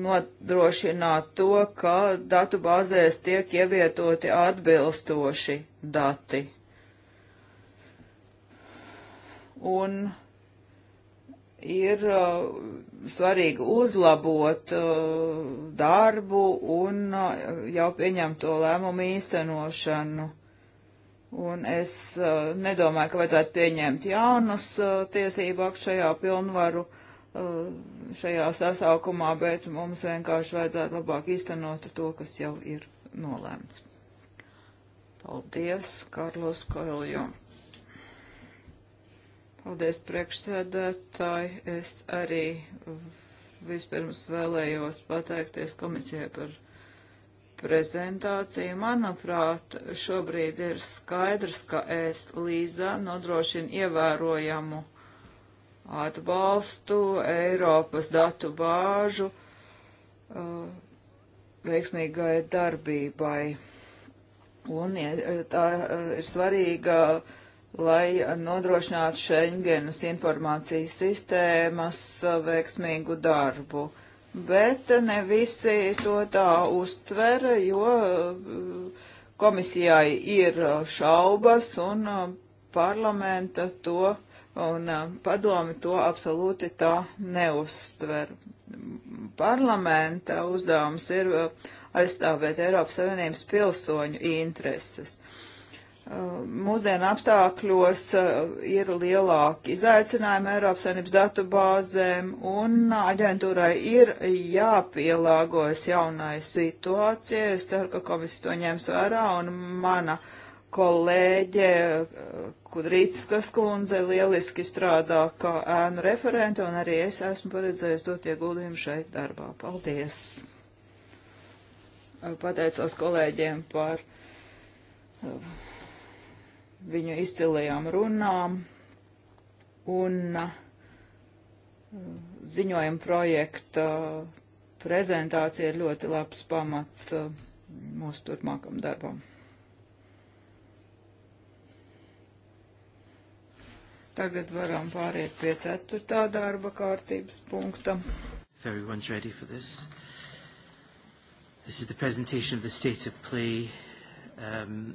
nodrošināt to, ka datu bāzēs tiek ievietoti atbilstoši dati. Un ir uh, svarīgi uzlabot uh, darbu un uh, jau pieņemto lēmumu īstenošanu. Un es uh, nedomāju, ka vajadzētu pieņemt jaunus uh, tiesību aktu šajā pilnvaru, uh, šajā sasaukumā, bet mums vienkārši vajadzētu labāk īstenot to, kas jau ir nolēmts. Paldies, Karlos Koeljo. Paldies, priekšsēdētāji. Es arī vispirms vēlējos pateikties komisijai par prezentāciju. Manuprāt, šobrīd ir skaidrs, ka es Līza nodrošina ievērojamu atbalstu Eiropas datu bāžu uh, veiksmīgai darbībai. Un ja, tā uh, ir svarīga uh, lai nodrošinātu Schengenas informācijas sistēmas uh, veiksmīgu darbu. Bet ne visi to tā uztver, jo uh, komisijai ir uh, šaubas un parlamenta to un padomi to absolūti tā neuztver. Parlamenta uzdevums ir aizstāvēt Eiropas Savienības pilsoņu intereses. Mūsdienu apstākļos uh, ir lielāki izaicinājumi Eiropas Savienības datubāzēm, un aģentūrai ir jāpielāgojas jaunai situācijai. Es ceru, ka komisija to ņems vērā, un mana kolēģe uh, Kudrītiskas kundze lieliski strādā kā ēnu referente, un arī es esmu paredzējis dot ieguldījumu šeit darbā. Paldies! Uh, pateicos kolēģiem par viņu izcilajām runām un uh, ziņojuma projekta prezentācija ir ļoti labs pamats uh, mūsu turpmākam darbam. Tagad varam pāriet pie ceturtā darba kārtības punkta. Everyone's ready for this. This is the presentation of the state of play um,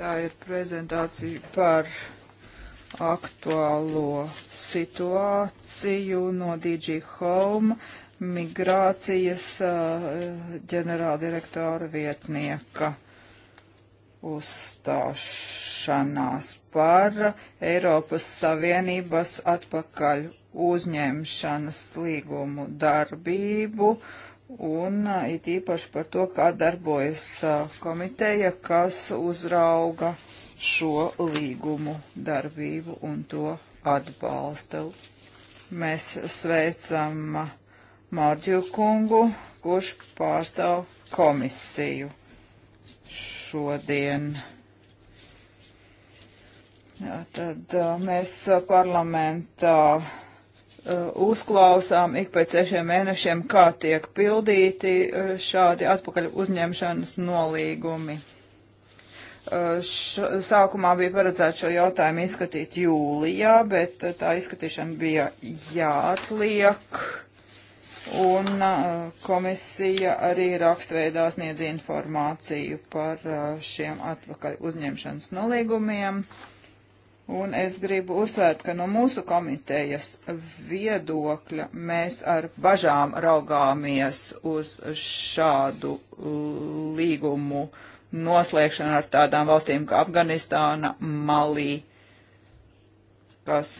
Tā ir prezentācija par aktuālo situāciju no DG Home migrācijas eh, ģenerāldirektora vietnieka uzstāšanās par Eiropas Savienības atpakaļ uzņemšanas līgumu darbību un uh, it īpaši par to, kā darbojas uh, komiteja, kas uzrauga šo līgumu darbību un to atbalsta. Mēs sveicam uh, Mārģiju kungu, kurš pārstāv komisiju šodien. Jā, tad mēs parlamentā uh, Uh, uzklausām ik pēc sešiem mēnešiem, kā tiek pildīti uh, šādi atpakaļ uzņemšanas nolīgumi. Uh, Š, sākumā bija paredzēts šo jautājumu izskatīt jūlijā, bet tā izskatīšana bija jāatliek. Un komisija arī rakstveidā sniedz informāciju par šiem atpakaļ uzņemšanas nolīgumiem. Uh, Un es gribu uzsvērt, ka no mūsu komitejas viedokļa mēs ar bažām raugāmies uz šādu līgumu noslēgšanu ar tādām valstīm kā Afganistāna, Malī, kas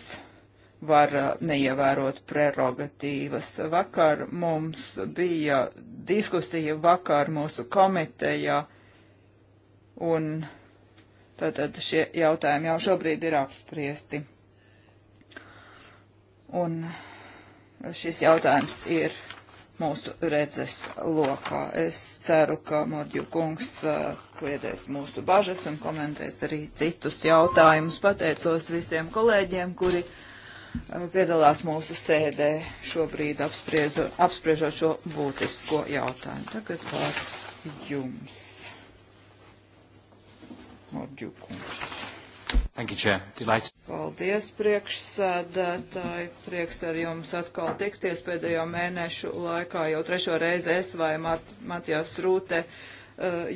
var uh, neievērot prerogatīvas. Vakar mums bija diskusija, vakar mūsu komiteja, un Tātad šie jautājumi jau šobrīd ir apspriesti. Un šis jautājums ir mūsu redzes lokā. Es ceru, ka Morģu kungs uh, kliedēs mūsu bažas un komentēs arī citus jautājumus. Pateicos visiem kolēģiem, kuri uh, piedalās mūsu sēdē šobrīd apspriežot šo būtisko jautājumu. Tagad vārds jums. Morģu kungs. Thank you, Chair. Delight. Paldies, priekšsēdētāji. Prieks ar jums atkal tikties pēdējo mēnešu laikā. Jau trešo reizi es vai Mat Matijas Rūte eh,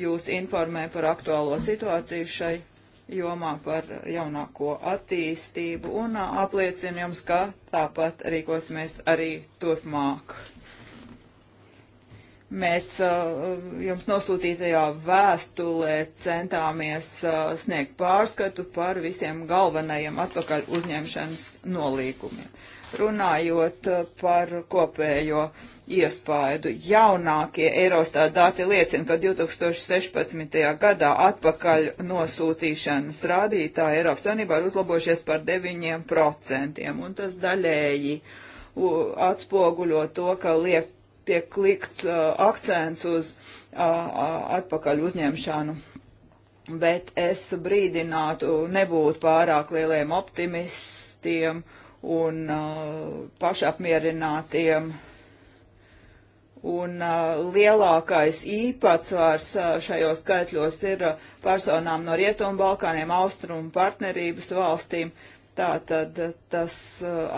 jūs informē par aktuālo situāciju šai jomā par jaunāko attīstību un eh, apliecinu jums, ka tāpat rīkosimies arī turpmāk. Mēs uh, jums nosūtītajā vēstulē centāmies uh, sniegt pārskatu par visiem galvenajiem atpakaļ uzņemšanas nolīgumiem. Runājot uh, par kopējo iespaidu. Jaunākie Eurostat dati liecina, ka 2016. gadā atpakaļ nosūtīšanas rādītāji Eiropas Savienībā ir uzlabojušies par 9%, un tas daļēji atspoguļo to, ka liek tiek likts uh, akcents uz uh, uh, atpakaļ uzņemšanu. Bet es brīdinātu nebūt pārāk lieliem optimistiem un pašapmierinātiem. Un uh, lielākais īpatsvars uh, šajos skaitļos ir uh, personām no Rietumu Balkāniem, Austrumu partnerības valstīm. Tātad tas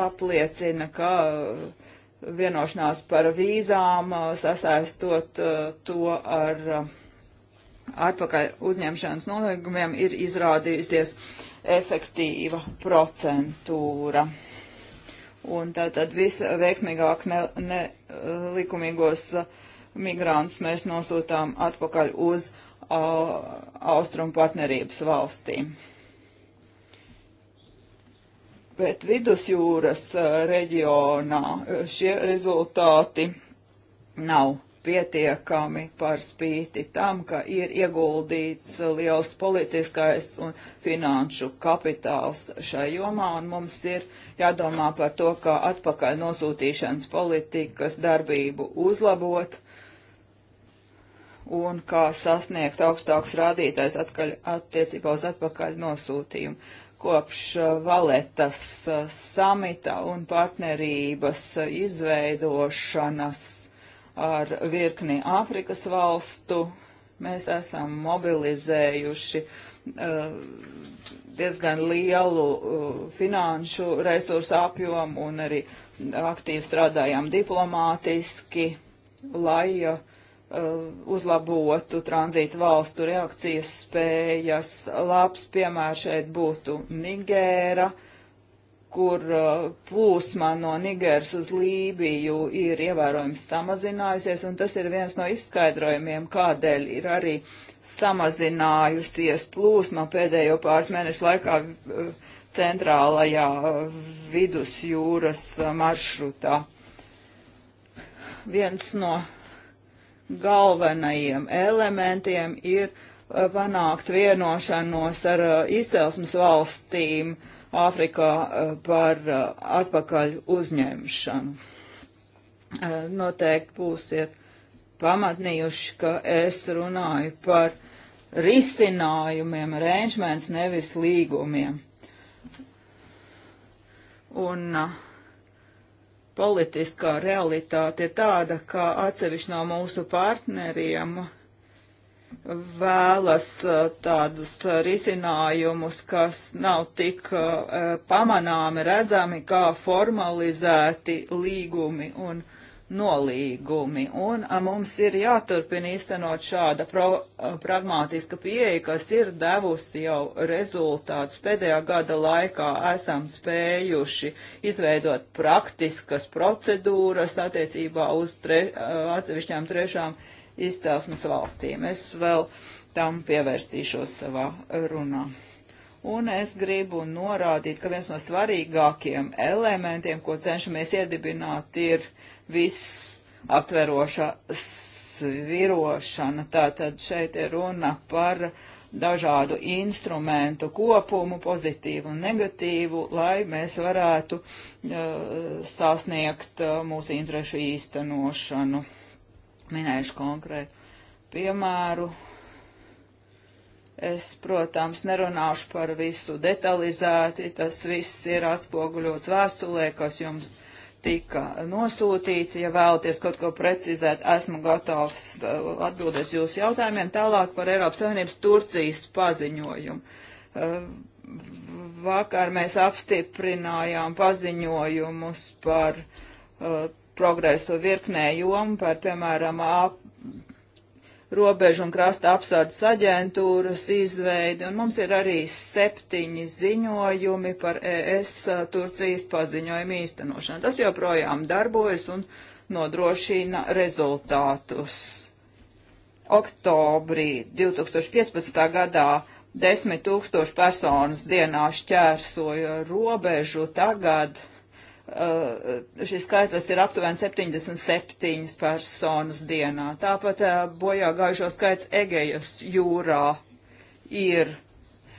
apliecina, ka uh, vienošanās par vīzām, uh, sasaistot uh, to ar uh, atpakaļ uzņemšanas nolīgumiem, ir izrādījusies efektīva procentūra. Un tātad visveiksmīgāk nelikumīgos ne, ne migrantus mēs nosūtām atpakaļ uz austrumu partnerības valstīm bet vidusjūras reģionā šie rezultāti nav pietiekami par spīti tam, ka ir ieguldīts liels politiskais un finanšu kapitāls šai jomā, un mums ir jādomā par to, kā atpakaļ nosūtīšanas politikas darbību uzlabot un kā sasniegt augstāks rādītājs atkaļ, attiecībā uz atpakaļ nosūtījumu kopš valetas samita un partnerības izveidošanas ar virkni Āfrikas valstu. Mēs esam mobilizējuši diezgan lielu finanšu resursu apjomu un arī aktīvi strādājām diplomātiski, lai uh, Uh, uzlabotu tranzītu valstu reakcijas spējas. Labs piemērs šeit būtu Nigēra, kur uh, plūsma no Nigēras uz Lībiju ir ievērojami samazinājusies, un tas ir viens no izskaidrojumiem, kādēļ ir arī samazinājusies plūsma pēdējo pāris mēnešu laikā uh, centrālajā vidusjūras maršrutā. Viens no galvenajiem elementiem ir eh, panākt vienošanos ar eh, izcelsmes valstīm Āfrikā eh, par atpakaļ uzņemšanu. Noteikti būsiet pamatnījuši, ka es runāju par risinājumiem, arrangements, nevis līgumiem. Un uh, politiskā realitāte ir tāda, ka atsevišķi no mūsu partneriem vēlas uh, tādus uh, risinājumus, kas nav tik uh, pamanāmi redzami kā formalizēti līgumi un līgumi nolīgumi. Un a, mums ir jāturpina īstenot šāda pro, a, pragmātiska pieeja, kas ir devusi jau rezultātus. Pēdējā gada laikā esam spējuši izveidot praktiskas procedūras attiecībā uz tre, a, atsevišķām trešām izcelsmes valstīm. Es vēl tam pievērstīšos savā runā. Un es gribu norādīt, ka viens no svarīgākiem elementiem, ko cenšamies iedibināt, ir uh, viss aptveroša svirošana. Tātad šeit ir runa par dažādu instrumentu kopumu, pozitīvu un negatīvu, lai mēs varētu uh, sasniegt uh, mūsu interešu īstenošanu. Minējuši konkrētu piemēru. Es, protams, nerunāšu par visu detalizēti, tas viss ir atspoguļots vēstulē, kas jums ir tika nosūtīti. Ja vēlaties kaut ko precizēt, esmu gatavs uh, atbildēt jūsu jautājumiem. Tālāk par Eiropas Savienības Turcijas paziņojumu. Uh, vakar mēs apstiprinājām paziņojumus par uh, progresu virknē jomu, par, piemēram, robežu un krasta apsardzes aģentūras izveidi, un mums ir arī septiņi ziņojumi par ES Turcijas paziņojumu īstenošanu. Tas joprojām darbojas un nodrošina rezultātus. Oktobrī 2015. gadā desmit tūkstoši personas dienā šķērsoja robežu, tagad Uh, šis skaitlis ir aptuveni 77 personas dienā. Tāpat uh, bojā gājušo skaits Egejas jūrā ir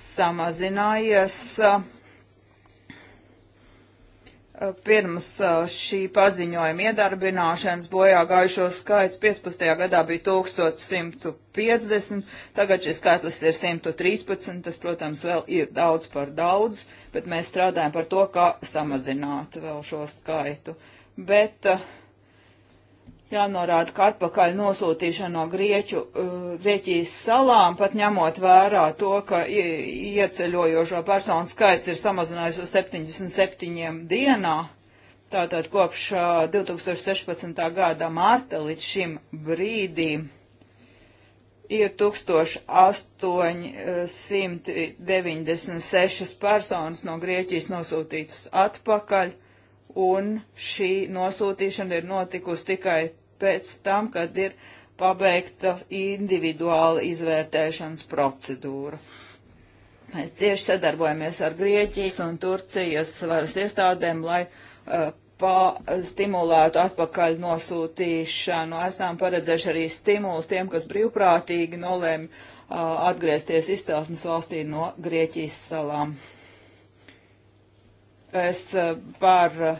samazinājies. Uh, Pirms šī paziņojuma iedarbināšanas bojā gājušo skaits 15. gadā bija 1150, tagad šis skaitlis ir 113, tas, protams, vēl ir daudz par daudz, bet mēs strādājam par to, kā samazināt vēl šo skaitu. Bet uh, jānorāda, ka atpakaļ nosūtīšana no Grieķu, uh, Grieķijas salām, pat ņemot vērā to, ka ieceļojošo personu skaits ir samazinājies uz 77 dienā, tātad kopš 2016. Uh, gada mārta līdz šim brīdim ir 1896 personas no Grieķijas nosūtītas atpakaļ, un šī nosūtīšana ir notikusi tikai pēc tam, kad ir pabeigta individuāla izvērtēšanas procedūra. Mēs cieši sadarbojamies ar Grieķijas un Turcijas varas iestādēm, lai uh, stimulētu atpakaļ nosūtīšanu. Esam paredzējuši arī stimulus tiem, kas brīvprātīgi nolēma uh, atgriezties izcelsmes valstī no Grieķijas salām. Es uh, par uh,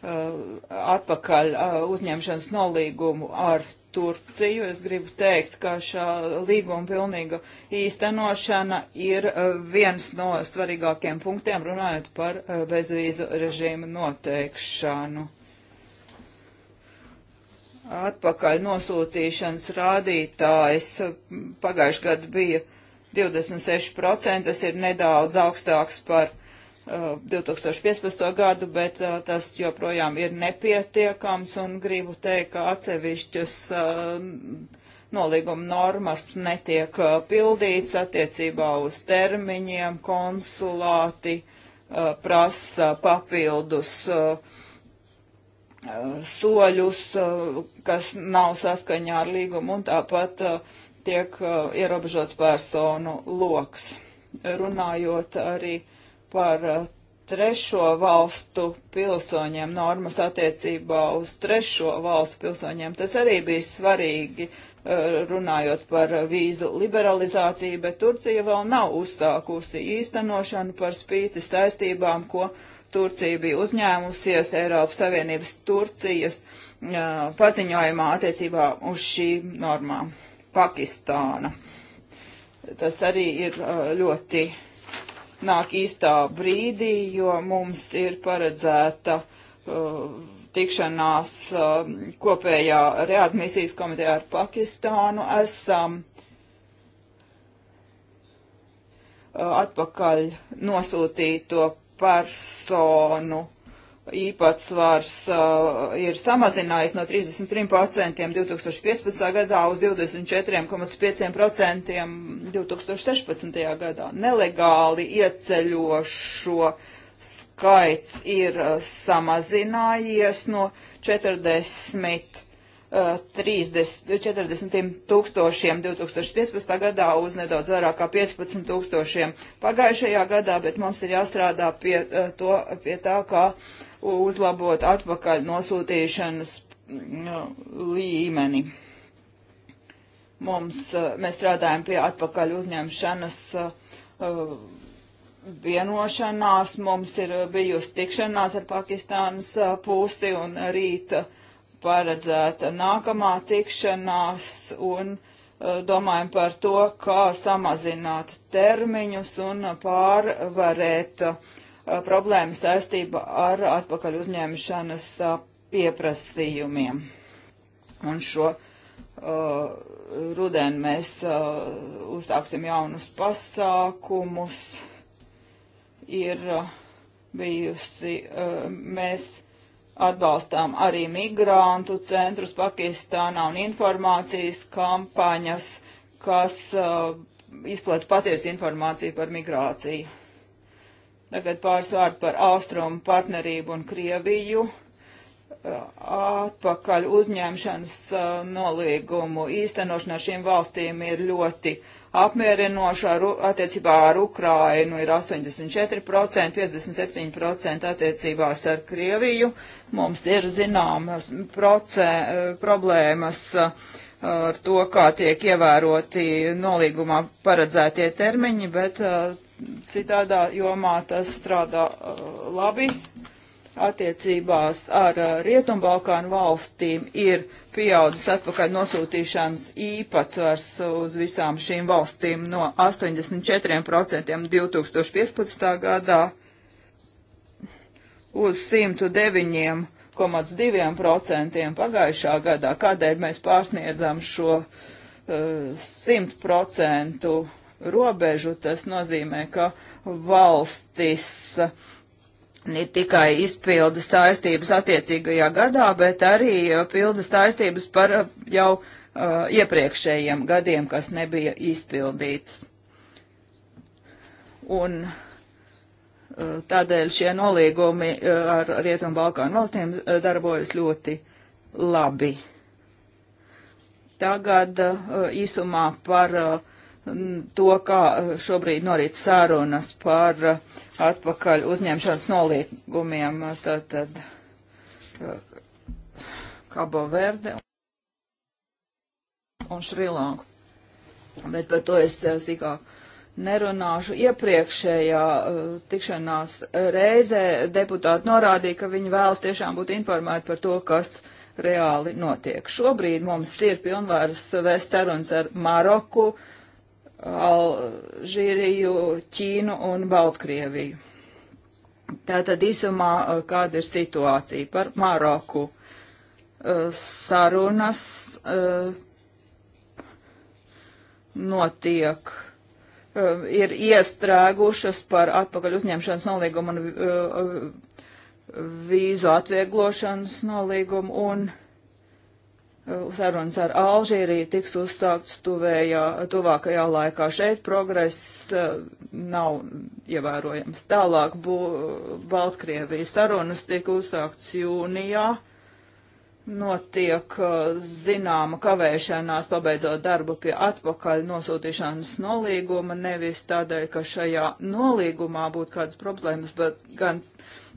Uh, atpakaļ uh, uzņemšanas nolīgumu ar Turciju. Es gribu teikt, ka šā līguma pilnīga īstenošana ir uh, viens no svarīgākiem punktiem runājot par bezvīzu režīmu noteikšanu. Atpakaļ nosūtīšanas rādītājs pagājušajā gadā bija 26%, tas ir nedaudz augstāks par 2015. Uh, gadu, bet uh, tas joprojām ir nepietiekams un gribu teikt, ka atsevišķas uh, nolīguma normas netiek pildīts attiecībā uz termiņiem, konsulāti prasa papildus soļus, kas nav saskaņā ar līgumu, un tāpat tiek ierobežots personu loks. Runājot arī uh, par eh, trešo valstu pilsoņiem, normas attiecībā uz trešo valstu pilsoņiem. Tas arī bija svarīgi eh, runājot par vīzu liberalizāciju, bet Turcija vēl nav uzsākusi īstenošanu par spīti saistībām, ko Turcija bija uzņēmusies Eiropas Savienības Turcijas eh, paziņojumā attiecībā uz šīm normām. Pakistāna. Tas arī ir ļoti nāk īstā brīdī, jo mums ir paredzēta uh, tikšanās uh, kopējā readmisijas komitejā ar Pakistānu. Esam uh, atpakaļ nosūtīto personu īpatsvars uh, ir samazinājies no 33% 2015. gadā uz 24,5% 2016. gadā. Nelegāli ieceļošo skaits ir uh, samazinājies no 40. Uh, 30, 40 tūkstošiem 2015. gadā uz nedaudz vairāk kā 15 tūkstošiem pagājušajā gadā, bet mums ir jāstrādā pie uh, to, pie tā, kā uh, uzlabot atpakaļ nosūtīšanas mm, nu, līmeni. Mums, eh, mēs strādājam pie atpakaļ uzņemšanas eh, vienošanās. Mums ir bijusi tikšanās ar Pakistānas eh, pusi un rīt paredzēta nākamā tikšanās un domājam par to, kā samazināt termiņus un pārvarēt uh, Uh, problēma saistība ar atpakaļ uzņemšanas uh, pieprasījumiem. Un šo uh, rudenu mēs uh, uzstāksim jaunus pasākumus. Ir uh, bijusi, uh, mēs atbalstām arī migrantu centrus Pakistānā un informācijas kampaņas, kas uh, izplata patiesu informāciju par migrāciju. Tagad pāris vārdu par Austrumu partnerību un Krieviju. Atpakaļ uzņemšanas nolīgumu īstenošana šīm valstīm ir ļoti apmierinoša. Attiecībā ar Ukrainu ir 84%, 57% attiecībās ar Krieviju. Mums ir zināmas procē, problēmas ar to, kā tiek ievēroti nolīgumā paredzētie termiņi, bet citādā jomā tas strādā uh, labi. Attiecībās ar uh, Rietumbalkānu valstīm ir pieaudzis atpakaļ nosūtīšanas īpatsvars uz visām šīm valstīm no 84% 2015. gadā uz 109 1,2% pagājušā gadā, kādēļ mēs pārsniedzam šo uh, 100% robežu. Tas nozīmē, ka valstis ne tikai izpilda saistības attiecīgajā gadā, bet arī uh, pilda saistības par uh, jau uh, iepriekšējiem gadiem, kas nebija izpildīts. Un uh, tādēļ šie nolīgumi uh, ar Rietumu Balkānu valstīm darbojas ļoti labi. Tagad uh, īsumā par uh, to, kā eh, šobrīd norit sārunas par eh, atpakaļ uzņemšanas nolīgumiem, eh, tad, tad Kabo Verde un Šrilanku. Bet par to es sīkāk nerunāšu. Iepriekšējā uh, tikšanās reizē deputāti norādīja, ka viņi vēlas tiešām būt informēti par to, kas reāli notiek. Šobrīd mums ir pilnvaras vēst sarunas ar Maroku, uh, Alžīriju, Ķīnu un Baltkrieviju. Tātad īsumā, eh, kāda ir situācija par Maroku? Eh, sarunas eh, notiek ir iestrēgušas par atpakaļ uzņemšanas nolīgumu un vīzu atvieglošanas nolīgumu, un Uh, sarunas ar Alžīriju tiks uzsākts tuvējā, tuvākajā laikā. Šeit progress uh, nav ievērojams. Tālāk bū, Baltkrievijas sarunas tika uzsākts jūnijā. Notiek uh, zināma kavēšanās pabeidzot darbu pie atpakaļ nosūtīšanas nolīguma, nevis tādēļ, ka šajā nolīgumā būtu kādas problēmas, bet gan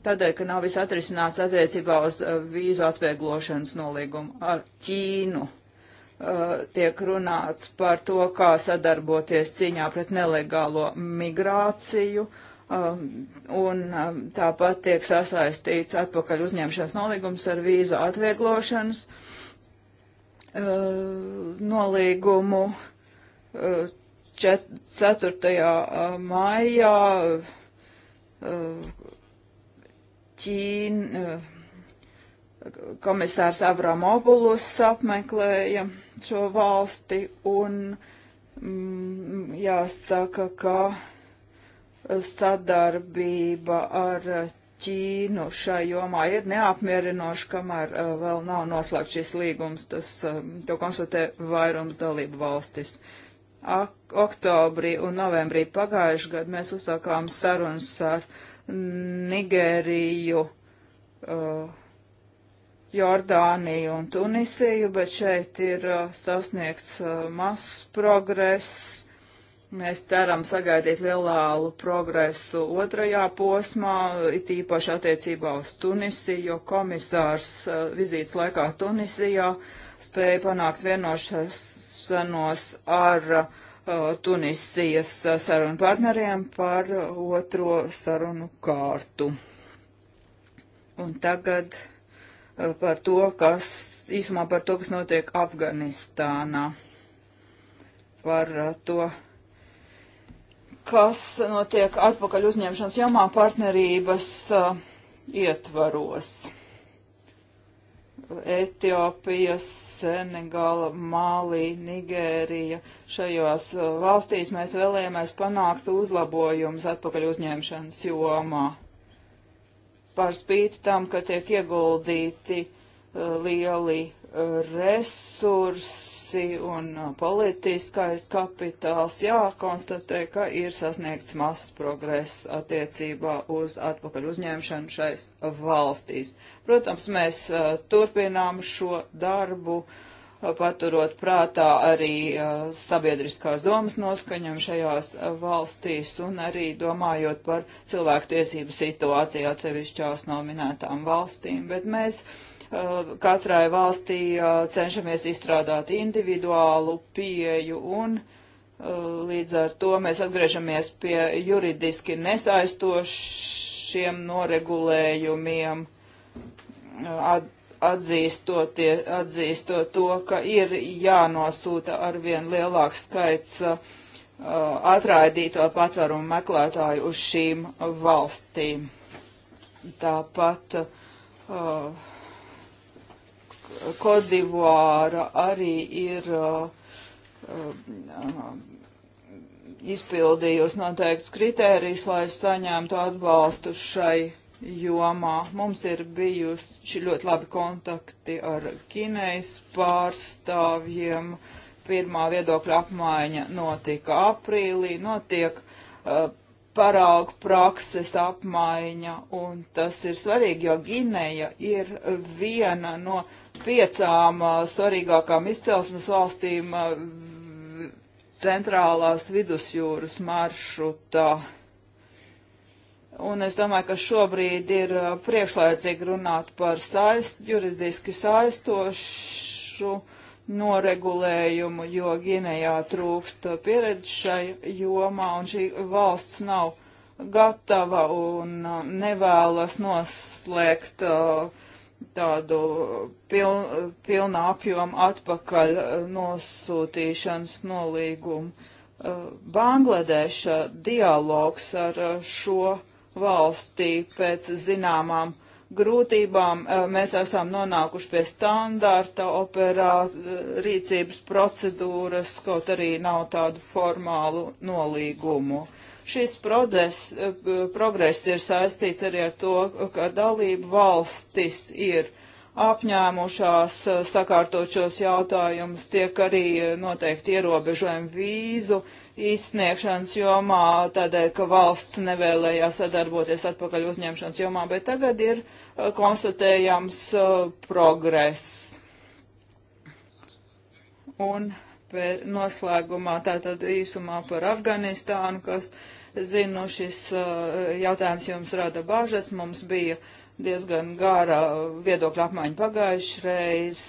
tādēļ, ka nav viss atrisināts attiecībā uz uh, vīzu atvieglošanas nolīgumu ar Ķīnu. Uh, tiek runāts par to, kā sadarboties cīņā pret nelegālo migrāciju, um, un um, tāpat tiek sasaistīts atpakaļ uzņemšanas nolīgums ar vīzu atvieglošanas uh, nolīgumu. Uh, 4. Uh, maijā uh, Ķīna, eh, komisārs Avramopulus apmeklēja šo valsti un mm, jāsaka, ka sadarbība ar Ķīnu šai jomā ir neapmierinoša, kamēr uh, vēl nav noslēgts šis līgums, tas uh, to konstatē vairums dalību valstis. Ak oktobrī un novembrī pagājuši gadu mēs uzsākām sarunas ar uh, Nigēriju, uh, Jordāniju un Tunisiju, bet šeit ir uh, sasniegts uh, mazs progress. Mēs ceram sagaidīt lielālu progresu otrajā posmā, it īpaši attiecībā uz Tunisiju, jo komisārs uh, vizītes laikā Tunisijā spēja panākt vienošanos ar Tunisijas sarunu partneriem par otro sarunu kārtu. Un tagad par to, kas īsumā par to, kas notiek Afganistānā, par to, kas notiek atpakaļ uzņemšanas jomā partnerības uh, ietvaros. Etiopijas, Senegala, Mālī, Nigērija. Šajos uh, valstīs mēs vēlējāmies panākt uzlabojumus atpakaļ uzņemšanas jomā. Par spīti tam, ka tiek ieguldīti uh, lieli uh, resursi, resursi un uh, politiskais kapitāls, jākonstatē, ka ir sasniegts mazs progress attiecībā uz atpakaļ uzņemšanu šais valstīs. Protams, mēs uh, turpinām šo darbu, uh, paturot prātā arī uh, sabiedriskās domas noskaņam šajās uh, valstīs un arī domājot par cilvēku tiesību situāciju atsevišķās nominētām valstīm, bet mēs Eh, katrai valstī eh, cenšamies izstrādāt individuālu pieju un eh, līdz ar to mēs atgriežamies pie juridiski nesaistošiem noregulējumiem, at, atzīstot, atzīstot to, ka ir jānosūta arvien lielāks skaits atraidīto patvērumu meklētāju uz šīm valstīm. Tāpat uh, Kodivāra arī ir uh, um, izpildījusi noteikts kritērijs, lai saņemtu atbalstu šai jomā. Mums ir bijuši ļoti labi kontakti ar Kinejas pārstāvjiem. Pirmā viedokļa apmaiņa notika aprīlī, notiek uh, paraugu prakses apmaiņa, un tas ir svarīgi, jo Gineja ir viena no uh, piecām uh, svarīgākām izcelsmes valstīm uh, centrālās vidusjūras maršrutā. Un es domāju, ka šobrīd ir uh, priekšlaicīgi runāt par saist, juridiski saistošu noregulējumu, jo Ginejā trūkst pieredze šai jomā un šī valsts nav gatava un nevēlas noslēgt uh, tādu piln, pilnā apjoma atpakaļ nosūtīšanas nolīgumu. Eh, Bangladeša dialogs ar eh, šo valstī pēc zināmām grūtībām eh, mēs esam nonākuši pie standārta operā rīcības procedūras, kaut arī nav tādu formālu nolīgumu. Uh, Šis progress, eh, progress ir saistīts arī ar to, ka dalību valstis ir apņēmušās eh, sakārtot šos jautājumus, tiek arī eh, noteikti ierobežojumi vīzu izsniegšanas jomā, tādēļ, ka valsts nevēlējās sadarboties atpakaļ uzņemšanas jomā, bet tagad ir konstatējams uh, progress. Un noslēgumā tātad īsumā par Afganistānu, kas Zinu, nu, šis eh, jautājums jums rada bažas. Mums bija diezgan gara viedokļa apmaiņa pagājušreiz.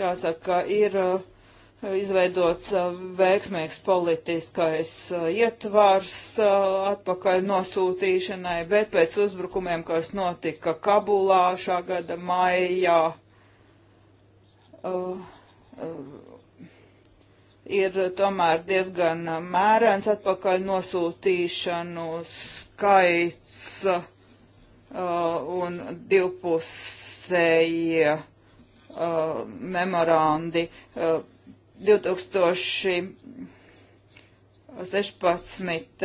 Jāsaka, ir eh, izveidots eh, veiksmīgs politiskais ietvars atpakaļ nosūtīšanai, bet pēc uzbrukumiem, kas notika Kabulā šā gada maijā, ir tomēr diezgan mērens atpakaļ nosūtīšanu skaits uh, un divpusējie uh, memorandi. Uh, 2016.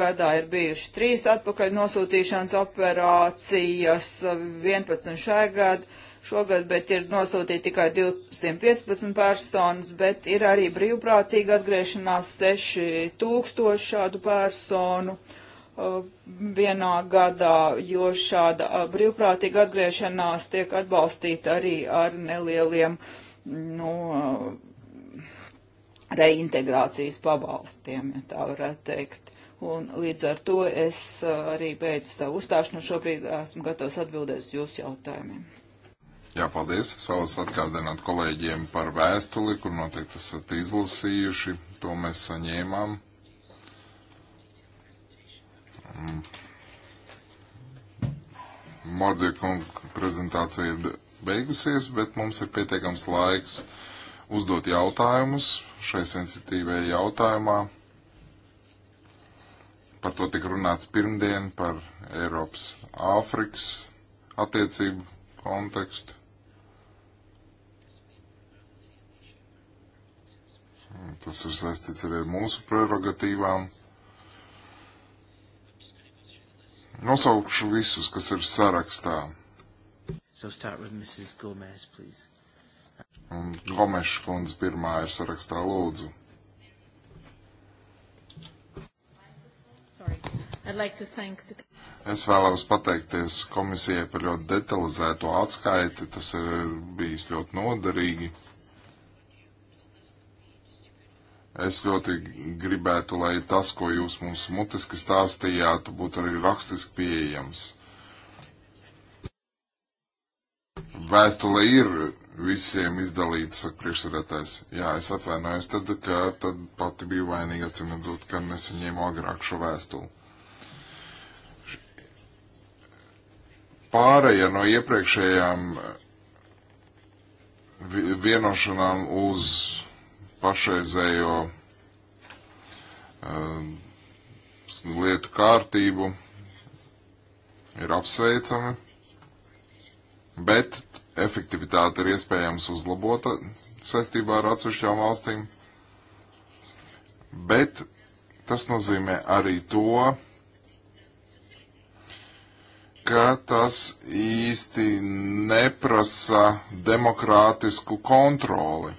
gadā ir bijuši trīs atpakaļ nosūtīšanas operācijas, 11 šai gadā šogad, bet ir nosūtīti tikai 215 personas, bet ir arī brīvprātīgi atgriešanās 6000 šādu personu uh, vienā gadā, jo šāda uh, brīvprātīga atgriešanās tiek atbalstīta arī ar nelieliem nu, uh, reintegrācijas pabalstiem, ja tā varētu teikt. Un līdz ar to es uh, arī beidzu savu uzstāšanu. Šobrīd esmu gatavs atbildēt uz jūsu jautājumiem. Jā, paldies. Es vēlos atgādināt kolēģiem par vēstuli, kur noteikti esat izlasījuši. To mēs saņēmām. Mm. Mordekunga prezentācija ir beigusies, bet mums ir pietiekams laiks uzdot jautājumus šai sensitīvajai jautājumā. Par to tika runāts pirmdien, par Eiropas Āfrikas attiecību kontekstu. Tas ir saistīts arī ar mūsu prerogatīvām. Nosaukšu visus, kas ir sarakstā. So start with Mrs. Gomez, please. Un Gomeša kundze pirmā ir sarakstā lūdzu. Like the... Es vēlos pateikties komisijai par ļoti detalizēto atskaiti. Tas ir bijis ļoti noderīgi. Es ļoti gribētu, lai tas, ko jūs mums mutiski stāstījāt, būtu arī rakstiski pieejams. Vēstule ir visiem izdalīta, saka priekšsēdētājs. Jā, es atvainojos tad, ka tad pati biju vainīga, acīm redzot, ka nesaņēmu agrāk šo vēstuli. Pārējie no iepriekšējām vienošanām uz pašreizējo uh, lietu kārtību ir apsveicami, bet efektivitāte ir iespējams uzlabota saistībā ar atsevišķām valstīm. Bet tas nozīmē arī to, ka tas īsti neprasa demokrātisku kontroli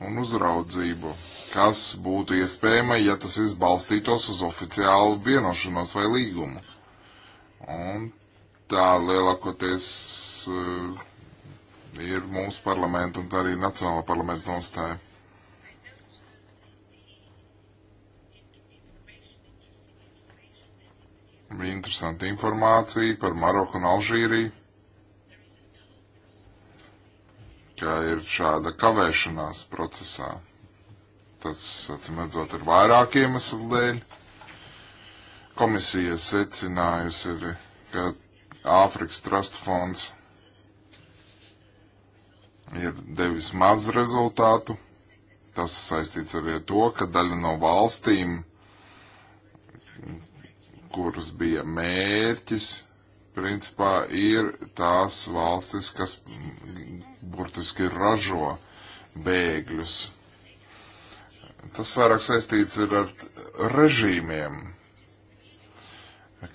un uzraudzību, kas būtu iespējama, ja tas viss balstītos uz oficiālu vienošanos vai līgumu. Un tā lielākoties uh, ir mūsu parlamenta un tā arī Nacionāla parlamenta nostāja. Bija interesanti informācija par Maroku un Alžīriju. ka ir šāda kavēšanās procesā. Tas, acīm redzot, ir vairāk iemeslu dēļ. Komisija secinājusi, ir, ka Āfrikas Trust fonds ir devis maz rezultātu. Tas saistīts arī ar to, ka daļa no valstīm, kuras bija mērķis, principā ir tās valstis, kas burtiski ražo bēgļus. Tas vairāk saistīts ir ar režīmiem,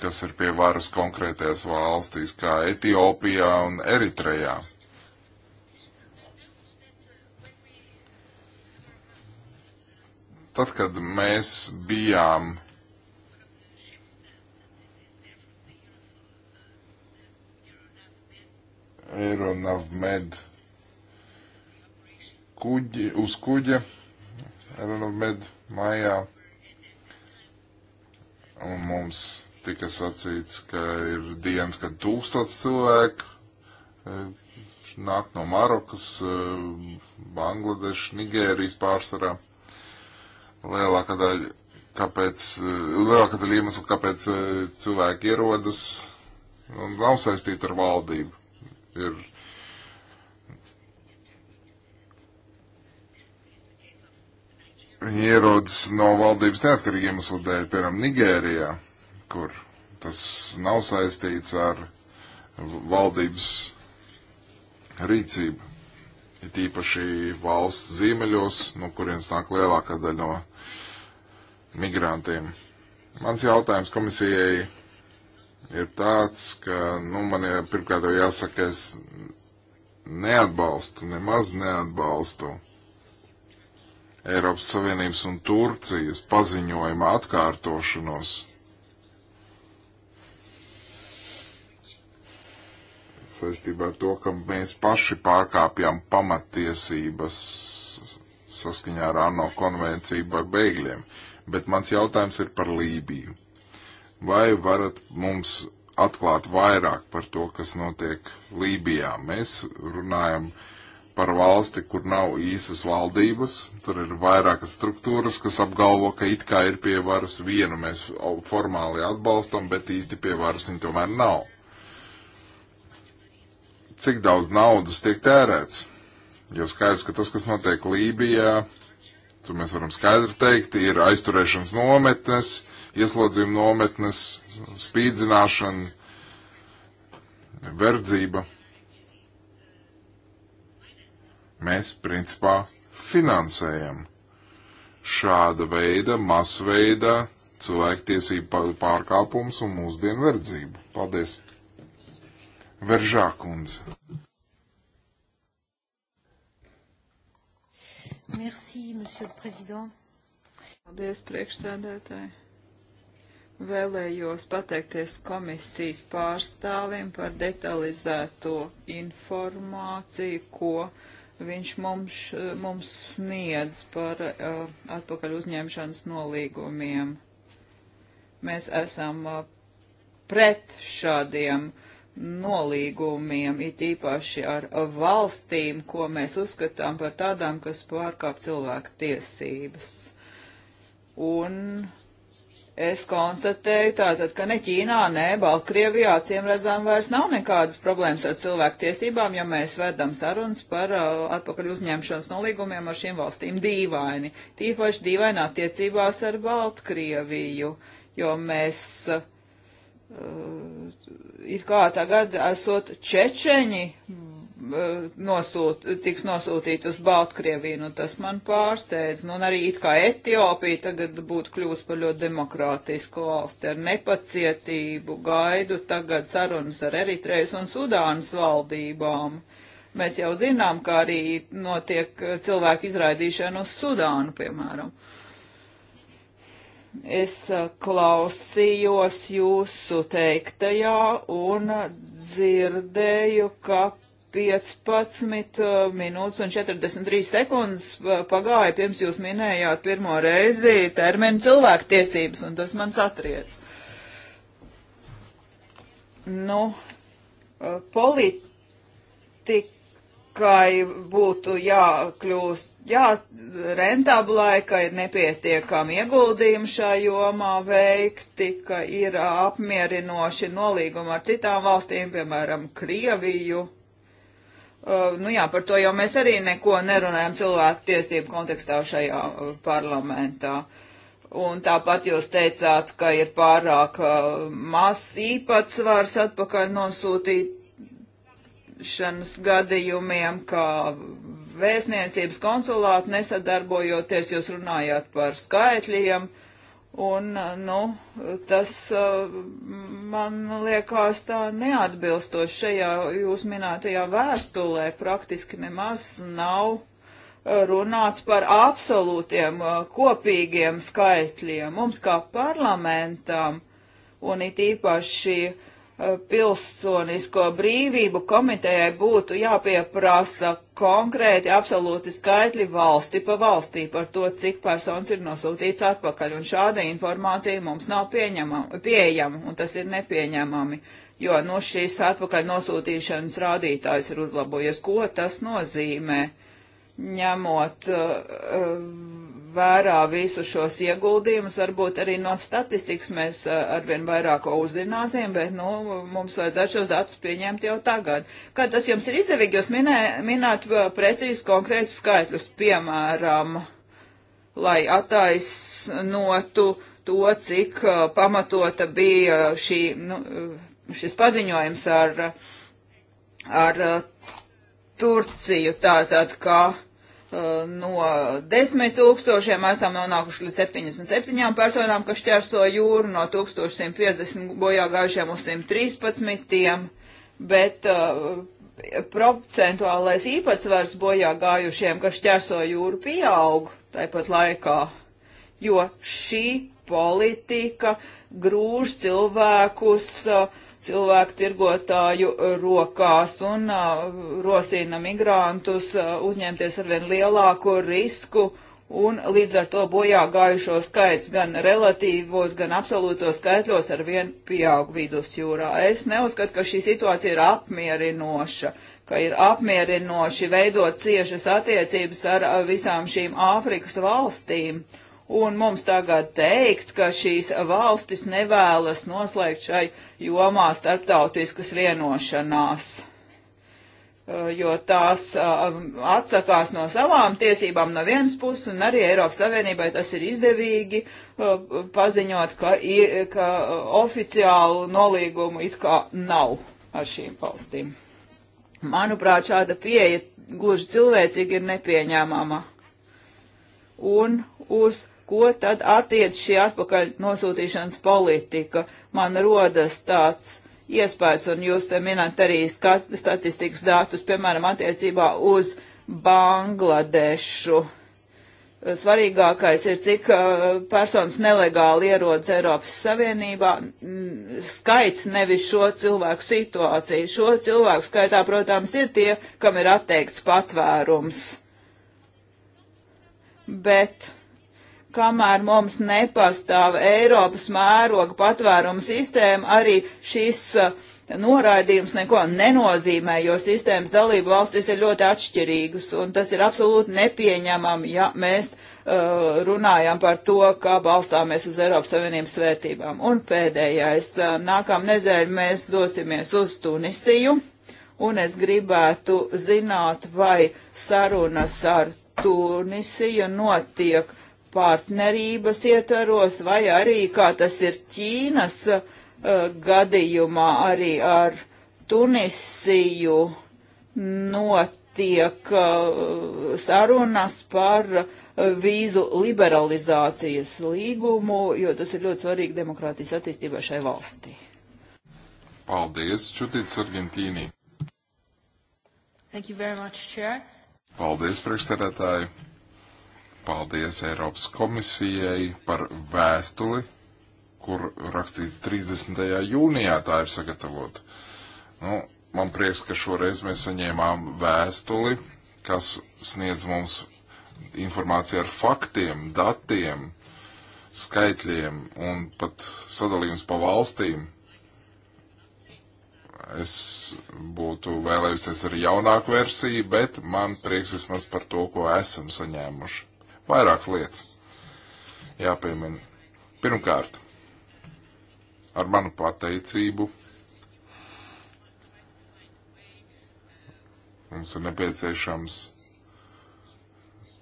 kas ir pie varas konkrētajās valstīs, kā Etiopijā un Eritrejā. Tad, kad mēs bijām Eironav Med kuģi, uz kuģa Renomed maijā. Un mums tika sacīts, ka ir dienas, kad tūkstots cilvēku eh, nāk no Marokas, eh, Bangladešas, Nigērijas pārsvarā. Lielākā daļa, kāpēc, eh, lielākā daļa iemesla, kāpēc cilvēki ierodas, nav saistīta ar valdību. Ir ierodas no valdības neatkarīgiem iemeslu dēļ, piemēram, Nigērijā, kur tas nav saistīts ar valdības rīcību. Ir tīpaši valsts ziemeļos, no kurienes nāk lielākā daļa no migrantiem. Mans jautājums komisijai ir tāds, ka, nu, man ir pirmkārt jau jāsaka, es neatbalstu, nemaz neatbalstu Eiropas Savienības un Turcijas paziņojuma atkārtošanos. Saistībā ar to, ka mēs paši pārkāpjam pamattiesības saskaņā ar ANO konvenciju par bēgļiem. Bet mans jautājums ir par Lībiju. Vai varat mums atklāt vairāk par to, kas notiek Lībijā? Mēs runājam par par valsti, kur nav īsas valdības. Tur ir vairākas struktūras, kas apgalvo, ka it kā ir pie varas vienu mēs formāli atbalstam, bet īsti pie varas viņa tomēr nav. Cik daudz naudas tiek tērēts? Jo skaidrs, ka tas, kas notiek Lībijā, tur mēs varam skaidri teikt, ir aizturēšanas nometnes, ieslodzījuma nometnes, spīdzināšana, verdzība Mēs, principā, finansējam šāda veida, masveida cilvēktiesību pārkāpums un mūsdienu verdzību. Paldies! Veržā kundze! Merci, monsieur le président. Paldies, priekšsēdētāji. Vēlējos pateikties komisijas pārstāvim par detalizēto informāciju, ko viņš mums, mums sniedz par uh, atpakaļ uzņemšanas nolīgumiem. Mēs esam uh, pret šādiem nolīgumiem, it īpaši ar valstīm, ko mēs uzskatām par tādām, kas pārkāp cilvēku tiesības. Un Es konstatēju tātad, ka ne Ķīnā, ne Baltkrievijā acīm redzām vairs nav nekādas problēmas ar cilvēku tiesībām, ja mēs vedam sarunas par uh, atpakaļ uzņemšanas nolīgumiem ar šīm valstīm dīvaini. Tīpaši dīvaini attiecībās ar Baltkrieviju, jo mēs uh, it kā tagad esot čečeņi Eh, nosūt, tiks nosūtīti uz Baltkrieviju, nu tas man pārsteidz. Nu, un arī it kā Etiopija tagad būtu kļūst par ļoti demokrātisku valsti ar nepacietību, gaidu tagad sarunas ar Eritrejas un Sudānas valdībām. Mēs jau zinām, ka arī notiek eh, cilvēku izraidīšana uz Sudānu, piemēram. Es eh, klausījos jūsu teiktajā un dzirdēju, ka 15 uh, minūtes un 43 sekundes uh, pagāja, pirms jūs minējāt pirmo reizi terminu cilvēktiesības, un tas man satriec. Nu, uh, politikai būtu jākļūst, jā, rentablai, ka ir nepietiekami ieguldījumi šajā jomā veikti, ka ir apmierinoši nolīgumi ar citām valstīm, piemēram, Krieviju Uh, nu jā, par to jau mēs arī neko nerunājam cilvēku tiesību kontekstā šajā uh, parlamentā. Un tāpat jūs teicāt, ka ir pārāk uh, mazs īpatsvars atpakaļ nosūtīšanas gadījumiem, kā vēstniecības konsulāti nesadarbojoties, jūs runājāt par skaitļiem. Uh, Un, nu, tas eh, man liekas tā neatbilstoši šajā jūs minētajā vēstulē praktiski nemaz nav eh, runāts par absolūtiem eh, kopīgiem skaitļiem. Mums kā parlamentam un it īpaši uh, Eh, pilsonisko brīvību komitejai būtu jāpieprasa konkrēti absolūti skaitļi valsti pa valstī par to, cik personas ir nosūtīts atpakaļ. Un šāda informācija mums nav pieejama, un tas ir nepieņemami, jo no nu, šīs atpakaļ nosūtīšanas rādītājs ir uzlabojies. Ko tas nozīmē, ņemot uh, vērā visus šos ieguldījumus. Varbūt arī no statistikas mēs uh, arvien vairāk uzzināsim, bet nu, mums vajadzētu šos datus pieņemt jau tagad. Kā tas jums ir izdevīgi, jūs minē, minēt uh, precīzi konkrētus skaitļus, piemēram, lai attaisnotu to, cik uh, pamatota bija uh, šī, nu, šis paziņojums ar, ar Turciju, tātad, ka Uh, no 10 tūkstošiem esam nonākuši līdz 77 personām, kas šķērso jūru, no 1150 bojā gājušiem uz 113, bet uh, procentuālais īpatsvars bojā gājušiem, kas šķērso jūru, pieaug tāpat laikā, jo šī politika grūž cilvēkus uh, cilvēku tirgotāju rokās un uh, rosina migrantus uh, uzņemties arvien lielāku risku un līdz ar to bojā gājušo skaits gan relatīvos, gan absolūto skaitļos arvien pieaug vidusjūrā. Es neuzskatu, ka šī situācija ir apmierinoša, ka ir apmierinoši veidot ciešas attiecības ar visām šīm Āfrikas valstīm. Uh, un mums tagad teikt, ka šīs valstis nevēlas noslēgt šai jomā starptautiskas vienošanās, jo tās atsakās no savām tiesībām no vienas puses, un arī Eiropas Savienībai tas ir izdevīgi paziņot, ka, ka oficiālu nolīgumu it kā nav ar šīm valstīm. Manuprāt, šāda pieeja gluži cilvēcīgi ir nepieņēmama. Un uz ko tad attiec šī atpakaļ nosūtīšanas politika. Man rodas tāds iespējas, un jūs te minat arī statistikas datus, piemēram, attiecībā uz Bangladešu. Svarīgākais ir, cik uh, personas nelegāli ierodas Eiropas Savienībā. Mm, skaits nevis šo cilvēku situāciju. Šo cilvēku skaitā, protams, ir tie, kam ir atteikts patvērums. Bet uh, kamēr mums nepastāv Eiropas mēroga patvērumu sistēma, arī šis uh, noraidījums neko nenozīmē, jo sistēmas dalību valstis ir ļoti atšķirīgas, un tas ir absolūti nepieņemami, ja mēs uh, runājam par to, kā balstāmies uz Eiropas Savienības vērtībām. Un pēdējais, uh, nākam nedēļ mēs dosimies uz Tunisiju, un es gribētu zināt, vai sarunas ar Tunisiju notiek partnerības ietvaros, vai arī, kā tas ir Ķīnas uh, gadījumā, arī ar Tunisiju notiek uh, sarunas par uh, vīzu liberalizācijas līgumu, jo tas ir ļoti svarīgi demokrātijas attīstībai šai valstī. Paldies, Čutīts Argentīnī. Thank you very much, Chair. Paldies, priekšsēdētāji paldies Eiropas komisijai par vēstuli, kur rakstīts 30. jūnijā tā ir sagatavota. Nu, man prieks, ka šoreiz mēs saņēmām vēstuli, kas sniedz mums informāciju ar faktiem, datiem, skaitļiem un pat sadalījums pa valstīm. Es būtu vēlējusies arī jaunāku versiju, bet man prieks vismaz par to, ko esam saņēmuši. Vairākas lietas jāpiemina. Pirmkārt, ar manu pateicību mums ir nepieciešams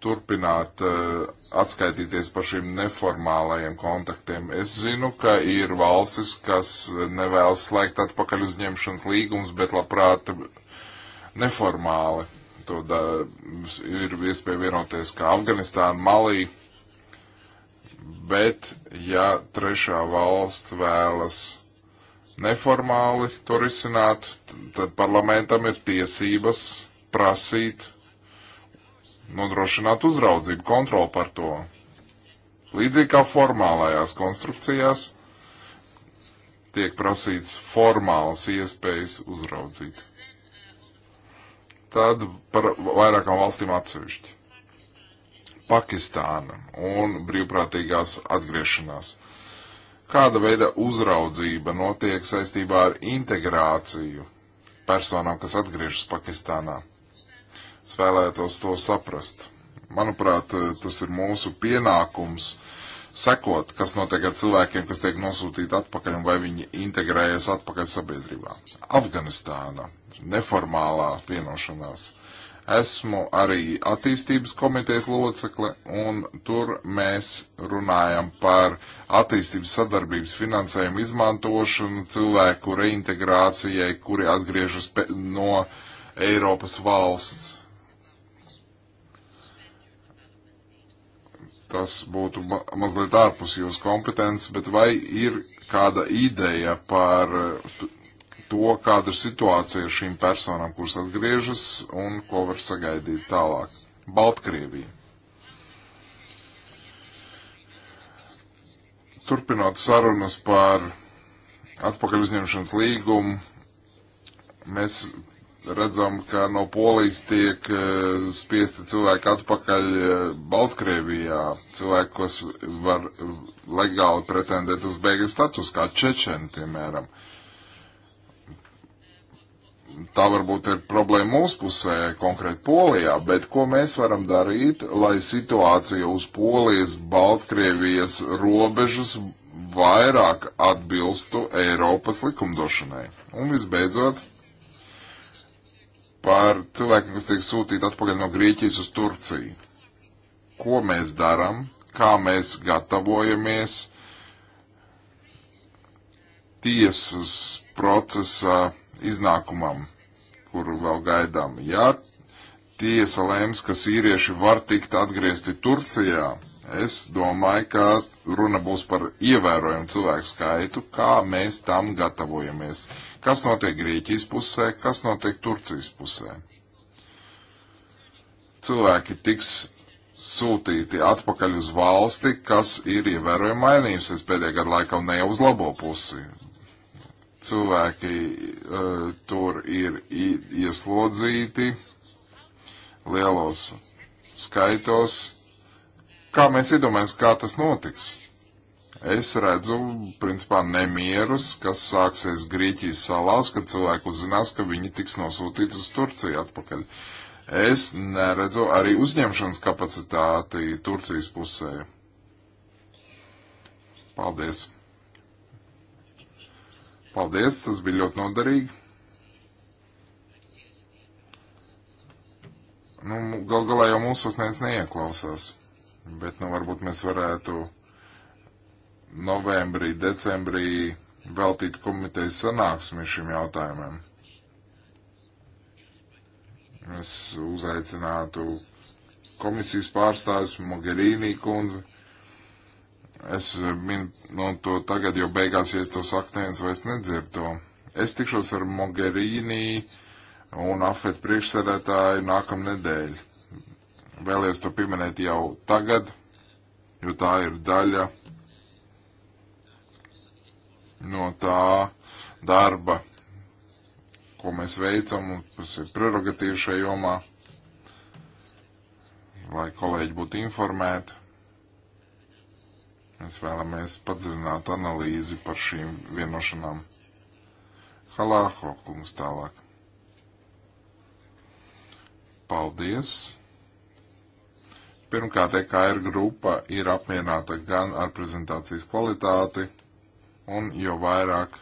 turpināt uh, atskaitīties par šīm neformālajiem kontaktiem. Es zinu, ka ir valstis, kas nevēlas slēgt atpakaļ uzņemšanas līgumus, bet labprāt neformāli To da, ir iespēja vienoties kā Afganistāna, Malī, bet ja trešā valsts vēlas neformāli to risināt, tad parlamentam ir tiesības prasīt, nodrošināt uzraudzību, kontroli par to. Līdzīgi kā formālajās konstrukcijās tiek prasīts formāls iespējas uzraudzīt. Tad par vairākām valstīm atsevišķi. Pakistāna un brīvprātīgās atgriešanās. Kāda veida uzraudzība notiek saistībā ar integrāciju personām, kas atgriežas Pakistānā? Es vēlētos to saprast. Manuprāt, tas ir mūsu pienākums uh, sekot, kas notiek ar cilvēkiem, kas tiek nosūtīti atpakaļ un vai viņi integrējas atpakaļ sabiedrībā. Afganistāna, neformālā vienošanās. Esmu arī attīstības komitejas locekle, un tur mēs runājam par attīstības sadarbības finansējumu izmantošanu cilvēku reintegrācijai, kuri atgriežas no Eiropas valsts tas būtu ma mazliet ārpus jūsu kompetences, bet vai ir kāda ideja par to, kāda ir situācija ar šīm personām, kuras atgriežas un ko var sagaidīt tālāk? Baltkrievija. Turpinot sarunas par atpakaļ uzņemšanas līgumu, mēs redzam, ka no polijas tiek e, spiesti cilvēki atpakaļ e, Baltkrievijā, cilvēki, kas var legāli pretendēt uz bēgļu status, kā Čečeni, piemēram. Tā varbūt ir problēma mūsu pusē, konkrēti Polijā, bet ko mēs varam darīt, lai situācija uz Polijas, Baltkrievijas robežas vairāk atbilstu Eiropas likumdošanai? Un visbeidzot, par cilvēkiem, kas tiek sūtīti atpakaļ no Grieķijas uz Turciju. Ko mēs darām, kā mēs gatavojamies tiesas procesa iznākumam, kuru vēl gaidām. Ja tiesa lems, ka sīrieši var tikt atgriezti Turcijā, Es domāju, ka runa būs par ievērojumu cilvēku skaitu, kā mēs tam gatavojamies. Kas notiek Grieķijas pusē, kas notiek Turcijas pusē. Cilvēki tiks sūtīti atpakaļ uz valsti, kas ir ievērojami mainījusies pēdējā gada laikā un ne uz labo pusi. Cilvēki uh, tur ir ieslodzīti lielos skaitos, Kā mēs iedomājamies, kā tas notiks? Es redzu, principā, nemierus, kas sāksies Grieķijas salās, kad cilvēki uzzinās, ka viņi tiks nosūtīti uz Turciju atpakaļ. Es neredzu arī uzņemšanas kapacitāti Turcijas pusē. Paldies! Paldies, tas bija ļoti noderīgi. Nu, gal galā jau mūsos neviens neieklausās bet nu, varbūt mēs varētu novembrī, decembrī veltīt komitejas sanāksmi šim jautājumam. Es uzaicinātu komisijas pārstāvis Mogherīnī kundzi. Es minu nu, to tagad, jo beigās, ja es to saku, neviens vairs nedzird to. Es tikšos ar Mogherīnī un Afet priekšsēdētāju nākamnedēļ. Vēlējos to pieminēt jau tagad, jo tā ir daļa no tā darba, ko mēs veicam, un tas ir prerogatīva šajā jomā, lai kolēģi būtu informēti. Mēs vēlamies padziļināt analīzi par šīm vienošanām. Halāho kungs tālāk. Paldies! Pirmkārt, EKR grupa ir apmierināta gan ar prezentācijas kvalitāti, un jau vairāk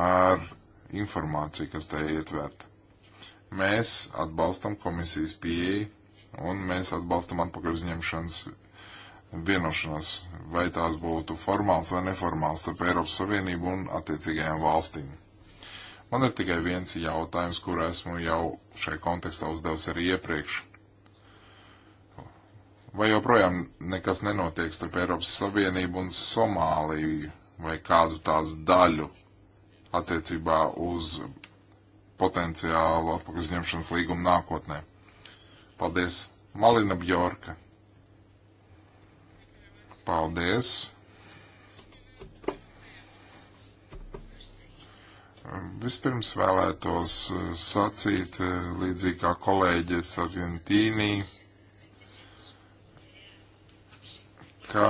ar informāciju, kas te ietverta. Mēs atbalstam komisijas pieeju, un mēs atbalstam atpakaļ uzņemšanas vienošanās, vai tās būtu formāls vai neformāls starp Eiropas Savienību un attiecīgajām valstīm. Man ir tikai viens jautājums, kur esmu jau šai kontekstā uzdevusi arī iepriekš. Vai joprojām nekas nenotiek starp Eiropas Savienību un Somāliju vai kādu tās daļu attiecībā uz potenciālu atpakaļņemšanas līgumu nākotnē? Paldies, Malina Bjorka. Paldies. Vispirms vēlētos sacīt eh, līdzīgi kā kolēģis Argentīnija ka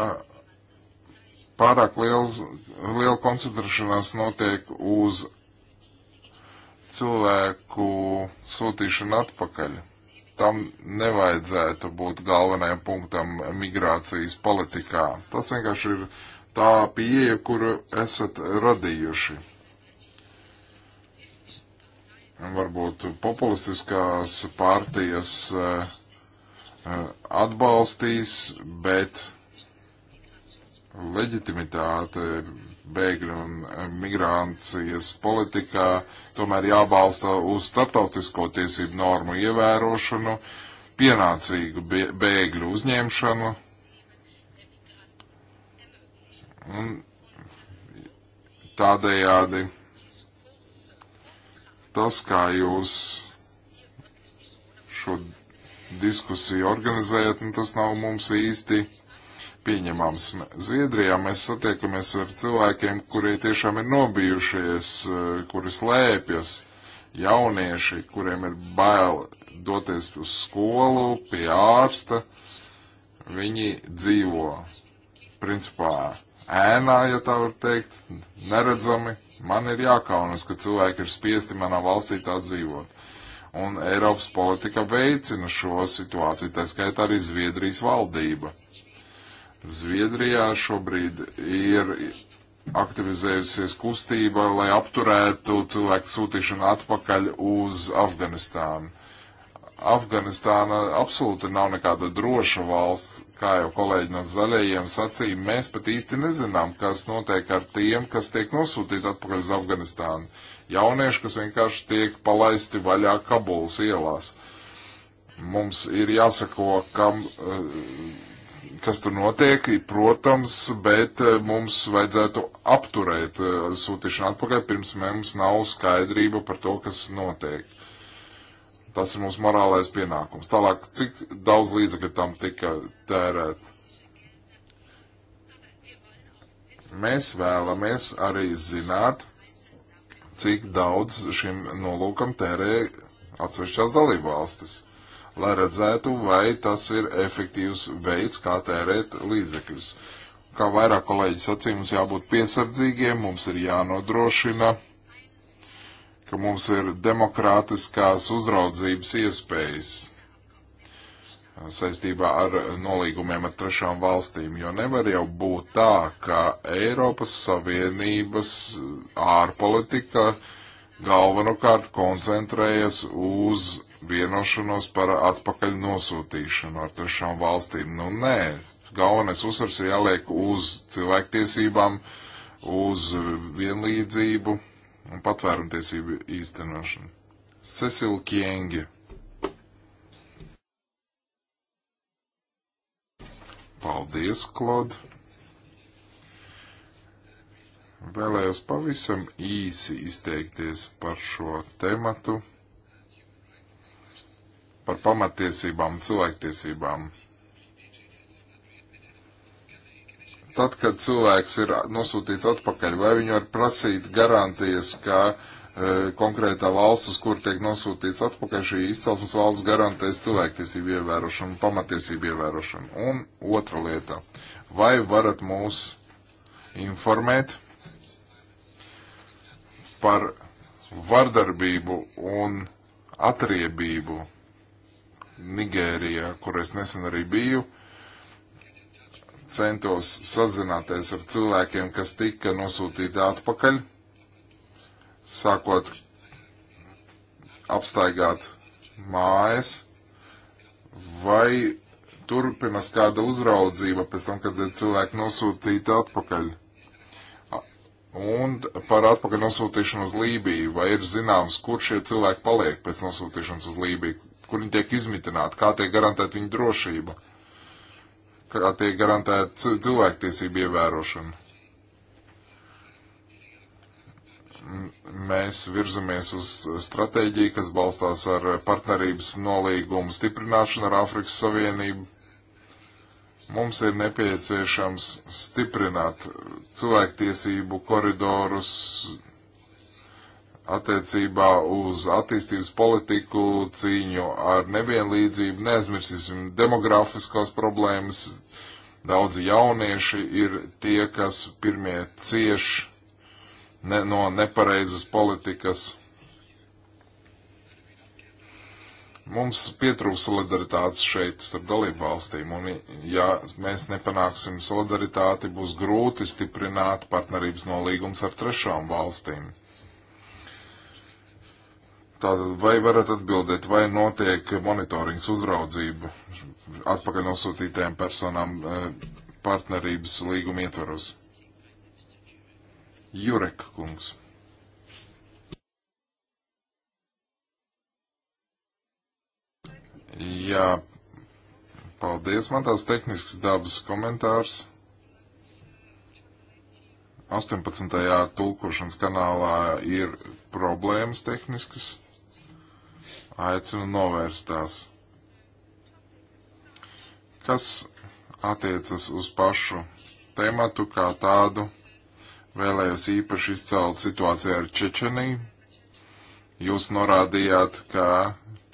pārāk liels, liela koncentrēšanās notiek uz cilvēku sūtīšanu atpakaļ. Tam nevajadzētu būt galvenajam punktam migrācijas politikā. Tas vienkārši ir tā pieeja, kuru esat radījuši. Varbūt populistiskās pārtijas eh, atbalstīs, bet leģitimitāte bēgļu un eh, migrācijas politikā tomēr jābalsta uz starptautisko tiesību normu ievērošanu, pienācīgu bēgļu uzņemšanu un tādējādi tas, kā jūs šo diskusiju organizējat, nu, tas nav mums īsti pieņemams. Zviedrijā mēs satiekamies ar cilvēkiem, kuri tiešām ir nobijušies, eh, kuri slēpjas, jaunieši, kuriem ir bail doties uz skolu, pie ārsta. Viņi dzīvo, principā, ēnā, ja tā var teikt, neredzami. Man ir jākaunas, ka cilvēki ir spiesti manā valstī tā dzīvot un Eiropas politika veicina šo situāciju, tā skaitā arī Zviedrijas valdība. Zviedrijā šobrīd ir aktivizējusies kustība, lai apturētu cilvēku sūtīšanu atpakaļ uz Afganistānu. Afganistāna absolūti nav nekāda droša valsts, kā jau kolēģi no zaļajiem sacīja, mēs pat īsti nezinām, kas notiek ar tiem, kas tiek nosūtīti atpakaļ uz Afganistānu. Jaunieši, kas vienkārši tiek palaisti vaļā Kabulas ielās. Mums ir jāsako, kam. Uh, kas tur notiek, protams, bet eh, mums vajadzētu apturēt eh, sūtīšanu atpakaļ, pirms mums nav skaidrība par to, kas notiek. Tas ir mūsu morālais pienākums. Tālāk, cik daudz līdzekļu tam tika tērēt? Mēs vēlamies arī zināt, cik daudz šim nolūkam tērē atsevišķās dalībvalstis lai redzētu, vai tas ir efektīvs veids, kā tērēt līdzekļus. Kā vairāk kolēģi sacīja, mums jābūt piesardzīgiem, mums ir jānodrošina, ka mums ir demokrātiskās uzraudzības iespējas saistībā ar nolīgumiem ar trešām valstīm, jo nevar jau būt tā, ka Eiropas Savienības ārpolitika galvenokārt koncentrējas uz vienošanos par atpakaļ nosūtīšanu ar trešām valstīm. Nu, nē, galvenais uzsvers ir jāliek uz cilvēktiesībām, uz vienlīdzību un patvērumtiesību īstenošanu. Cecil Kiengi. Paldies, Klod! Vēlējos pavisam īsi izteikties par šo tematu par pamatiesībām un cilvēktiesībām. Tad, kad cilvēks ir nosūtīts atpakaļ, vai viņi var prasīt garantijas, ka e, konkrētā valsts, uz kur tiek nosūtīts atpakaļ, šī izcelsmes valsts garantēs cilvēktiesību ievērošanu, pamatiesību ievērošanu. Un otra lieta, vai varat mūs informēt par vardarbību un atriebību Nigērijā, kur es nesen arī biju, centos sazināties ar cilvēkiem, kas tika nosūtīti atpakaļ, sākot apstaigāt mājas, vai turpinās kāda uzraudzība pēc tam, kad cilvēki nosūtīti atpakaļ. Un par atpakaļ nosūtīšanu uz Lībiju, vai ir zināms, kur šie cilvēki paliek pēc nosūtīšanas uz Lībiju, kur viņi tiek izmitināti, kā tiek garantēta viņu drošība, kā tiek garantēta cilvēktiesība ievērošana. Mēs virzamies uz stratēģiju, kas balstās ar partnerības nolīgumu stiprināšanu ar Āfrikas Savienību. Mums ir nepieciešams stiprināt cilvēktiesību koridorus attiecībā uz attīstības politiku, cīņu ar nevienlīdzību, neaizmirsīsim demografiskās problēmas. Daudzi jaunieši ir tie, kas pirmie cieš ne, no nepareizas politikas. Mums pietrūks solidaritātes šeit starp dalību valstīm, un ja mēs nepanāksim solidaritāti, būs grūti stiprināt partnerības nolīgums ar trešām valstīm. Tā, vai varat atbildēt, vai notiek monitorings uzraudzība atpakaļ nosūtītajām personām eh, partnerības līguma ietvaros? Jurek kungs. Jā, paldies. Man tāds tehnisks dabas komentārs. 18. tulkošanas kanālā ir problēmas tehniskas aicinu novērst tās. Kas attiecas uz pašu tematu kā tādu, vēlējos īpaši izcelt situāciju ar Čečeniju. Jūs norādījāt, ka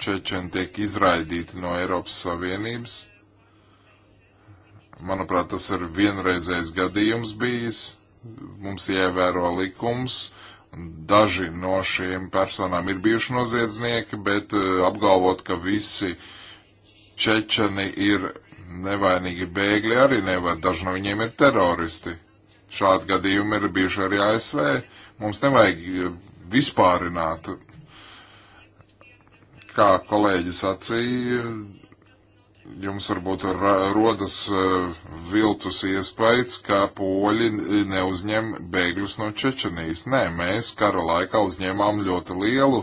Čečeni tiek izraidīti no Eiropas Savienības. Manuprāt, tas ir vienreizējs gadījums bijis. Mums jāievēro likums, daži no šiem personām ir bijuši noziedznieki, bet eh, apgalvot, ka visi čečeni ir nevainīgi bēgļi, arī nevar. Daži no viņiem ir teroristi. Šādi gadījumi ir bijuši arī ASV. Mums nevajag eh, vispārināt, kā kolēģis sacīja, jums varbūt rodas eh, viltus iespējas, ka poļi neuzņem bēgļus no Čečenijas. Nē, mēs kara laikā uzņēmām ļoti lielu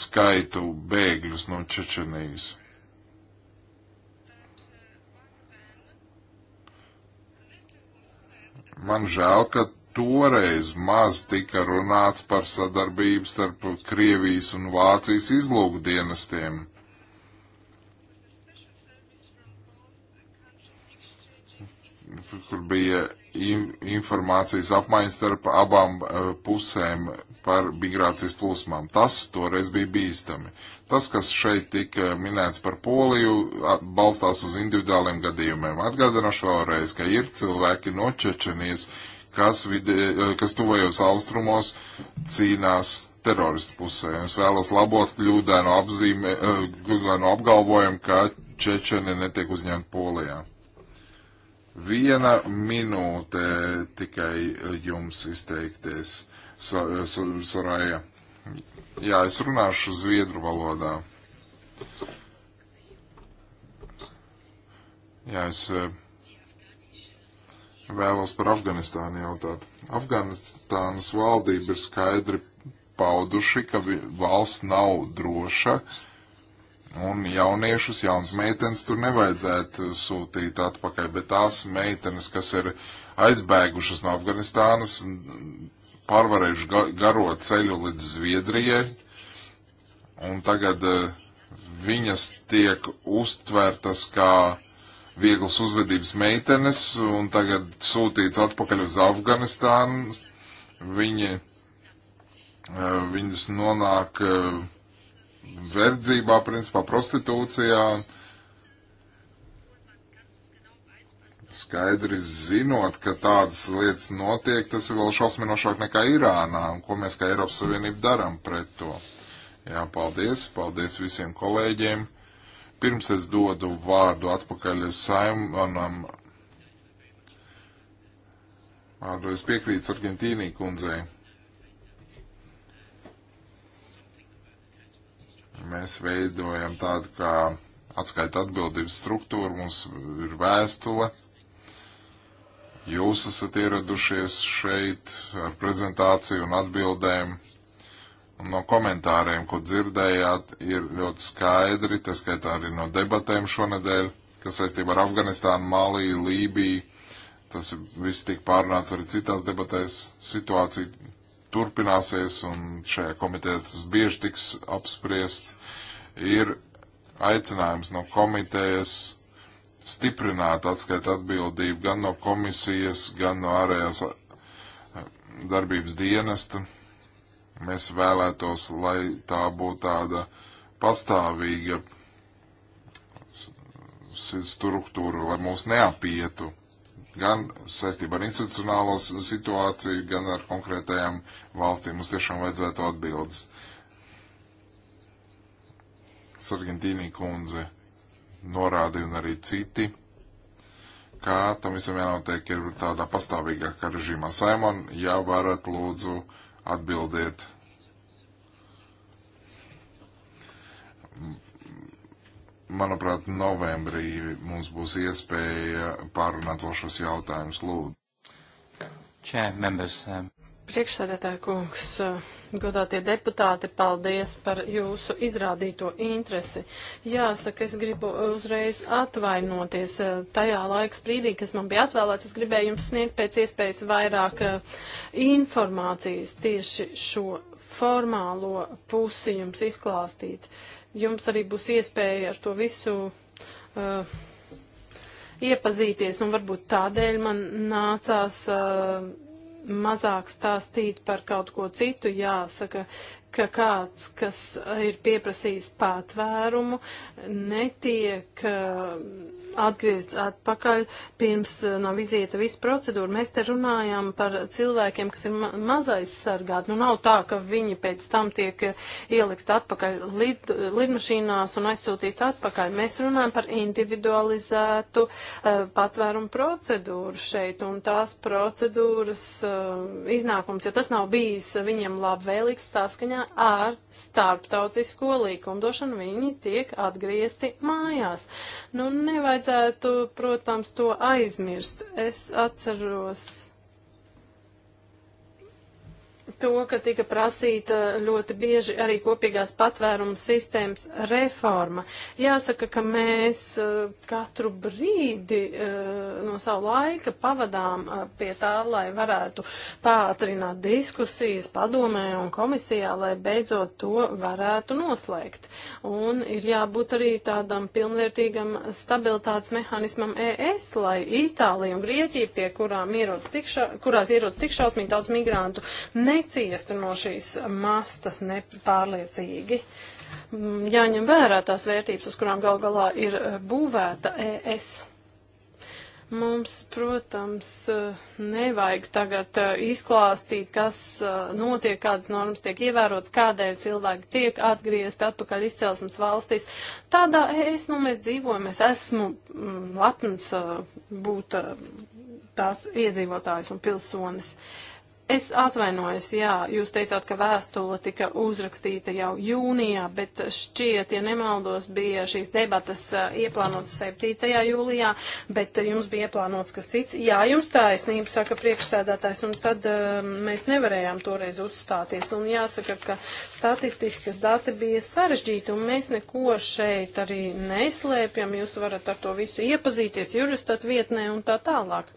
skaitu bēgļus no Čečenijas. Man žēl, ka toreiz maz tika runāts par sadarbību starp Krievijas un Vācijas izlūkdienestiem. dienestiem kur bija informācijas apmaiņas starp abām eh, pusēm par migrācijas plūsmām. Tas toreiz bija bīstami. Tas, kas šeit tika minēts par Poliju, balstās uz individuāliem gadījumiem. Atgādināšu vēlreiz, ka ir cilvēki no Čečenijas, kas, vide, eh, kas tuvajos austrumos cīnās teroristu pusē. Es vēlos labot kļūdēnu apzīmē, eh, kļūdēnu apgalvojumu, ka Čečeni netiek uzņemti Polijā. Viena minūte tikai jums izteikties, Sorāja. Jā, es runāšu zviedru valodā. Jā, es eh, vēlos par Afganistānu jautāt. Afganistānas valdība ir skaidri pauduši, ka valsts nav droša, uh, Un jauniešus, jaunas meitenes tur nevajadzētu sūtīt atpakaļ, bet tās meitenes, kas ir aizbēgušas no Afganistānas, pārvarējuši garo ceļu līdz Zviedrijai, un tagad eh, viņas tiek uztvērtas kā vieglas uzvedības meitenes un tagad sūtīts atpakaļ uz Afganistānu. Viņi, eh, viņas nonāk eh, verdzībā, principā prostitūcijā. Skaidri zinot, ka tādas lietas notiek, tas ir vēl šausminošāk nekā Irānā, un ko mēs kā Eiropas Savienība darām pret to. Jā, paldies, paldies visiem kolēģiem. Pirms es dodu vārdu atpakaļ Saimonam. Vārdu es piekrītu Argentīnī kundzei. Mēs veidojam tādu kā atskaita atbildības struktūru, mums ir vēstule. Jūs esat ieradušies šeit ar prezentāciju un atbildēm. Un no komentāriem, ko dzirdējāt, ir ļoti skaidri, tas skaitā arī no debatēm šonadēļ, kas saistībā ar Afganistānu, Maliju, Lībiju. Tas viss tika pārnāts arī citās debatēs. Situācija turpināsies un šajā komitē tas bieži tiks apspriests, ir aicinājums no komitejas stiprināt atskaita atbildību gan no komisijas, gan no ārējās eh, darbības dienesta. Mēs vēlētos, lai tā būtu tāda pastāvīga struktūra, lai mūs neapietu gan saistībā ar institucionālo situāciju, gan ar konkrētajām valstīm. Mums tiešām vajadzētu atbildes. Sargentīnī kundze norādīja un arī citi, kā tam visam jānotiek ir tādā pastāvīgākā režīmā. Saimon, ja varat, lūdzu, atbildiet manuprāt, novembrī mums būs iespēja pārunāt vēl šos jautājumus. Lūdzu. Chair members. Um... Priekšsēdētāja kungs, uh, godātie deputāti, paldies par jūsu izrādīto interesi. Jāsaka, es gribu uzreiz atvainoties. Uh, tajā laiks brīdī, kas man bija atvēlēts, es gribēju jums sniegt pēc iespējas vairāk uh, informācijas tieši šo formālo pusi jums izklāstīt. Uh, jums arī būs iespēja ar to visu uh, iepazīties, un varbūt tādēļ man nācās uh, mazāk stāstīt par kaut ko citu, jāsaka, ka kāds, kas ir pieprasījis pātvērumu, netiek uh, atgriezts atpakaļ pirms eh, nav izieta visa procedūra. Mēs te runājam par cilvēkiem, kas ir ma mazais sargāti. Nu, nav tā, ka viņi pēc tam tiek eh, ielikt atpakaļ lid lidmašīnās un aizsūtīti atpakaļ. Mēs runājam par individualizētu uh, patvērumu procedūru šeit un tās procedūras uh, iznākums, ja tas nav bijis viņiem labvēlīgs saskaņā ar starptautisko likumdošanu, viņi tiek atgriezti mājās. Nu, nevajadz nevajadzētu, protams, to aizmirst. Es atceros to, ka tika prasīta ļoti bieži arī kopīgās patvērums sistēmas reforma. Jāsaka, ka mēs e, katru brīdi e, no savu laika pavadām e, pie tā, lai varētu pātrināt diskusijas padomē un komisijā, lai beidzot to varētu noslēgt. Un ir jābūt arī tādam pilnvērtīgam stabilitātes mehānismam ES, lai Itālija un Grieķija, pie kurām ierodas tikšā, kurās ierodas tik šausmīgi daudz migrantu, ne neciestu no šīs mastas nepārliecīgi. Mm, jāņem vērā tās vērtības, uz kurām gal galā ir eh, būvēta ES. Mums, protams, eh, nevajag tagad eh, izklāstīt, kas notiek, kādas normas tiek ievērotas, kādēļ cilvēki tiek atgriezti atpakaļ izcelsmes valstīs. Tādā es, nu, mēs dzīvojam, es esmu mm, lepns būt tās iedzīvotājs un pilsonis. Uh, Es atvainojos, jā, jūs teicāt, ka vēstule tika uzrakstīta jau jūnijā, bet šķiet, ja nemaldos, bija šīs debatas ieplānotas 7. jūlijā, bet jums bija ieplānots kas cits. Jā, jums taisnība, saka priekšsēdētājs, un tad uh, mēs nevarējām toreiz uzstāties. Un jāsaka, ka statistikas dati bija sarežģīti, un mēs neko šeit arī neslēpjam. Jūs varat ar to visu iepazīties juristat vietnē un tā tālāk.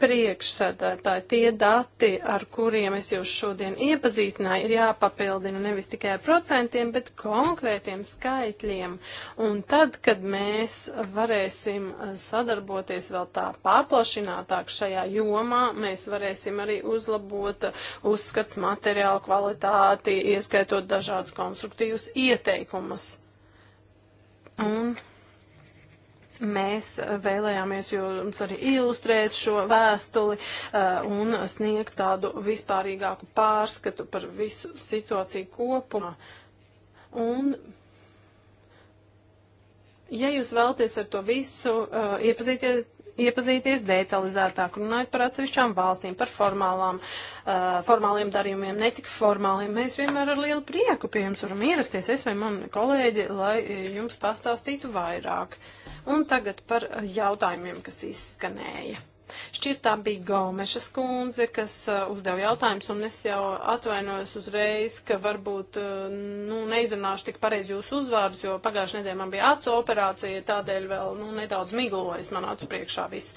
Priekšsēdētāji, tie dati, ar kuriem es jūs šodien iepazīstināju, ir jāpapildina nevis tikai procentiem, bet konkrētiem skaitļiem. Un tad, kad mēs varēsim uh, sadarboties vēl tā paplašinātāk šajā jomā, mēs varēsim arī uzlabot uh, uzskats materiālu kvalitāti, ieskaitot izvietot dažādus konstruktīvus ieteikumus. Un mēs vēlējāmies jums arī ilustrēt šo vēstuli uh, un sniegt tādu vispārīgāku pārskatu par visu situāciju kopumā. Un Ja jūs vēlaties ar to visu uh, iepazīties, iepazīties detalizētāk, runājot par atsevišķām valstīm, par formālām, uh, formāliem darījumiem, netik formāliem. Mēs vienmēr ar lielu prieku pie jums varam ierasties, es vai mani kolēģi, lai eh, jums pastāstītu vairāk. Un tagad par jautājumiem, kas izskanēja. Šķiet tā bija Gomeša skundze, kas uh, uzdev jautājumus, un es jau atvainojos uzreiz, ka varbūt uh, nu, neizrunāšu tik pareizi jūsu uzvārdus, jo pagājušajā nedēļā man bija acu operācija, tādēļ vēl nu, nedaudz miglojas man acu priekšā viss.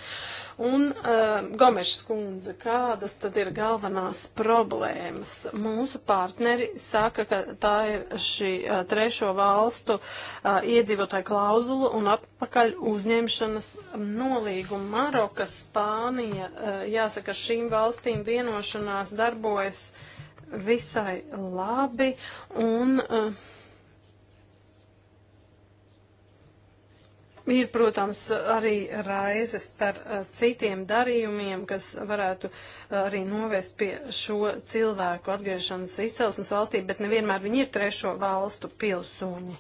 Un, uh, Gomešs kundze, kādas tad ir galvenās problēmas? Mūsu partneri saka, ka tā ir šī uh, trešo valstu uh, iedzīvotāju klauzula un atpakaļ uzņemšanas nolīguma Maroka, Spānija. Uh, jāsaka, šīm valstīm vienošanās darbojas visai labi un. Uh, Ir, protams, arī raizes par uh, citiem darījumiem, kas varētu uh, arī novest pie šo cilvēku atgriešanas izcelsmes valstī, bet nevienmēr viņi ir trešo valstu pilsoņi.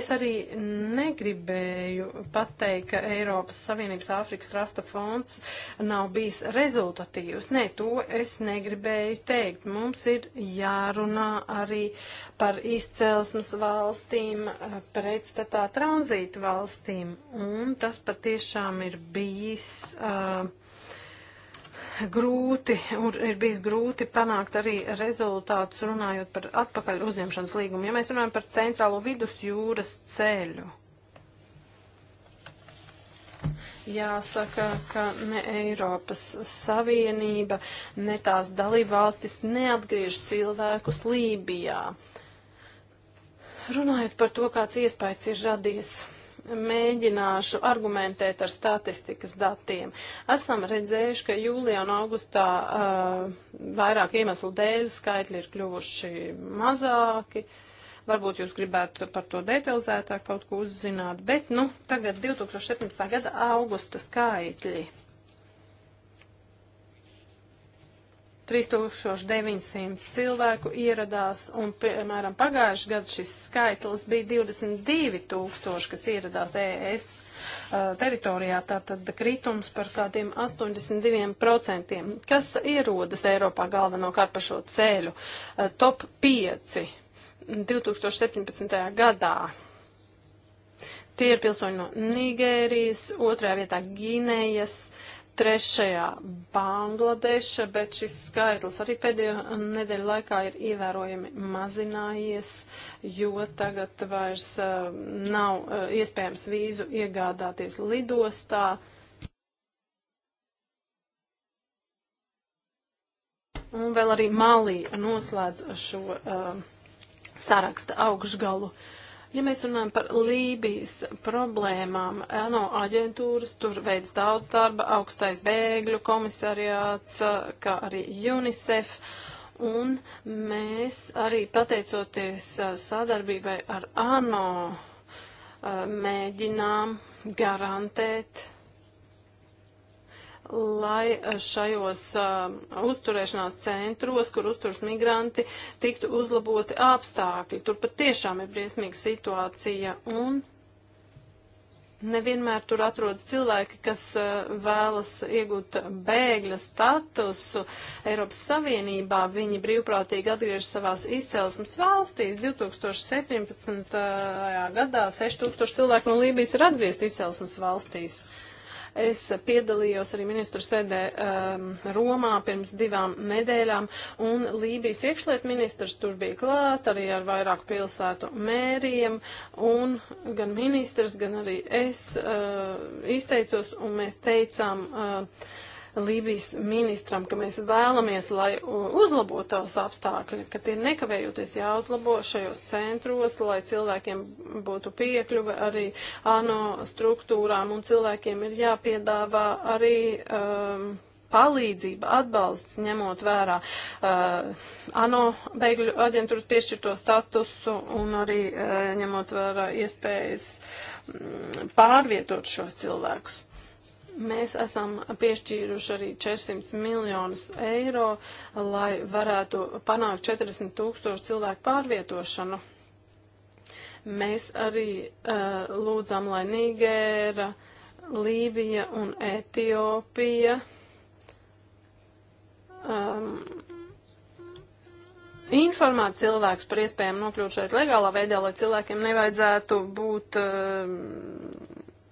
Es arī negribēju pateikt, ka Eiropas Savienības Āfrikas Trasta fonds nav bijis rezultatīvs. Nē, to es negribēju teikt. Mums ir jārunā arī par izcelsmes valstīm uh, pretstatā tranzītu valstīm Un tas patiešām ir bijis uh, grūti, un ir bijis grūti panākt arī rezultātus runājot par atpakaļ uzņemšanas līgumu. Ja mēs runājam par centrālo vidusjūras ceļu, jāsaka, ka ne Eiropas Savienība, ne tās dalībvalstis neatgriež cilvēkus Lībijā. Runājot par to, kāds iespējas ir radies mēģināšu argumentēt ar statistikas datiem. Esam redzējuši, ka jūlijā un augustā uh, vairāk iemeslu dēļ skaitļi ir kļuvuši mazāki. Varbūt jūs gribētu par to detalizētāk kaut ko uzzināt, bet nu, tagad 2017. gada augusta skaitļi. 3900 cilvēku ieradās, un, piemēram, pagājuši gadu šis skaitlis bija 22000, kas ieradās ES uh, teritorijā, tātad kritums par kādiem 82%, kas ierodas Eiropā galvenokārt pa šo ceļu. Uh, top 5 2017. gadā. Tie ir pilsoņi no Nigērijas, otrajā vietā Ginejas, uh, trešajā Bangladeša, bet šis skaitlis arī pēdējo nedēļu laikā ir ievērojami mazinājies, jo tagad vairs uh, nav uh, iespējams vīzu iegādāties lidostā. Un vēl arī Malī noslēdz šo uh, saraksta augšgalu. Uh, Ja mēs runājam par Lībijas problēmām, ANO aģentūras tur veids daudz darba, augstais bēgļu komisariāts, kā arī UNICEF. Un mēs arī pateicoties sadarbībai ar ANO mēģinām garantēt lai eh, šajos uh, uzturēšanās centros, kur uzturas migranti, tiktu uzlaboti apstākļi. Tur pat tiešām ir briesmīga situācija un nevienmēr tur atrodas cilvēki, kas uh, vēlas iegūt bēgļa statusu Eiropas Savienībā. Viņi brīvprātīgi atgriežas savās izcelsmes valstīs. 2017. gadā 6000 cilvēku no Lībijas ir atgriezt izcelsmes valstīs. Uh, Es piedalījos arī ministru sēdē um, Romā pirms divām nedēļām, un Lībijas iekšliet ministrs tur bija klāt, arī ar vairāku pilsētu mēriem, un gan ministrs, gan arī es uh, izteicos, un mēs teicām, uh, Lībijas ministram, ka mēs vēlamies, lai uzlabotos apstākļi, ka tie nekavējoties jāuzlabo šajos centros, lai cilvēkiem būtu piekļuve arī ANO struktūrām un cilvēkiem ir jāpiedāvā arī. Um, palīdzība, atbalsts, ņemot vērā uh, ANO beigļu aģentūras piešķirto statusu un arī uh, ņemot vērā iespējas mm, pārvietot šos cilvēkus. Mēs esam piešķīruši arī 400 miljonus eiro, lai varētu panākt 40 tūkstošu cilvēku pārvietošanu. Mēs arī uh, lūdzam, lai Nigēra, Lībija un Etiopija um, informētu cilvēkus par iespējām nokļūt šeit legālā veidā, lai cilvēkiem nevajadzētu būt. Uh,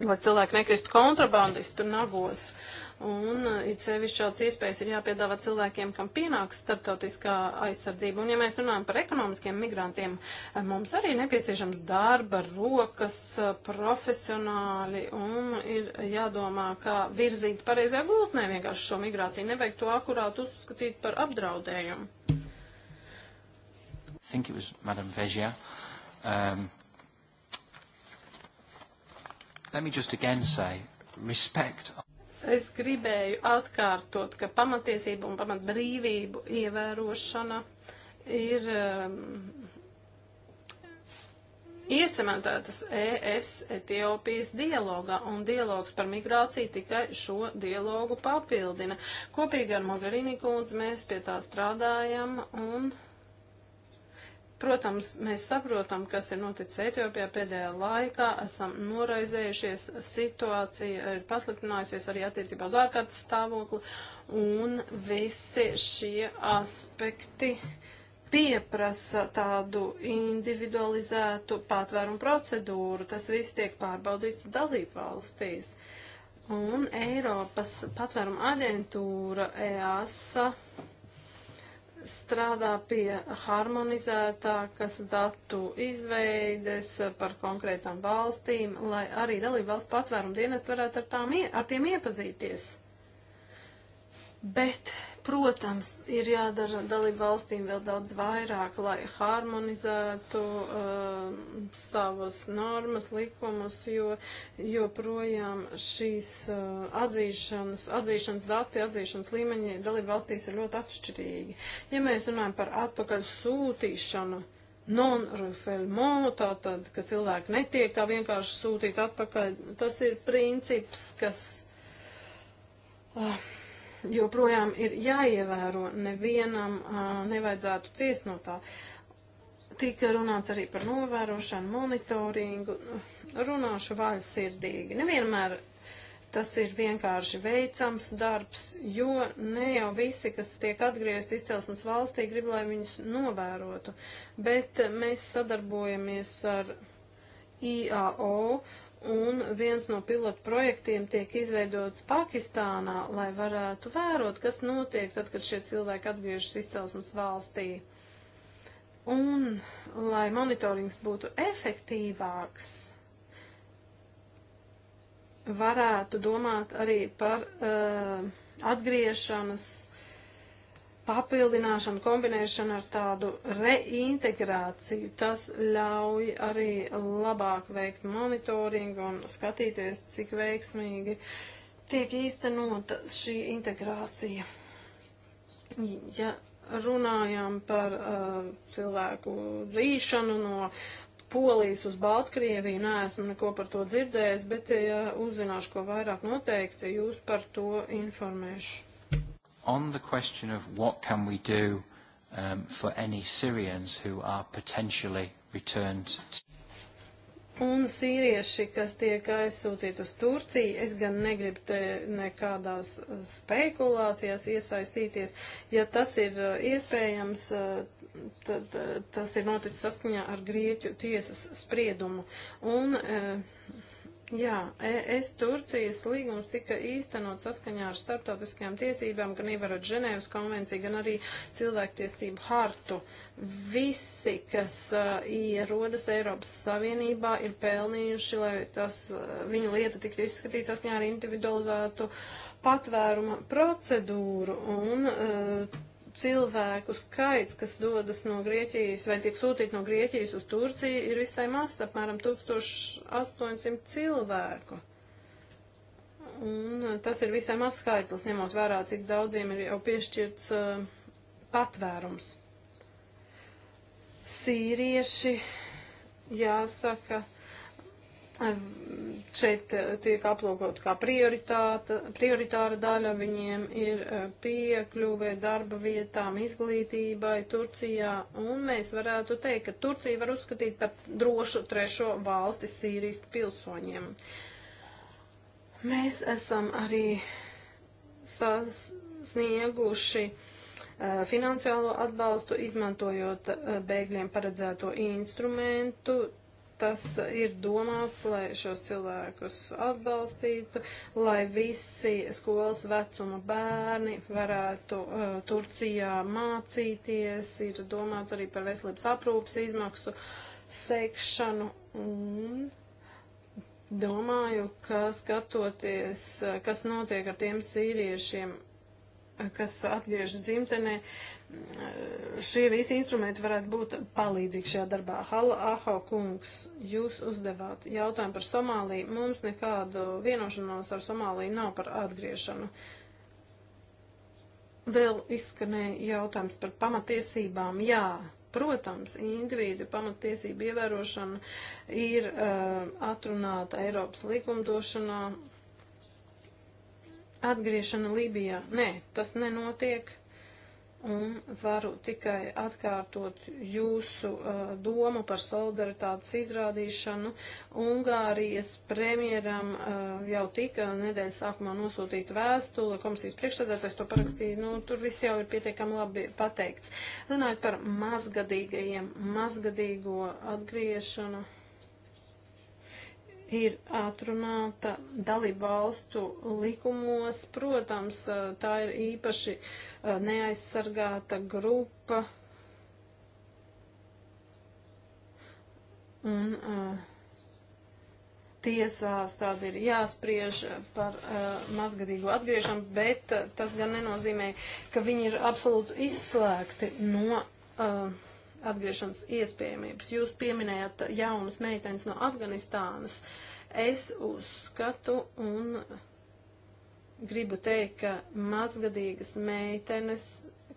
lai cilvēki nekristu kontrabandistu nagos. Un uh, it sevišķi šāds iespējas ir jāpiedāvā cilvēkiem, kam pienāks starptautiskā aizsardzība. Un ja mēs runājam par ekonomiskiem migrantiem, uh, mums arī nepieciešams darba, rokas, uh, profesionāļi un ir jādomā, kā virzīt pareizajā gultnē vienkārši šo migrāciju. Nevajag to akurāt uzskatīt par apdraudējumu. I think it was Madam Vežia. Um, Let me just again say, respect. Es gribēju atkārtot, ka pamatiesība un pamatbrīvību ievērošana ir um, iecementētas ES Etiopijas dialogā, un dialogs par migrāciju tikai šo dialogu papildina. Kopīgi ar Mogherini kundzi mēs pie tā strādājam, un Protams, mēs saprotam, kas ir noticis Etiopijā pēdējā laikā, esam noraizējušies, situācija ir pasliktinājusies arī attiecībā uz ārkārtas stāvokli, un visi šie aspekti pieprasa tādu individualizētu patvērumu procedūru. Tas viss tiek pārbaudīts dalību valstīs. Un Eiropas patvērumu aģentūra EASA strādā pie harmonizētākas datu izveides par konkrētām valstīm, lai arī dalību valsts patvērumu dienestu varētu ar, tām, ar tiem iepazīties. Bet Protams, ir jādara dalību valstīm vēl daudz vairāk, lai harmonizētu uh, savas normas, likumus, jo joprojām šīs uh, atzīšanas, atzīšanas dati, atzīšanas līmeņi dalību valstīs ir ļoti atšķirīgi. Ja mēs runājam par atpakaļ sūtīšanu, non-refoulement, tātad, ka cilvēki netiek tā vienkārši sūtīt atpakaļ, tas ir princips, kas. Uh, joprojām ir jāievēro, nevienam uh, nevajadzētu ciest no tā. Tika runāts arī par novērošanu, monitoringu, runāšu vaļsirdīgi. Nevienmēr tas ir vienkārši veicams darbs, jo ne jau visi, kas tiek atgriezti izcelsmes valstī, grib, lai viņus novērotu, bet mēs sadarbojamies ar IAO Un viens no pilotu projektiem tiek izveidots Pakistānā, lai varētu vērot, kas notiek tad, kad šie cilvēki atgriežas izcelsmes valstī. Un, lai monitorings būtu efektīvāks, varētu domāt arī par uh, atgriešanas papildināšanu, kombinēšanu ar tādu reintegrāciju. Tas ļauj arī labāk veikt monitoringu un skatīties, cik veiksmīgi tiek īstenota šī integrācija. Ja runājam par uh, cilvēku rīšanu no Polijas uz Baltkrieviju, neesmu neko par to dzirdējis, bet ja uzzināšu ko vairāk noteikti, jūs par to informēšu on the question of what can we do um, for any Syrians who are potentially returned. Un sīrieši, kas tiek aizsūtīti uz Turciju, es gan negribu te nekādās uh, spekulācijās iesaistīties. Ja tas ir uh, iespējams, uh, tad tas ir noticis saskaņā ar Grieķu tiesas spriedumu. Un, uh, Jā, ES Turcijas līgums tika īstenot saskaņā ar starptautiskajām tiesībām, gan ievarot Ženēvas konvenciju, gan arī cilvēktiesību hartu. Visi, kas uh, ierodas Eiropas Savienībā, ir pelnījuši, lai tas, e, viņa lieta tiktu izskatīta saskaņā ar individualizētu patvēruma procedūru. Un, uh, cilvēku skaits, kas dodas no Grieķijas vai tiek sūtīti no Grieķijas uz Turciju, ir visai mazs, apmēram 1800 cilvēku. Un eh, tas ir visai mazs skaitlis, ņemot vērā, cik daudziem ir jau piešķirts uh, patvērums. Sīrieši, jāsaka, uh, šeit eh, tiek aplūkot kā prioritāra daļa, viņiem ir eh, piekļuvē darba vietām, izglītībai Turcijā, un mēs varētu teikt, ka Turcija var uzskatīt par drošu trešo valsti Sīrijas pilsoņiem. Mēs esam arī sasnieguši eh, finansiālo atbalstu, izmantojot bēgļiem paredzēto instrumentu tas ir domāts, lai šos cilvēkus atbalstītu, lai visi skolas vecuma bērni varētu uh, Turcijā mācīties, ir domāts arī par veselības aprūpas izmaksu sekšanu un domāju, ka skatoties, uh, kas notiek ar tiem sīriešiem, kas atgriežas dzimtenē, šie visi instrumenti varētu būt palīdzīgi šajā darbā. Hala Aho kungs, jūs uzdevāt jautājumu par Somāliju. Mums nekādu vienošanos ar Somāliju nav par atgriešanu. Vēl izskanēja jautājums par pamatiesībām. Jā, protams, individu pamatiesību ievērošana ir uh, atrunāta Eiropas likumdošanā. Atgriešana Lībijā. Nē, tas nenotiek. Uh, un varu tikai atkārtot jūsu uh, domu par solidaritātes izrādīšanu. Ungārijas premjeram uh, jau tika nedēļas sākumā nosūtīta vēstule, komisijas priekšsēdētājs to parakstīja, nu, tur viss jau ir pietiekami labi pateikts. Runājot par mazgadīgajiem, mazgadīgo atgriešanu ir atrunāta dalību valstu likumos. Protams, tā ir īpaši neaizsargāta grupa. Un uh, tiesās tad ir jāspriež par uh, mazgadīgu atgriešanu, bet uh, tas gan nenozīmē, ka viņi ir absolūti izslēgti no. Uh, atgriešanas iespējamības. Jūs pieminējat jaunas meitenes no Afganistānas. Es uzskatu un gribu teikt, ka mazgadīgas meitenes,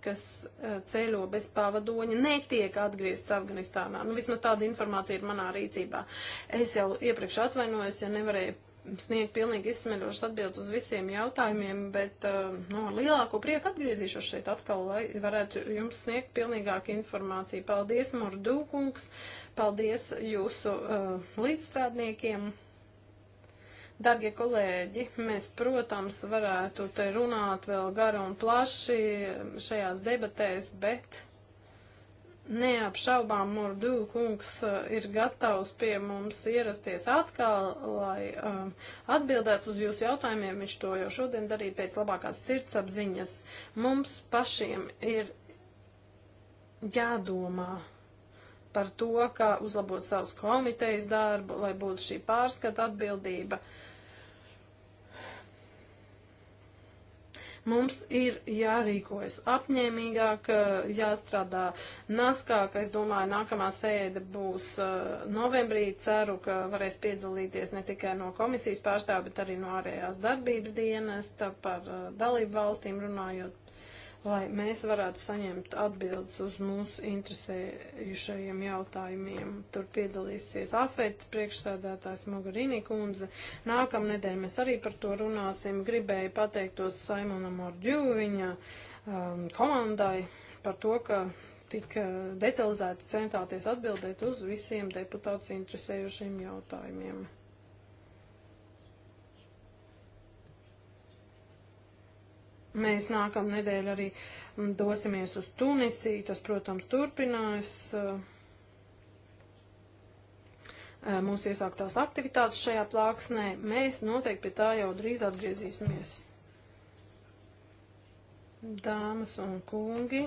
kas eh, ceļo bez pavadoņa, netiek atgrieztas Afganistānā. Nu, vismaz tāda informācija ir manā rīcībā. Es jau iepriekš atvainojos, ja nevarēju sniegt pilnīgi izsmeļošas atbildes uz visiem jautājumiem, bet uh, nu, ar lielāko prieku atgriezīšos šeit atkal, lai varētu jums sniegt pilnīgāku informāciju. Paldies, Mordūkungs, paldies jūsu uh, līdzstrādniekiem. Darbie kolēģi, mēs, protams, varētu te runāt vēl gara un plaši šajās debatēs, bet Neapšaubām Mordu kungs eh, ir gatavs pie mums ierasties atkal, lai um, atbildētu uz jūsu jautājumiem. Viņš to jau šodien darīja pēc labākās sirdsapziņas. Mums pašiem ir jādomā par to, kā uzlabot savus komitejas darbu, lai būtu šī pārskata atbildība. Uh, Mums ir jārīkojas apņēmīgāk, eh, jāstrādā naskāk. Es domāju, nākamā sēde būs eh, novembrī. Ceru, ka varēs piedalīties ne tikai no komisijas pārstāvja, bet arī no ārējās darbības dienesta par eh, dalību valstīm runājot lai mēs varētu saņemt atbildes uz mūsu interesējušajiem jautājumiem. Tur piedalīsies AFET priekšsēdētājs Mogarīnī kundze. Nākamnedēļ mēs arī par to runāsim. Gribēju pateiktos Saimonam Ordju, viņa um, komandai par to, ka tik uh, detalizēti centāties atbildēt uz visiem deputāts interesējušiem jautājumiem. Mēs nākamā nedēļa arī mm, dosimies uz Tunisiju. Tas, protams, turpinās uh, uh, mūsu iesāktās aktivitātes šajā plāksnē. Mēs noteikti pie tā jau drīz atgriezīsimies. Dāmas un kungi.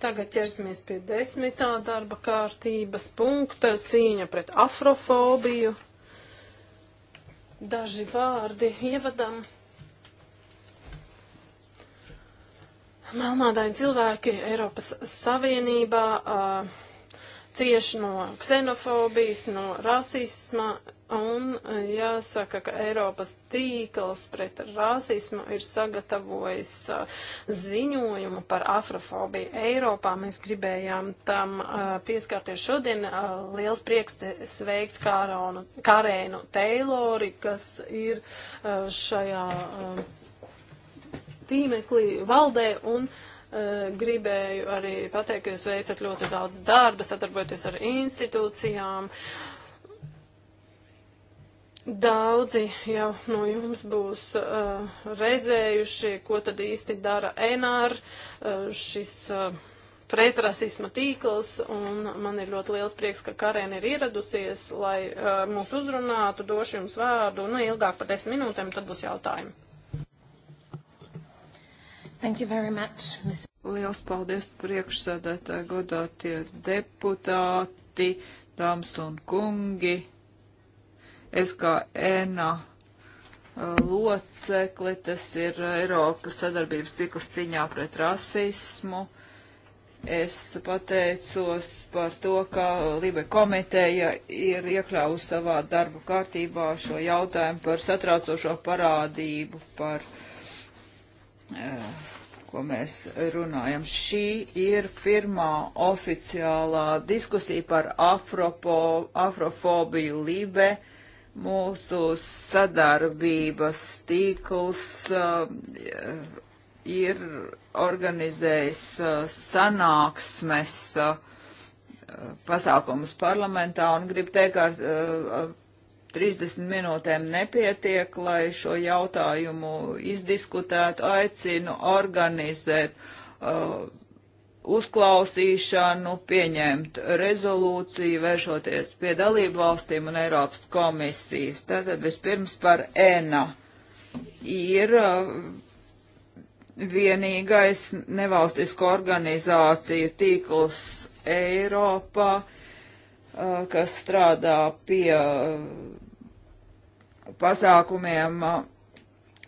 Tagad ķersimies pie desmitā darba kārtības punkta - cīņa pret afrofobiju. Daži vārdi ievadam. Melnādaini cilvēki Eiropas Savienībā. Uh, cieši no ksenofobijas, no rasisma, un eh, jāsaka, ka Eiropas tīkls pret rasismu ir sagatavojis eh, ziņojumu par afrofobiju Eiropā. Mēs gribējām tam eh, pieskārties šodien. Liels prieks sveikt Kāronu, Karēnu Teilori, kas ir šajā tīmeklī valdē un uh, gribēju arī pateikt, ka jūs veicat ļoti daudz darba, sadarbojoties ar institūcijām. Daudzi jau no jums būs uh, redzējuši, ko tad īsti dara NR, uh, šis uh, pretrasisma tīkls, un man ir ļoti liels prieks, ka Karēna ir ieradusies, lai uh, mūs uzrunātu, došu jums vārdu, nu, ilgāk par desmit minūtēm, tad būs jautājumi. Thank you very much, Ms. Liels paldies priekšsēdētāji, godātie deputāti, dāmas un kungi. Es kā ēna locekli, tas ir Eiropas sadarbības tikus ciņā pret rasismu. Es pateicos par to, ka Libe komiteja ir iekļāvusi savā darbu kārtībā šo jautājumu par satraucošo parādību, par uh, ko mēs runājam. Šī ir pirmā oficiālā diskusija par afropo, afrofobiju Libe. Mūsu sadarbības tīkls uh, ir organizējis uh, sanāksmes uh, uh pasākumus parlamentā un gribu teikt, ka uh, 30 minūtēm nepietiek, lai šo jautājumu izdiskutētu. Aicinu organizēt uh, uzklausīšanu, pieņemt rezolūciju, vēršoties pie dalību valstīm un Eiropas komisijas. Tātad vispirms par ENA. Ir uh, vienīgais nevalstisko organizāciju tīkls Eiropā, uh, kas strādā pie uh, pasākumiem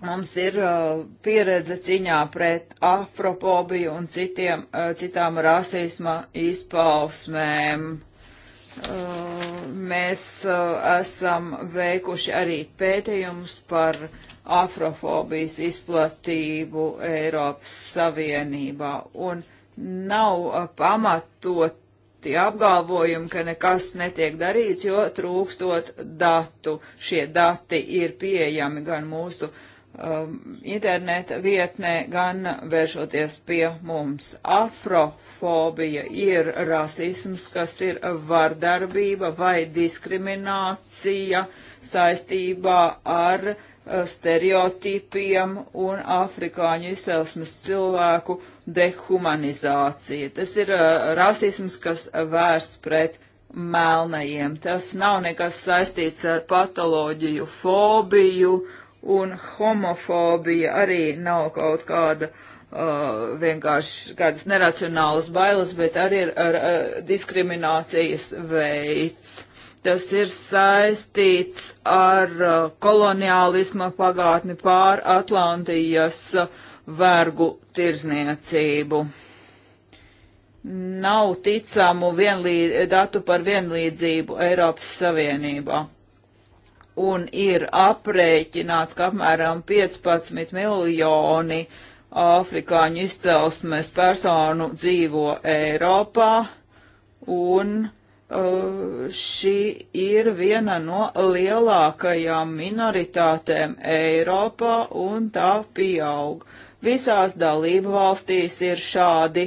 mums ir uh, pieredze ciņā pret afropobiju un citiem, uh, citām rasisma izpausmēm. Uh, mēs esam veikuši arī pētījumus par afrofobijas izplatību Eiropas Savienībā. Un nav pamatot tie apgalvojumi, ka nekas netiek darīts, jo trūkstot datu. Šie dati ir pieejami gan mūsu um, interneta vietnē, gan vēršoties pie mums. Afrofobija ir rasisms, kas ir vardarbība vai diskriminācija saistībā ar uh, Eh, stereotipiem un afrikāņu izcelsmes cilvēku dehumanizācija. Tas ir eh, rasisms, kas vērsts pret melnajiem. Tas nav nekas saistīts ar patoloģiju, fobiju un homofobija arī nav kaut kāda uh, vienkārši kādas neracionālas bailes, bet arī ir ar, ar, diskriminācijas veids. Tas ir saistīts ar uh, koloniālisma pagātni pār Atlantijas uh, vergu tirzniecību. Nav ticamu vienlīd, datu par vienlīdzību Eiropas Savienībā. Un ir aprēķināts, ka apmēram 15 miljoni afrikāņu izcelsmes personu dzīvo Eiropā un Uh, šī ir viena no lielākajām minoritātēm Eiropā un tā pieaug. Visās dalību valstīs ir šādi,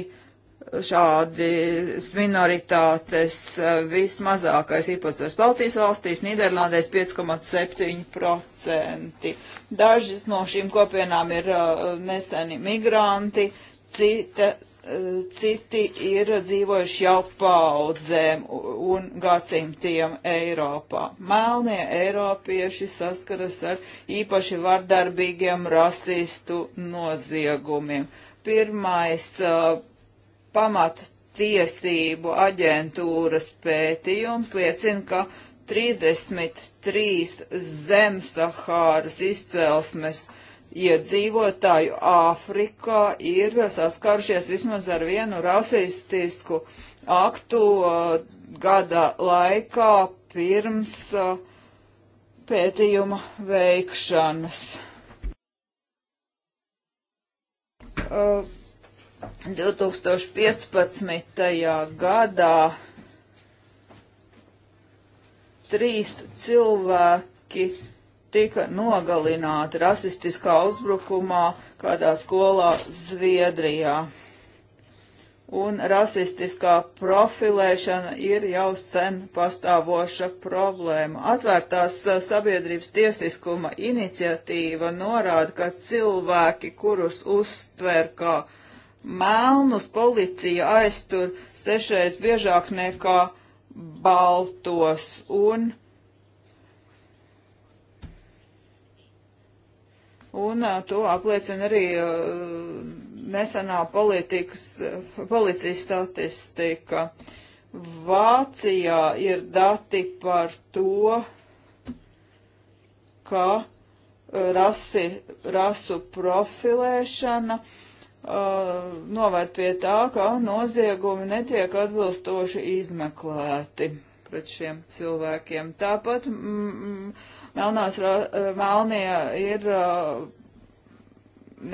šādi minoritātes, uh, vismazākais īpatsvars Baltijas valstīs, Nīderlandēs 5,7%. Dažas no šīm kopienām ir uh, neseni migranti, citas citi ir dzīvojuši jau paudzēm un gadsimtiem Eiropā. Melnie Eiropieši saskaras ar īpaši vardarbīgiem rasistu noziegumiem. Pirmais uh, pamatu tiesību aģentūras pētījums liecina, ka 33 zemsahāras izcelsmes iedzīvotāju Āfrikā ir saskārušies vismaz ar vienu rasistisku aktu uh, gada laikā pirms uh, pētījuma veikšanas. Uh, 2015. gadā trīs cilvēki tika nogalināti rasistiskā uzbrukumā kādā skolā Zviedrijā. Un rasistiskā profilēšana ir jau sen pastāvoša problēma. Atvērtās eh, sabiedrības tiesiskuma iniciatīva norāda, ka cilvēki, kurus uztver kā melnus, policija aiztur sešreiz biežāk nekā baltos un un to apliecina arī nesenā policijas statistika. Vācijā ir dati par to, ka rasi, rasu profilēšana uh, novērt pie tā, ka noziegumi netiek atbilstoši izmeklēti pret šiem cilvēkiem. Tāpat mm, melnās, eh, melnie ir eh,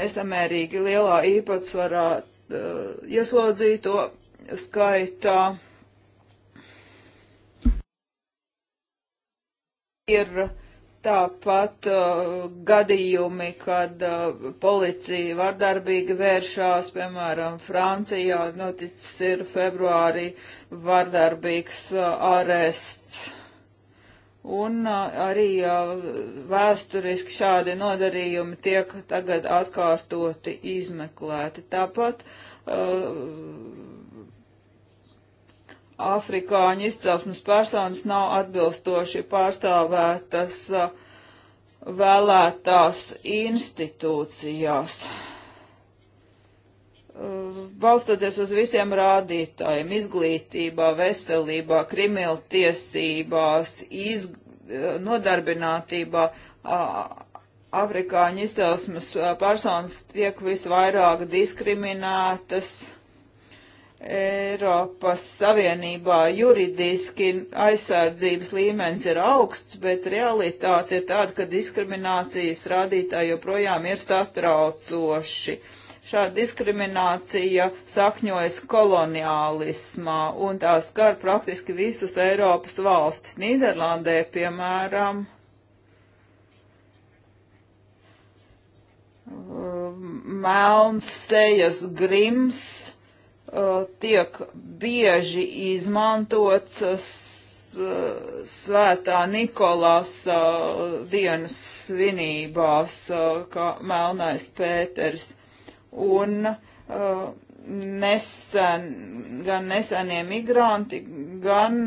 nesamērīgi lielā īpatsvarā eh, ieslodzīto skaitā. Ir tāpat uh, gadījumi, kad uh, policija vardarbīgi vēršās, piemēram, Francijā noticis ir februārī vardarbīgs uh, arests. Un uh, arī uh, vēsturiski šādi nodarījumi tiek tagad atkārtoti izmeklēti. Tāpat uh, afrikāņu izcelsmes personas nav atbilstoši pārstāvētas uh, vēlētās institūcijās. Uh, Uh, balstoties uz visiem rādītājiem - izglītībā, veselībā, krimeltiesībās, iz, uh, nodarbinātībā, afrikāņu izcelsmes uh, personas tiek visvairāk diskriminētas. Eiropas Savienībā juridiski aizsardzības līmenis ir augsts, bet realitāte ir tāda, ka diskriminācijas rādītāji joprojām ir satraucoši. Uh, Šāda diskriminācija sakņojas koloniālismā un tā skar praktiski visus Eiropas valstis. Nīderlandē, piemēram, melns sejas grims uh, tiek bieži izmantots uh, svētā Nikolāsa dienas uh, svinībās, kā melnais Pēters un uh, nesen, gan nesenie migranti, gan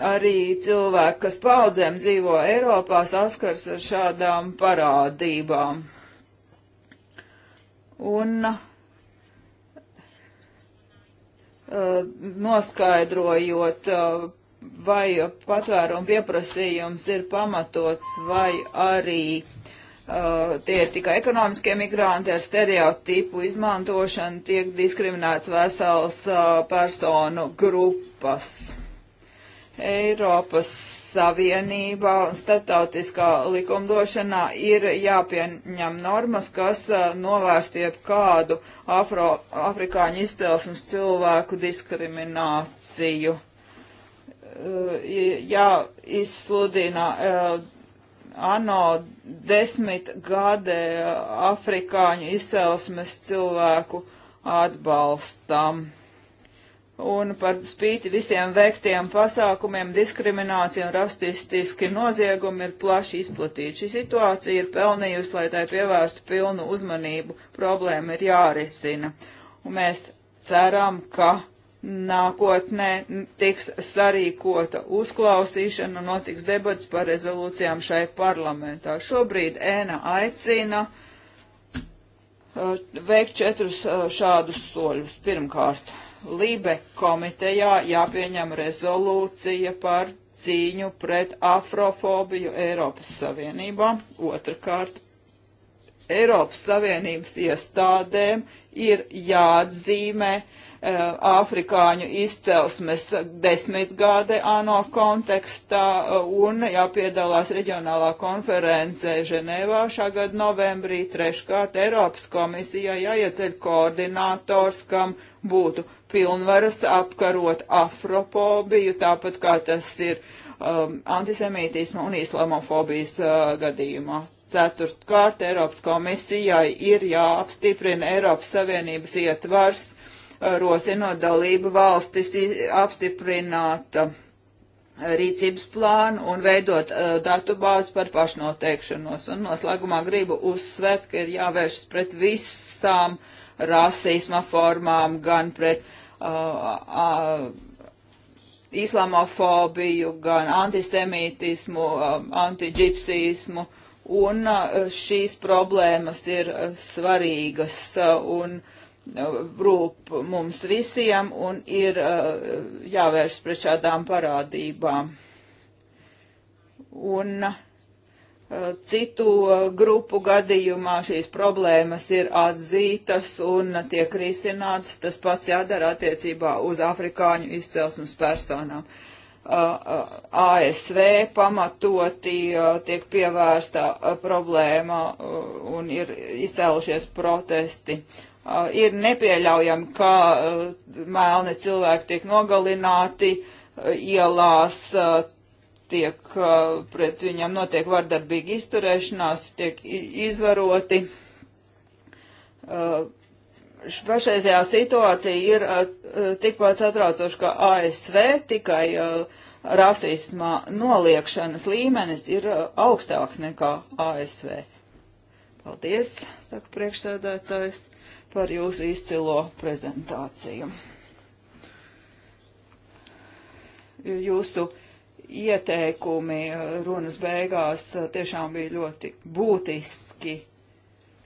arī cilvēki, kas paudzēm dzīvo Eiropā, saskars ar šādām parādībām. Un uh, noskaidrojot, uh, vai patvērumu pieprasījums ir pamatots vai arī uh, Uh, tie ir tikai ekonomiskie migranti ar stereotipu izmantošanu, tiek diskriminēts vesels uh, personu grupas. Eiropas Savienībā un starptautiskā likumdošanā ir jāpieņem normas, kas uh, novērstu jebkādu afro, afrikāņu izcelsmes cilvēku diskrimināciju uh, jāizsludina uh, ANO desmit gadē eh, afrikāņu izcelsmes cilvēku atbalstam. Un par spīti visiem veiktiem pasākumiem diskriminācija un rasistiski noziegumi ir plaši izplatīti. Šī situācija ir pelnījusi, lai tai pievērstu pilnu uzmanību. Problēma ir jārisina. Un mēs ceram, ka Nākotnē tiks sarīkota uzklausīšana un notiks debats par rezolūcijām šai parlamentā. Šobrīd ēna aicina uh, veikt četrus uh, šādus soļus. Pirmkārt, Lībe komitejā jāpieņem rezolūcija par cīņu pret afrofobiju Eiropas Savienībā. Otrakārt, Eiropas Savienības iestādēm ir jāatzīmē uh, Eh, afrikāņu izcelsmes desmitgāde ANO kontekstā eh, un jāpiedalās reģionālā konferencē Ženēvā šā gada novembrī. Treškārt Eiropas komisijā jāieceļ koordinators, kam būtu pilnvaras apkarot afropobiju, tāpat kā tas ir um, antisemītisma un islamofobijas uh, gadījumā. Ceturtkārt, Eiropas komisijai ir jāapstiprina Eiropas Savienības ietvars rosinot dalību valstis apstiprināt uh, rīcības plānu un veidot uh, datu bāzi par pašnoteikšanos. Un noslēgumā gribu uzsvērt, ka ir jāvēršas pret visām rasisma formām, gan pret uh, uh, islamofobiju, gan antisemītismu, uh, antiģipsismu. Un uh, šīs problēmas ir uh, svarīgas uh, un rūp mums visiem un ir eh, jāvērš pret šādām parādībām. Un eh, citu eh, grupu gadījumā šīs problēmas ir atzītas un tiek risināts. Tas pats jādara attiecībā uz afrikāņu izcelsmes personām. ASV pamatoti tiek pievērsta problēma un ir izcēlušies protesti ir nepieļaujami, ka melni cilvēki tiek nogalināti ielās, tiek pret viņam notiek vardarbīgi izturēšanās, tiek izvaroti. Pašreizējā situācija ir tikpat satraucoša, ka ASV tikai rasisma noliekšanas līmenis ir augstāks nekā ASV. Paldies, saka priekšsēdētājs par jūsu izcilo prezentāciju. Jūsu ieteikumi eh, runas beigās eh, tiešām bija ļoti būtiski.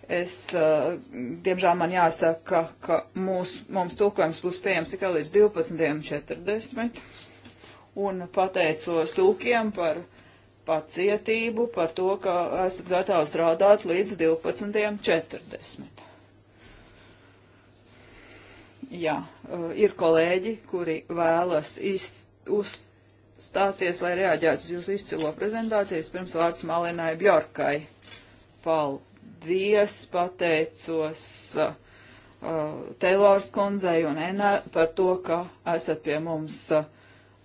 Es, eh, diemžēl man jāsaka, ka mūs, mums tulkojums būs pieejams tikai līdz 12.40. Un pateicos tulkiem par pacietību, par to, ka esat gatavi strādāt līdz 12.40 jā, e, ir kolēģi, kuri vēlas uzstāties, lai reaģētu uz jūsu izcilo prezentāciju. Pirms vārds Malinai Bjorkai. Paldies, pateicos uh, Teilors kundzei un Enar par to, ka esat pie mums uh,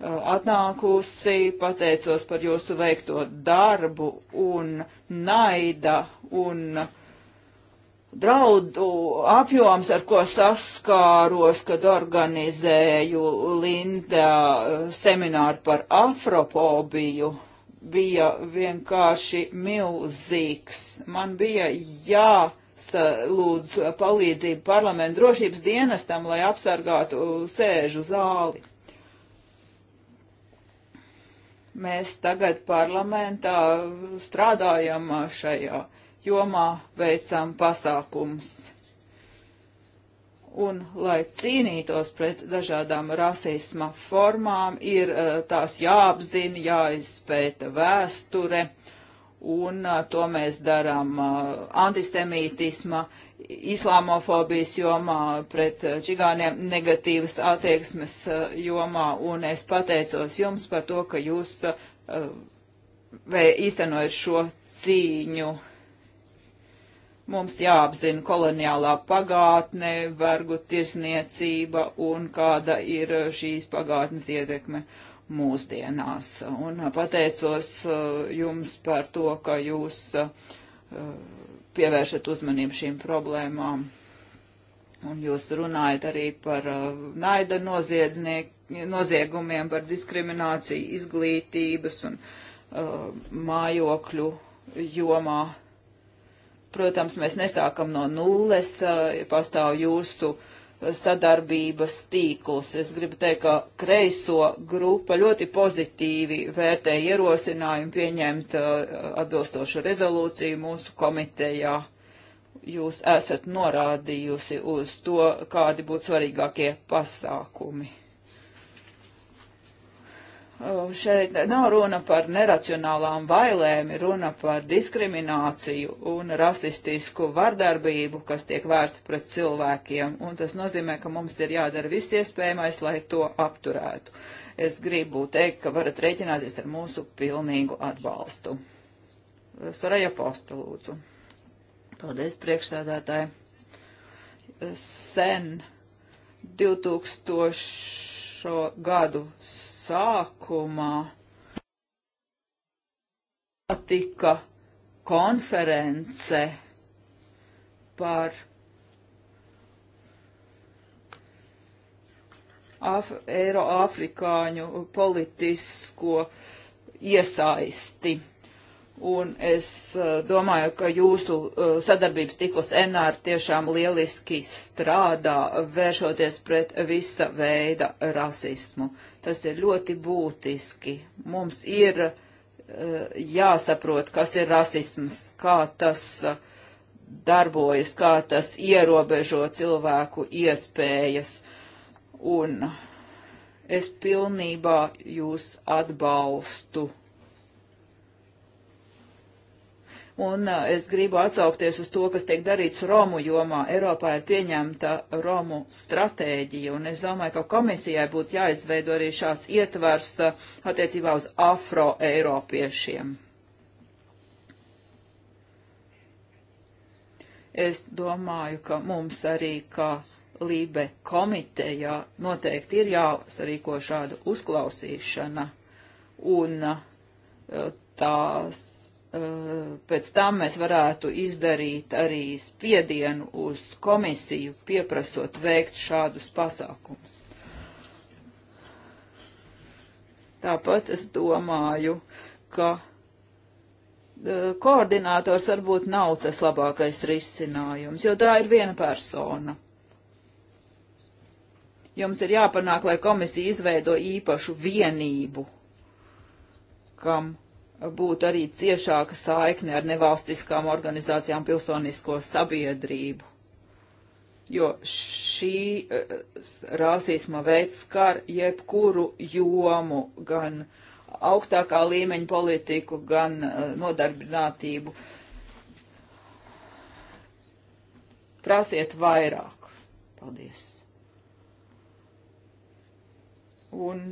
atnākusi, pateicos par jūsu veikto darbu un naida un uh, draudu apjoms, ar ko saskāros, kad organizēju Linda eh, semināru par afrofobiju, bija vienkārši milzīgs. Man bija jālūdz palīdzību parlamentu drošības dienestam, lai apsargātu sēžu zāli. Mēs tagad parlamentā strādājam šajā uh, jomā veicam pasākumus. Un, lai cīnītos pret dažādām rasisma formām, ir eh, tās jāapzina, jāizpēta vēsture, un eh, to mēs darām eh, antisemītisma, islāmofobijas jomā, pret čigāniem negatīvas attieksmes jomā, un es pateicos jums par to, ka jūs īstenojat šo cīņu. Mums jāapzina koloniālā pagātne, vergu tirzniecība un kāda ir uh, šīs pagātnes ietekme mūsdienās. Un uh, pateicos uh, jums par to, ka jūs pievēršat uzmanību šīm problēmām. Un jūs runājat arī par naida noziegumiem, par diskrimināciju izglītības un uh, mājokļu jomā Protams, mēs nesākam no nulles, pastāv jūsu sadarbības tīkls. Es gribu teikt, ka kreiso grupa ļoti pozitīvi vērtē ierosinājumu pieņemt atbilstošu rezolūciju mūsu komitejā. Jūs esat norādījusi uz to, kādi būtu svarīgākie pasākumi. Um, šeit nav runa par neracionālām bailēm, ir runa par diskrimināciju un rasistisku vardarbību, kas tiek vērsta pret cilvēkiem, un tas nozīmē, ka mums ir jādara viss iespējamais, lai to apturētu. Es gribu teikt, ka varat rēķināties ar mūsu pilnīgu atbalstu. Soraja Posta, lūdzu. Paldies, priekšsēdētāji. Sen 2000 gadu sākumā notika konference par Af Eiroafrikāņu politisko iesaisti. Un es eh, domāju, ka jūsu eh, sadarbības tīkls NR tiešām lieliski strādā, vēršoties pret visa veida rasismu. Tas ir ļoti būtiski. Mums ir uh, jāsaprot, kas ir rasisms, kā tas uh, darbojas, kā tas ierobežo cilvēku iespējas. Un es pilnībā jūs atbalstu Un uh, es gribu atsaukties uz to, kas tiek darīts Romu jomā. Eiropā ir pieņemta Romu stratēģija, un es domāju, ka komisijai būtu jāizveido arī šāds ietvars uh, attiecībā uz afroeiropiešiem. Es domāju, ka mums arī, kā Lībe komitejā, noteikti ir jāsarīko šāda uzklausīšana, un uh, tās Eh, pēc tam mēs varētu izdarīt arī spiedienu uz komisiju, pieprasot veikt šādus pasākumus. Tāpat es domāju, ka eh, koordinātors varbūt nav tas labākais risinājums, jo tā ir viena persona. Jums ir jāpanāk, lai komisija izveido īpašu vienību, kam būtu arī ciešāka saikne ar nevalstiskām organizācijām pilsonisko sabiedrību. Jo šī eh, rasisma veids skar jebkuru jomu, gan augstākā līmeņa politiku, gan eh, nodarbinātību. Prasiet vairāk. Paldies. Un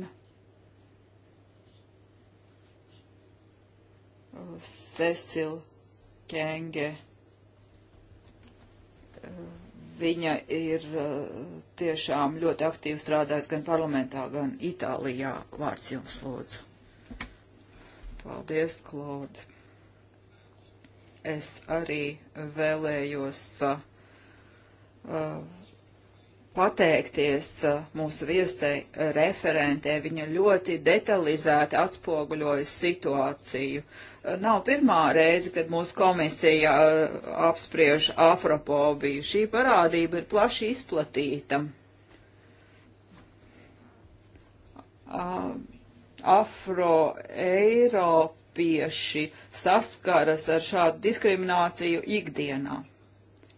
Cecil Kenge. Viņa ir uh, tiešām ļoti aktīvi strādājusi gan parlamentā, gan Itālijā. Vārds jums lūdzu. Paldies, Klod. Es arī vēlējos uh, pateikties uh, mūsu viesai referentē. Viņa ļoti detalizēti atspoguļoja situāciju. Uh, nav pirmā reize, kad mūsu komisija uh, apspriež afropobiju. Šī parādība ir plaši izplatīta. Uh, afroeiropieši saskaras ar šādu diskrimināciju ikdienā.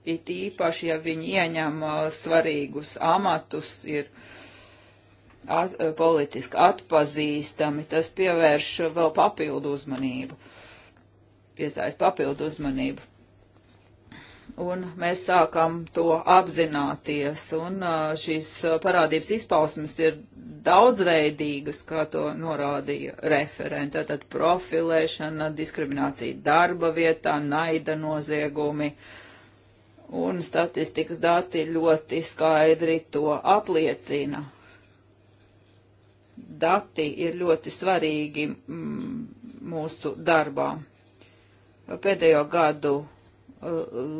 It īpaši, ja viņi ieņem uh, svarīgus amatus, ir uh, at, eh, politiski atpazīstami, tas pievērš vēl papildu uzmanību, piesaist papildu uzmanību. Un mēs sākam to apzināties, un eh, šīs eh, parādības izpausmes ir daudzveidīgas, kā to norādīja referenta, tad profilēšana, diskriminācija darba vietā, naida noziegumi, uh, un statistikas dati ļoti skaidri to apliecina dati ir ļoti svarīgi mm, mūsu darbā. Pēdējo gadu eh,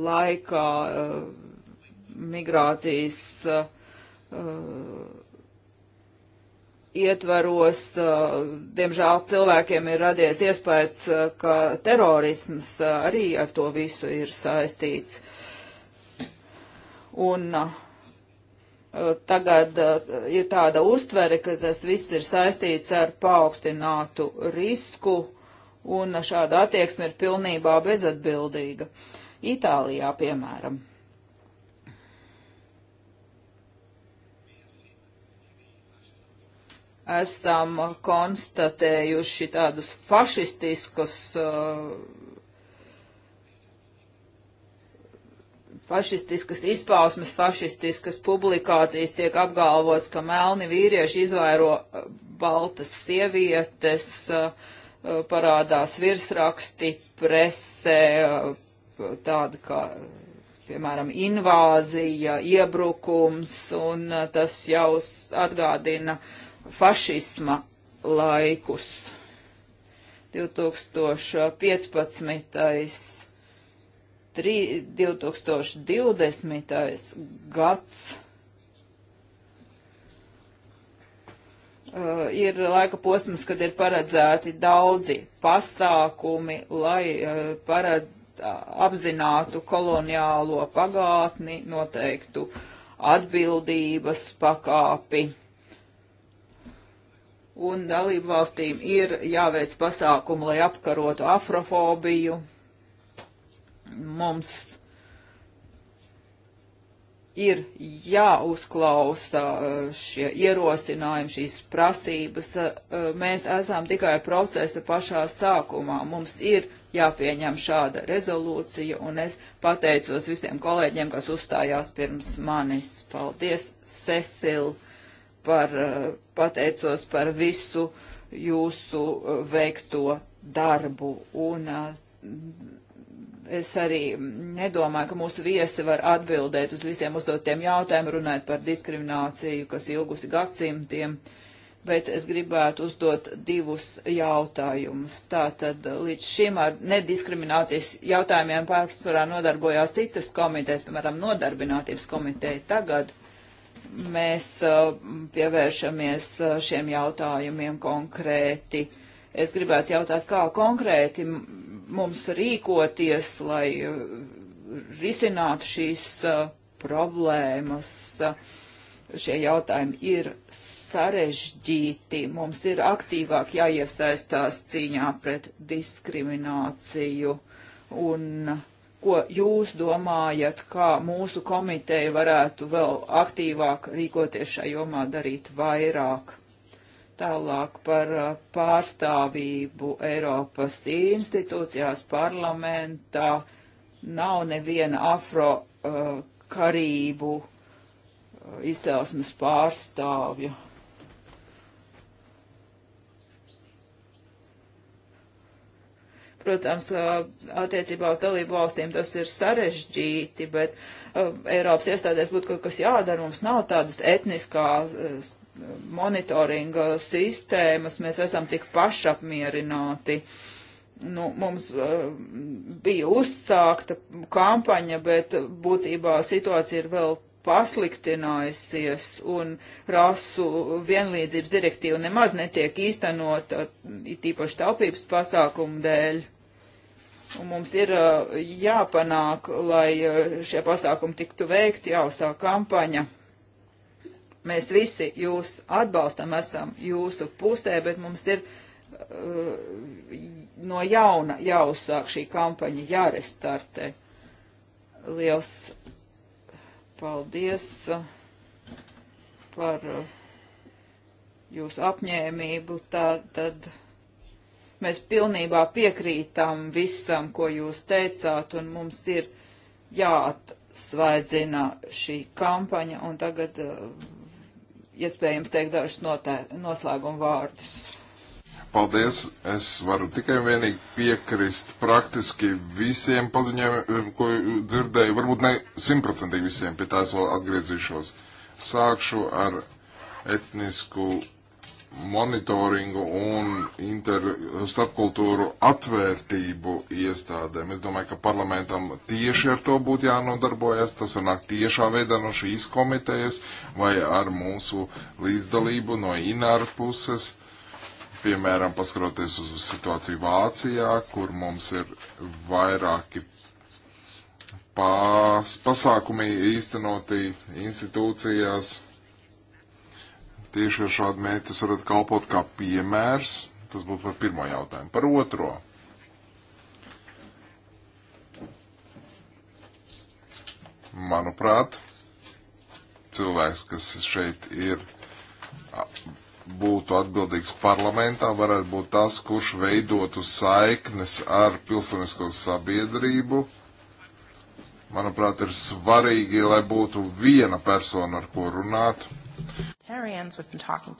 laikā eh, migrācijas eh, ietvaros, diemžēl cilvēkiem ir radies iespējas, ka terorisms arī ar to visu ir saistīts. Un uh, Eh, tagad eh, ir tāda uztvere, ka tas viss ir saistīts ar paaugstinātu risku, un šāda attieksme ir pilnībā bezatbildīga. Itālijā, piemēram. Esam konstatējuši tādus fašistiskus uh, fašistiskas izpausmes, fašistiskas publikācijas tiek apgalvots, ka melni vīrieši izvairo eh, baltas sievietes, eh, eh, parādās virsraksti presē, tāda kā, piemēram, invāzija, iebrukums, un tas jau atgādina fašisma laikus. 2015 tri, 2020. gads uh, ir laika posms, kad ir paredzēti daudzi pasākumi, lai uh, paredz, apzinātu koloniālo pagātni, noteiktu atbildības pakāpi un dalību valstīm ir jāveic pasākumi, lai apkarotu afrofobiju, mums ir jāuzklausa eh, šie ierosinājumi, šīs prasības. Eh, mēs esam tikai procesa pašā sākumā. Mums ir jāpieņem šāda rezolūcija, un es pateicos visiem kolēģiem, kas uzstājās pirms manis. Paldies, Cecil, par, eh, pateicos par visu jūsu veikto darbu. Un, es arī nedomāju, ka mūsu viesi var atbildēt uz visiem uzdotiem jautājumiem, runājot par diskrimināciju, kas ilgusi gadsimtiem, bet es gribētu uzdot divus jautājumus. Tātad līdz šim ar nediskriminācijas jautājumiem pārsvarā nodarbojās citas komitejas, piemēram, nodarbinātības komiteja tagad. Mēs uh, pievēršamies uh, šiem jautājumiem konkrēti. Uh, Es gribētu jautāt, kā konkrēti mums rīkoties, lai uh, risinātu šīs uh, problēmas. Uh, šie jautājumi ir sarežģīti. Mums ir aktīvāk jāiesaistās cīņā pret diskrimināciju. Un ko jūs domājat, kā mūsu komiteja varētu vēl aktīvāk rīkoties šajā jomā, darīt vairāk? Tālāk par uh, pārstāvību Eiropas institūcijās parlamentā nav neviena afro-karību uh, uh, izcelsmes pārstāvja. Protams, attiecībā uz dalību valstīm tas ir sarežģīti, bet Eiropas iestādēs būtu kaut kas jādara. Mums nav tādas etniskās monitoringa sistēmas mēs esam tik pašapmierināti. Nu, mums uh, bija uzsākta kampaņa, bet būtībā situācija ir vēl pasliktinājusies un rasu vienlīdzības direktīva nemaz netiek īstenota, it īpaši taupības pasākumu dēļ. Un mums ir eh, jāpanāk, lai eh, šie pasākumi tiktu veikti, jāuzsāk kampaņa. Mēs visi jūs atbalstam, esam jūsu pusē, bet mums ir uh, no jauna jāuzsāk šī kampaņa, jārestartē. Liels paldies uh, par uh, jūsu apņēmību. Tā, tad mēs pilnībā piekrītam visam, ko jūs teicāt, un mums ir jāatsvaidzina šī kampaņa, un tagad uh, iespējams teikt dažus noslēguma vārdus. Paldies! Es varu tikai un vienīgi piekrist praktiski visiem paziņojumiem, ko dzirdēju. Varbūt ne simtprocentīgi visiem, pie tā es vēl atgriezīšos. Sākšu ar etnisku monitoringu un inter, starpkultūru atvērtību iestādēm. Es domāju, ka parlamentam tieši ar to būtu jānodarbojas. Tas var nākt tiešā veidā no šīs komitejas vai ar mūsu līdzdalību no ināra puses. Piemēram, paskatoties uz situāciju Vācijā, kur mums ir vairāki pās, pasākumi īstenoti institūcijās Tieši ar šādu mērķi tas varat kalpot kā piemērs. Tas būtu par pirmo jautājumu. Par otro. Manuprāt, cilvēks, kas šeit ir, būtu atbildīgs parlamentā, varētu būt tas, kurš veidotu saiknes ar pilsonisko sabiedrību. Manuprāt, ir svarīgi, lai būtu viena persona, ar ko runāt. Jā, mums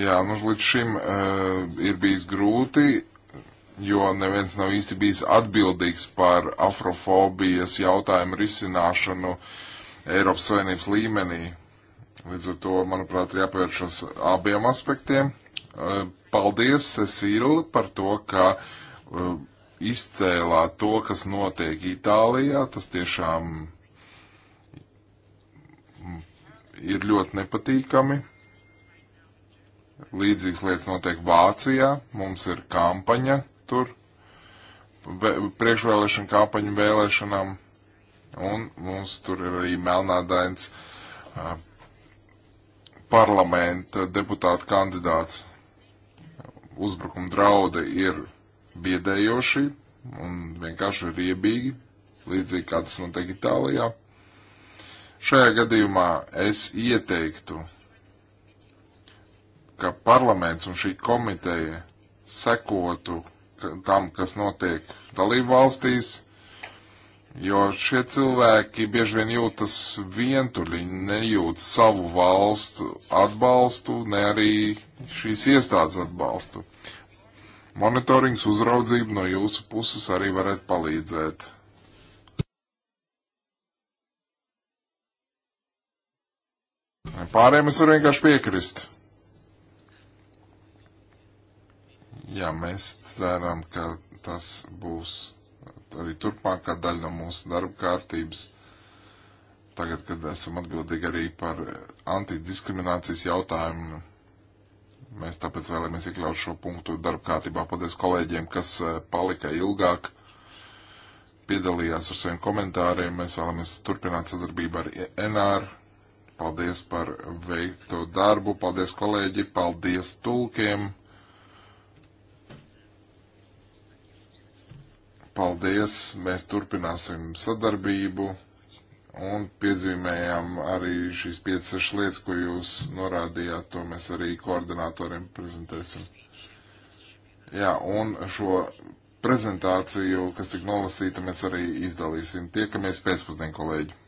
nu, līdz šim uh, ir bijis grūti, jo neviens nav īsti bijis atbildīgs par afrofobijas jautājumu risināšanu Eiropas Savienības līmenī. Līdz ar to, manuprāt, ir jāpievēršas abiem aspektiem. Uh, paldies, Cecīla, par to, ka uh, eh, izcēlā to, kas notiek Itālijā. Tas tiešām ir ļoti nepatīkami. Līdzīgas lietas notiek Vācijā, mums ir kampaņa tur, priekšvēlēšana kampaņa vēlēšanām, un mums tur ir arī melnādains uh, parlamenta deputāta kandidāts. Uzbrukuma draudi ir biedējoši un vienkārši riebīgi, līdzīgi kā tas notiek Itālijā. Šajā gadījumā es ieteiktu, ka parlaments un šī komiteja sekotu tam, kas notiek dalību valstīs, jo šie cilvēki bieži vien jūtas vientuļi, nejūt savu valstu atbalstu, ne arī šīs iestādes atbalstu. Monitorings, uzraudzība no jūsu puses arī varētu palīdzēt Pārējiem es varu vienkārši piekrist. Jā, mēs ceram, ka tas būs arī turpmākā daļa no mūsu darba kārtības. Tagad, kad esam atbildīgi arī par antidiskriminācijas jautājumu, mēs tāpēc vēlamies iekļaut šo punktu darba kārtībā. Paldies kolēģiem, kas e, palika ilgāk, piedalījās ar saviem komentāriem. Mēs vēlamies turpināt sadarbību ar e NR Paldies par veikto darbu, paldies kolēģi, paldies tulkiem. Paldies, mēs turpināsim sadarbību un piezīmējām arī šīs 5-6 lietas, ko jūs norādījāt, to mēs arī koordinatoriem prezentēsim. Jā, un šo prezentāciju, kas tik nolasīta, mēs arī izdalīsim. Tiekamies pēcpusdien, kolēģi!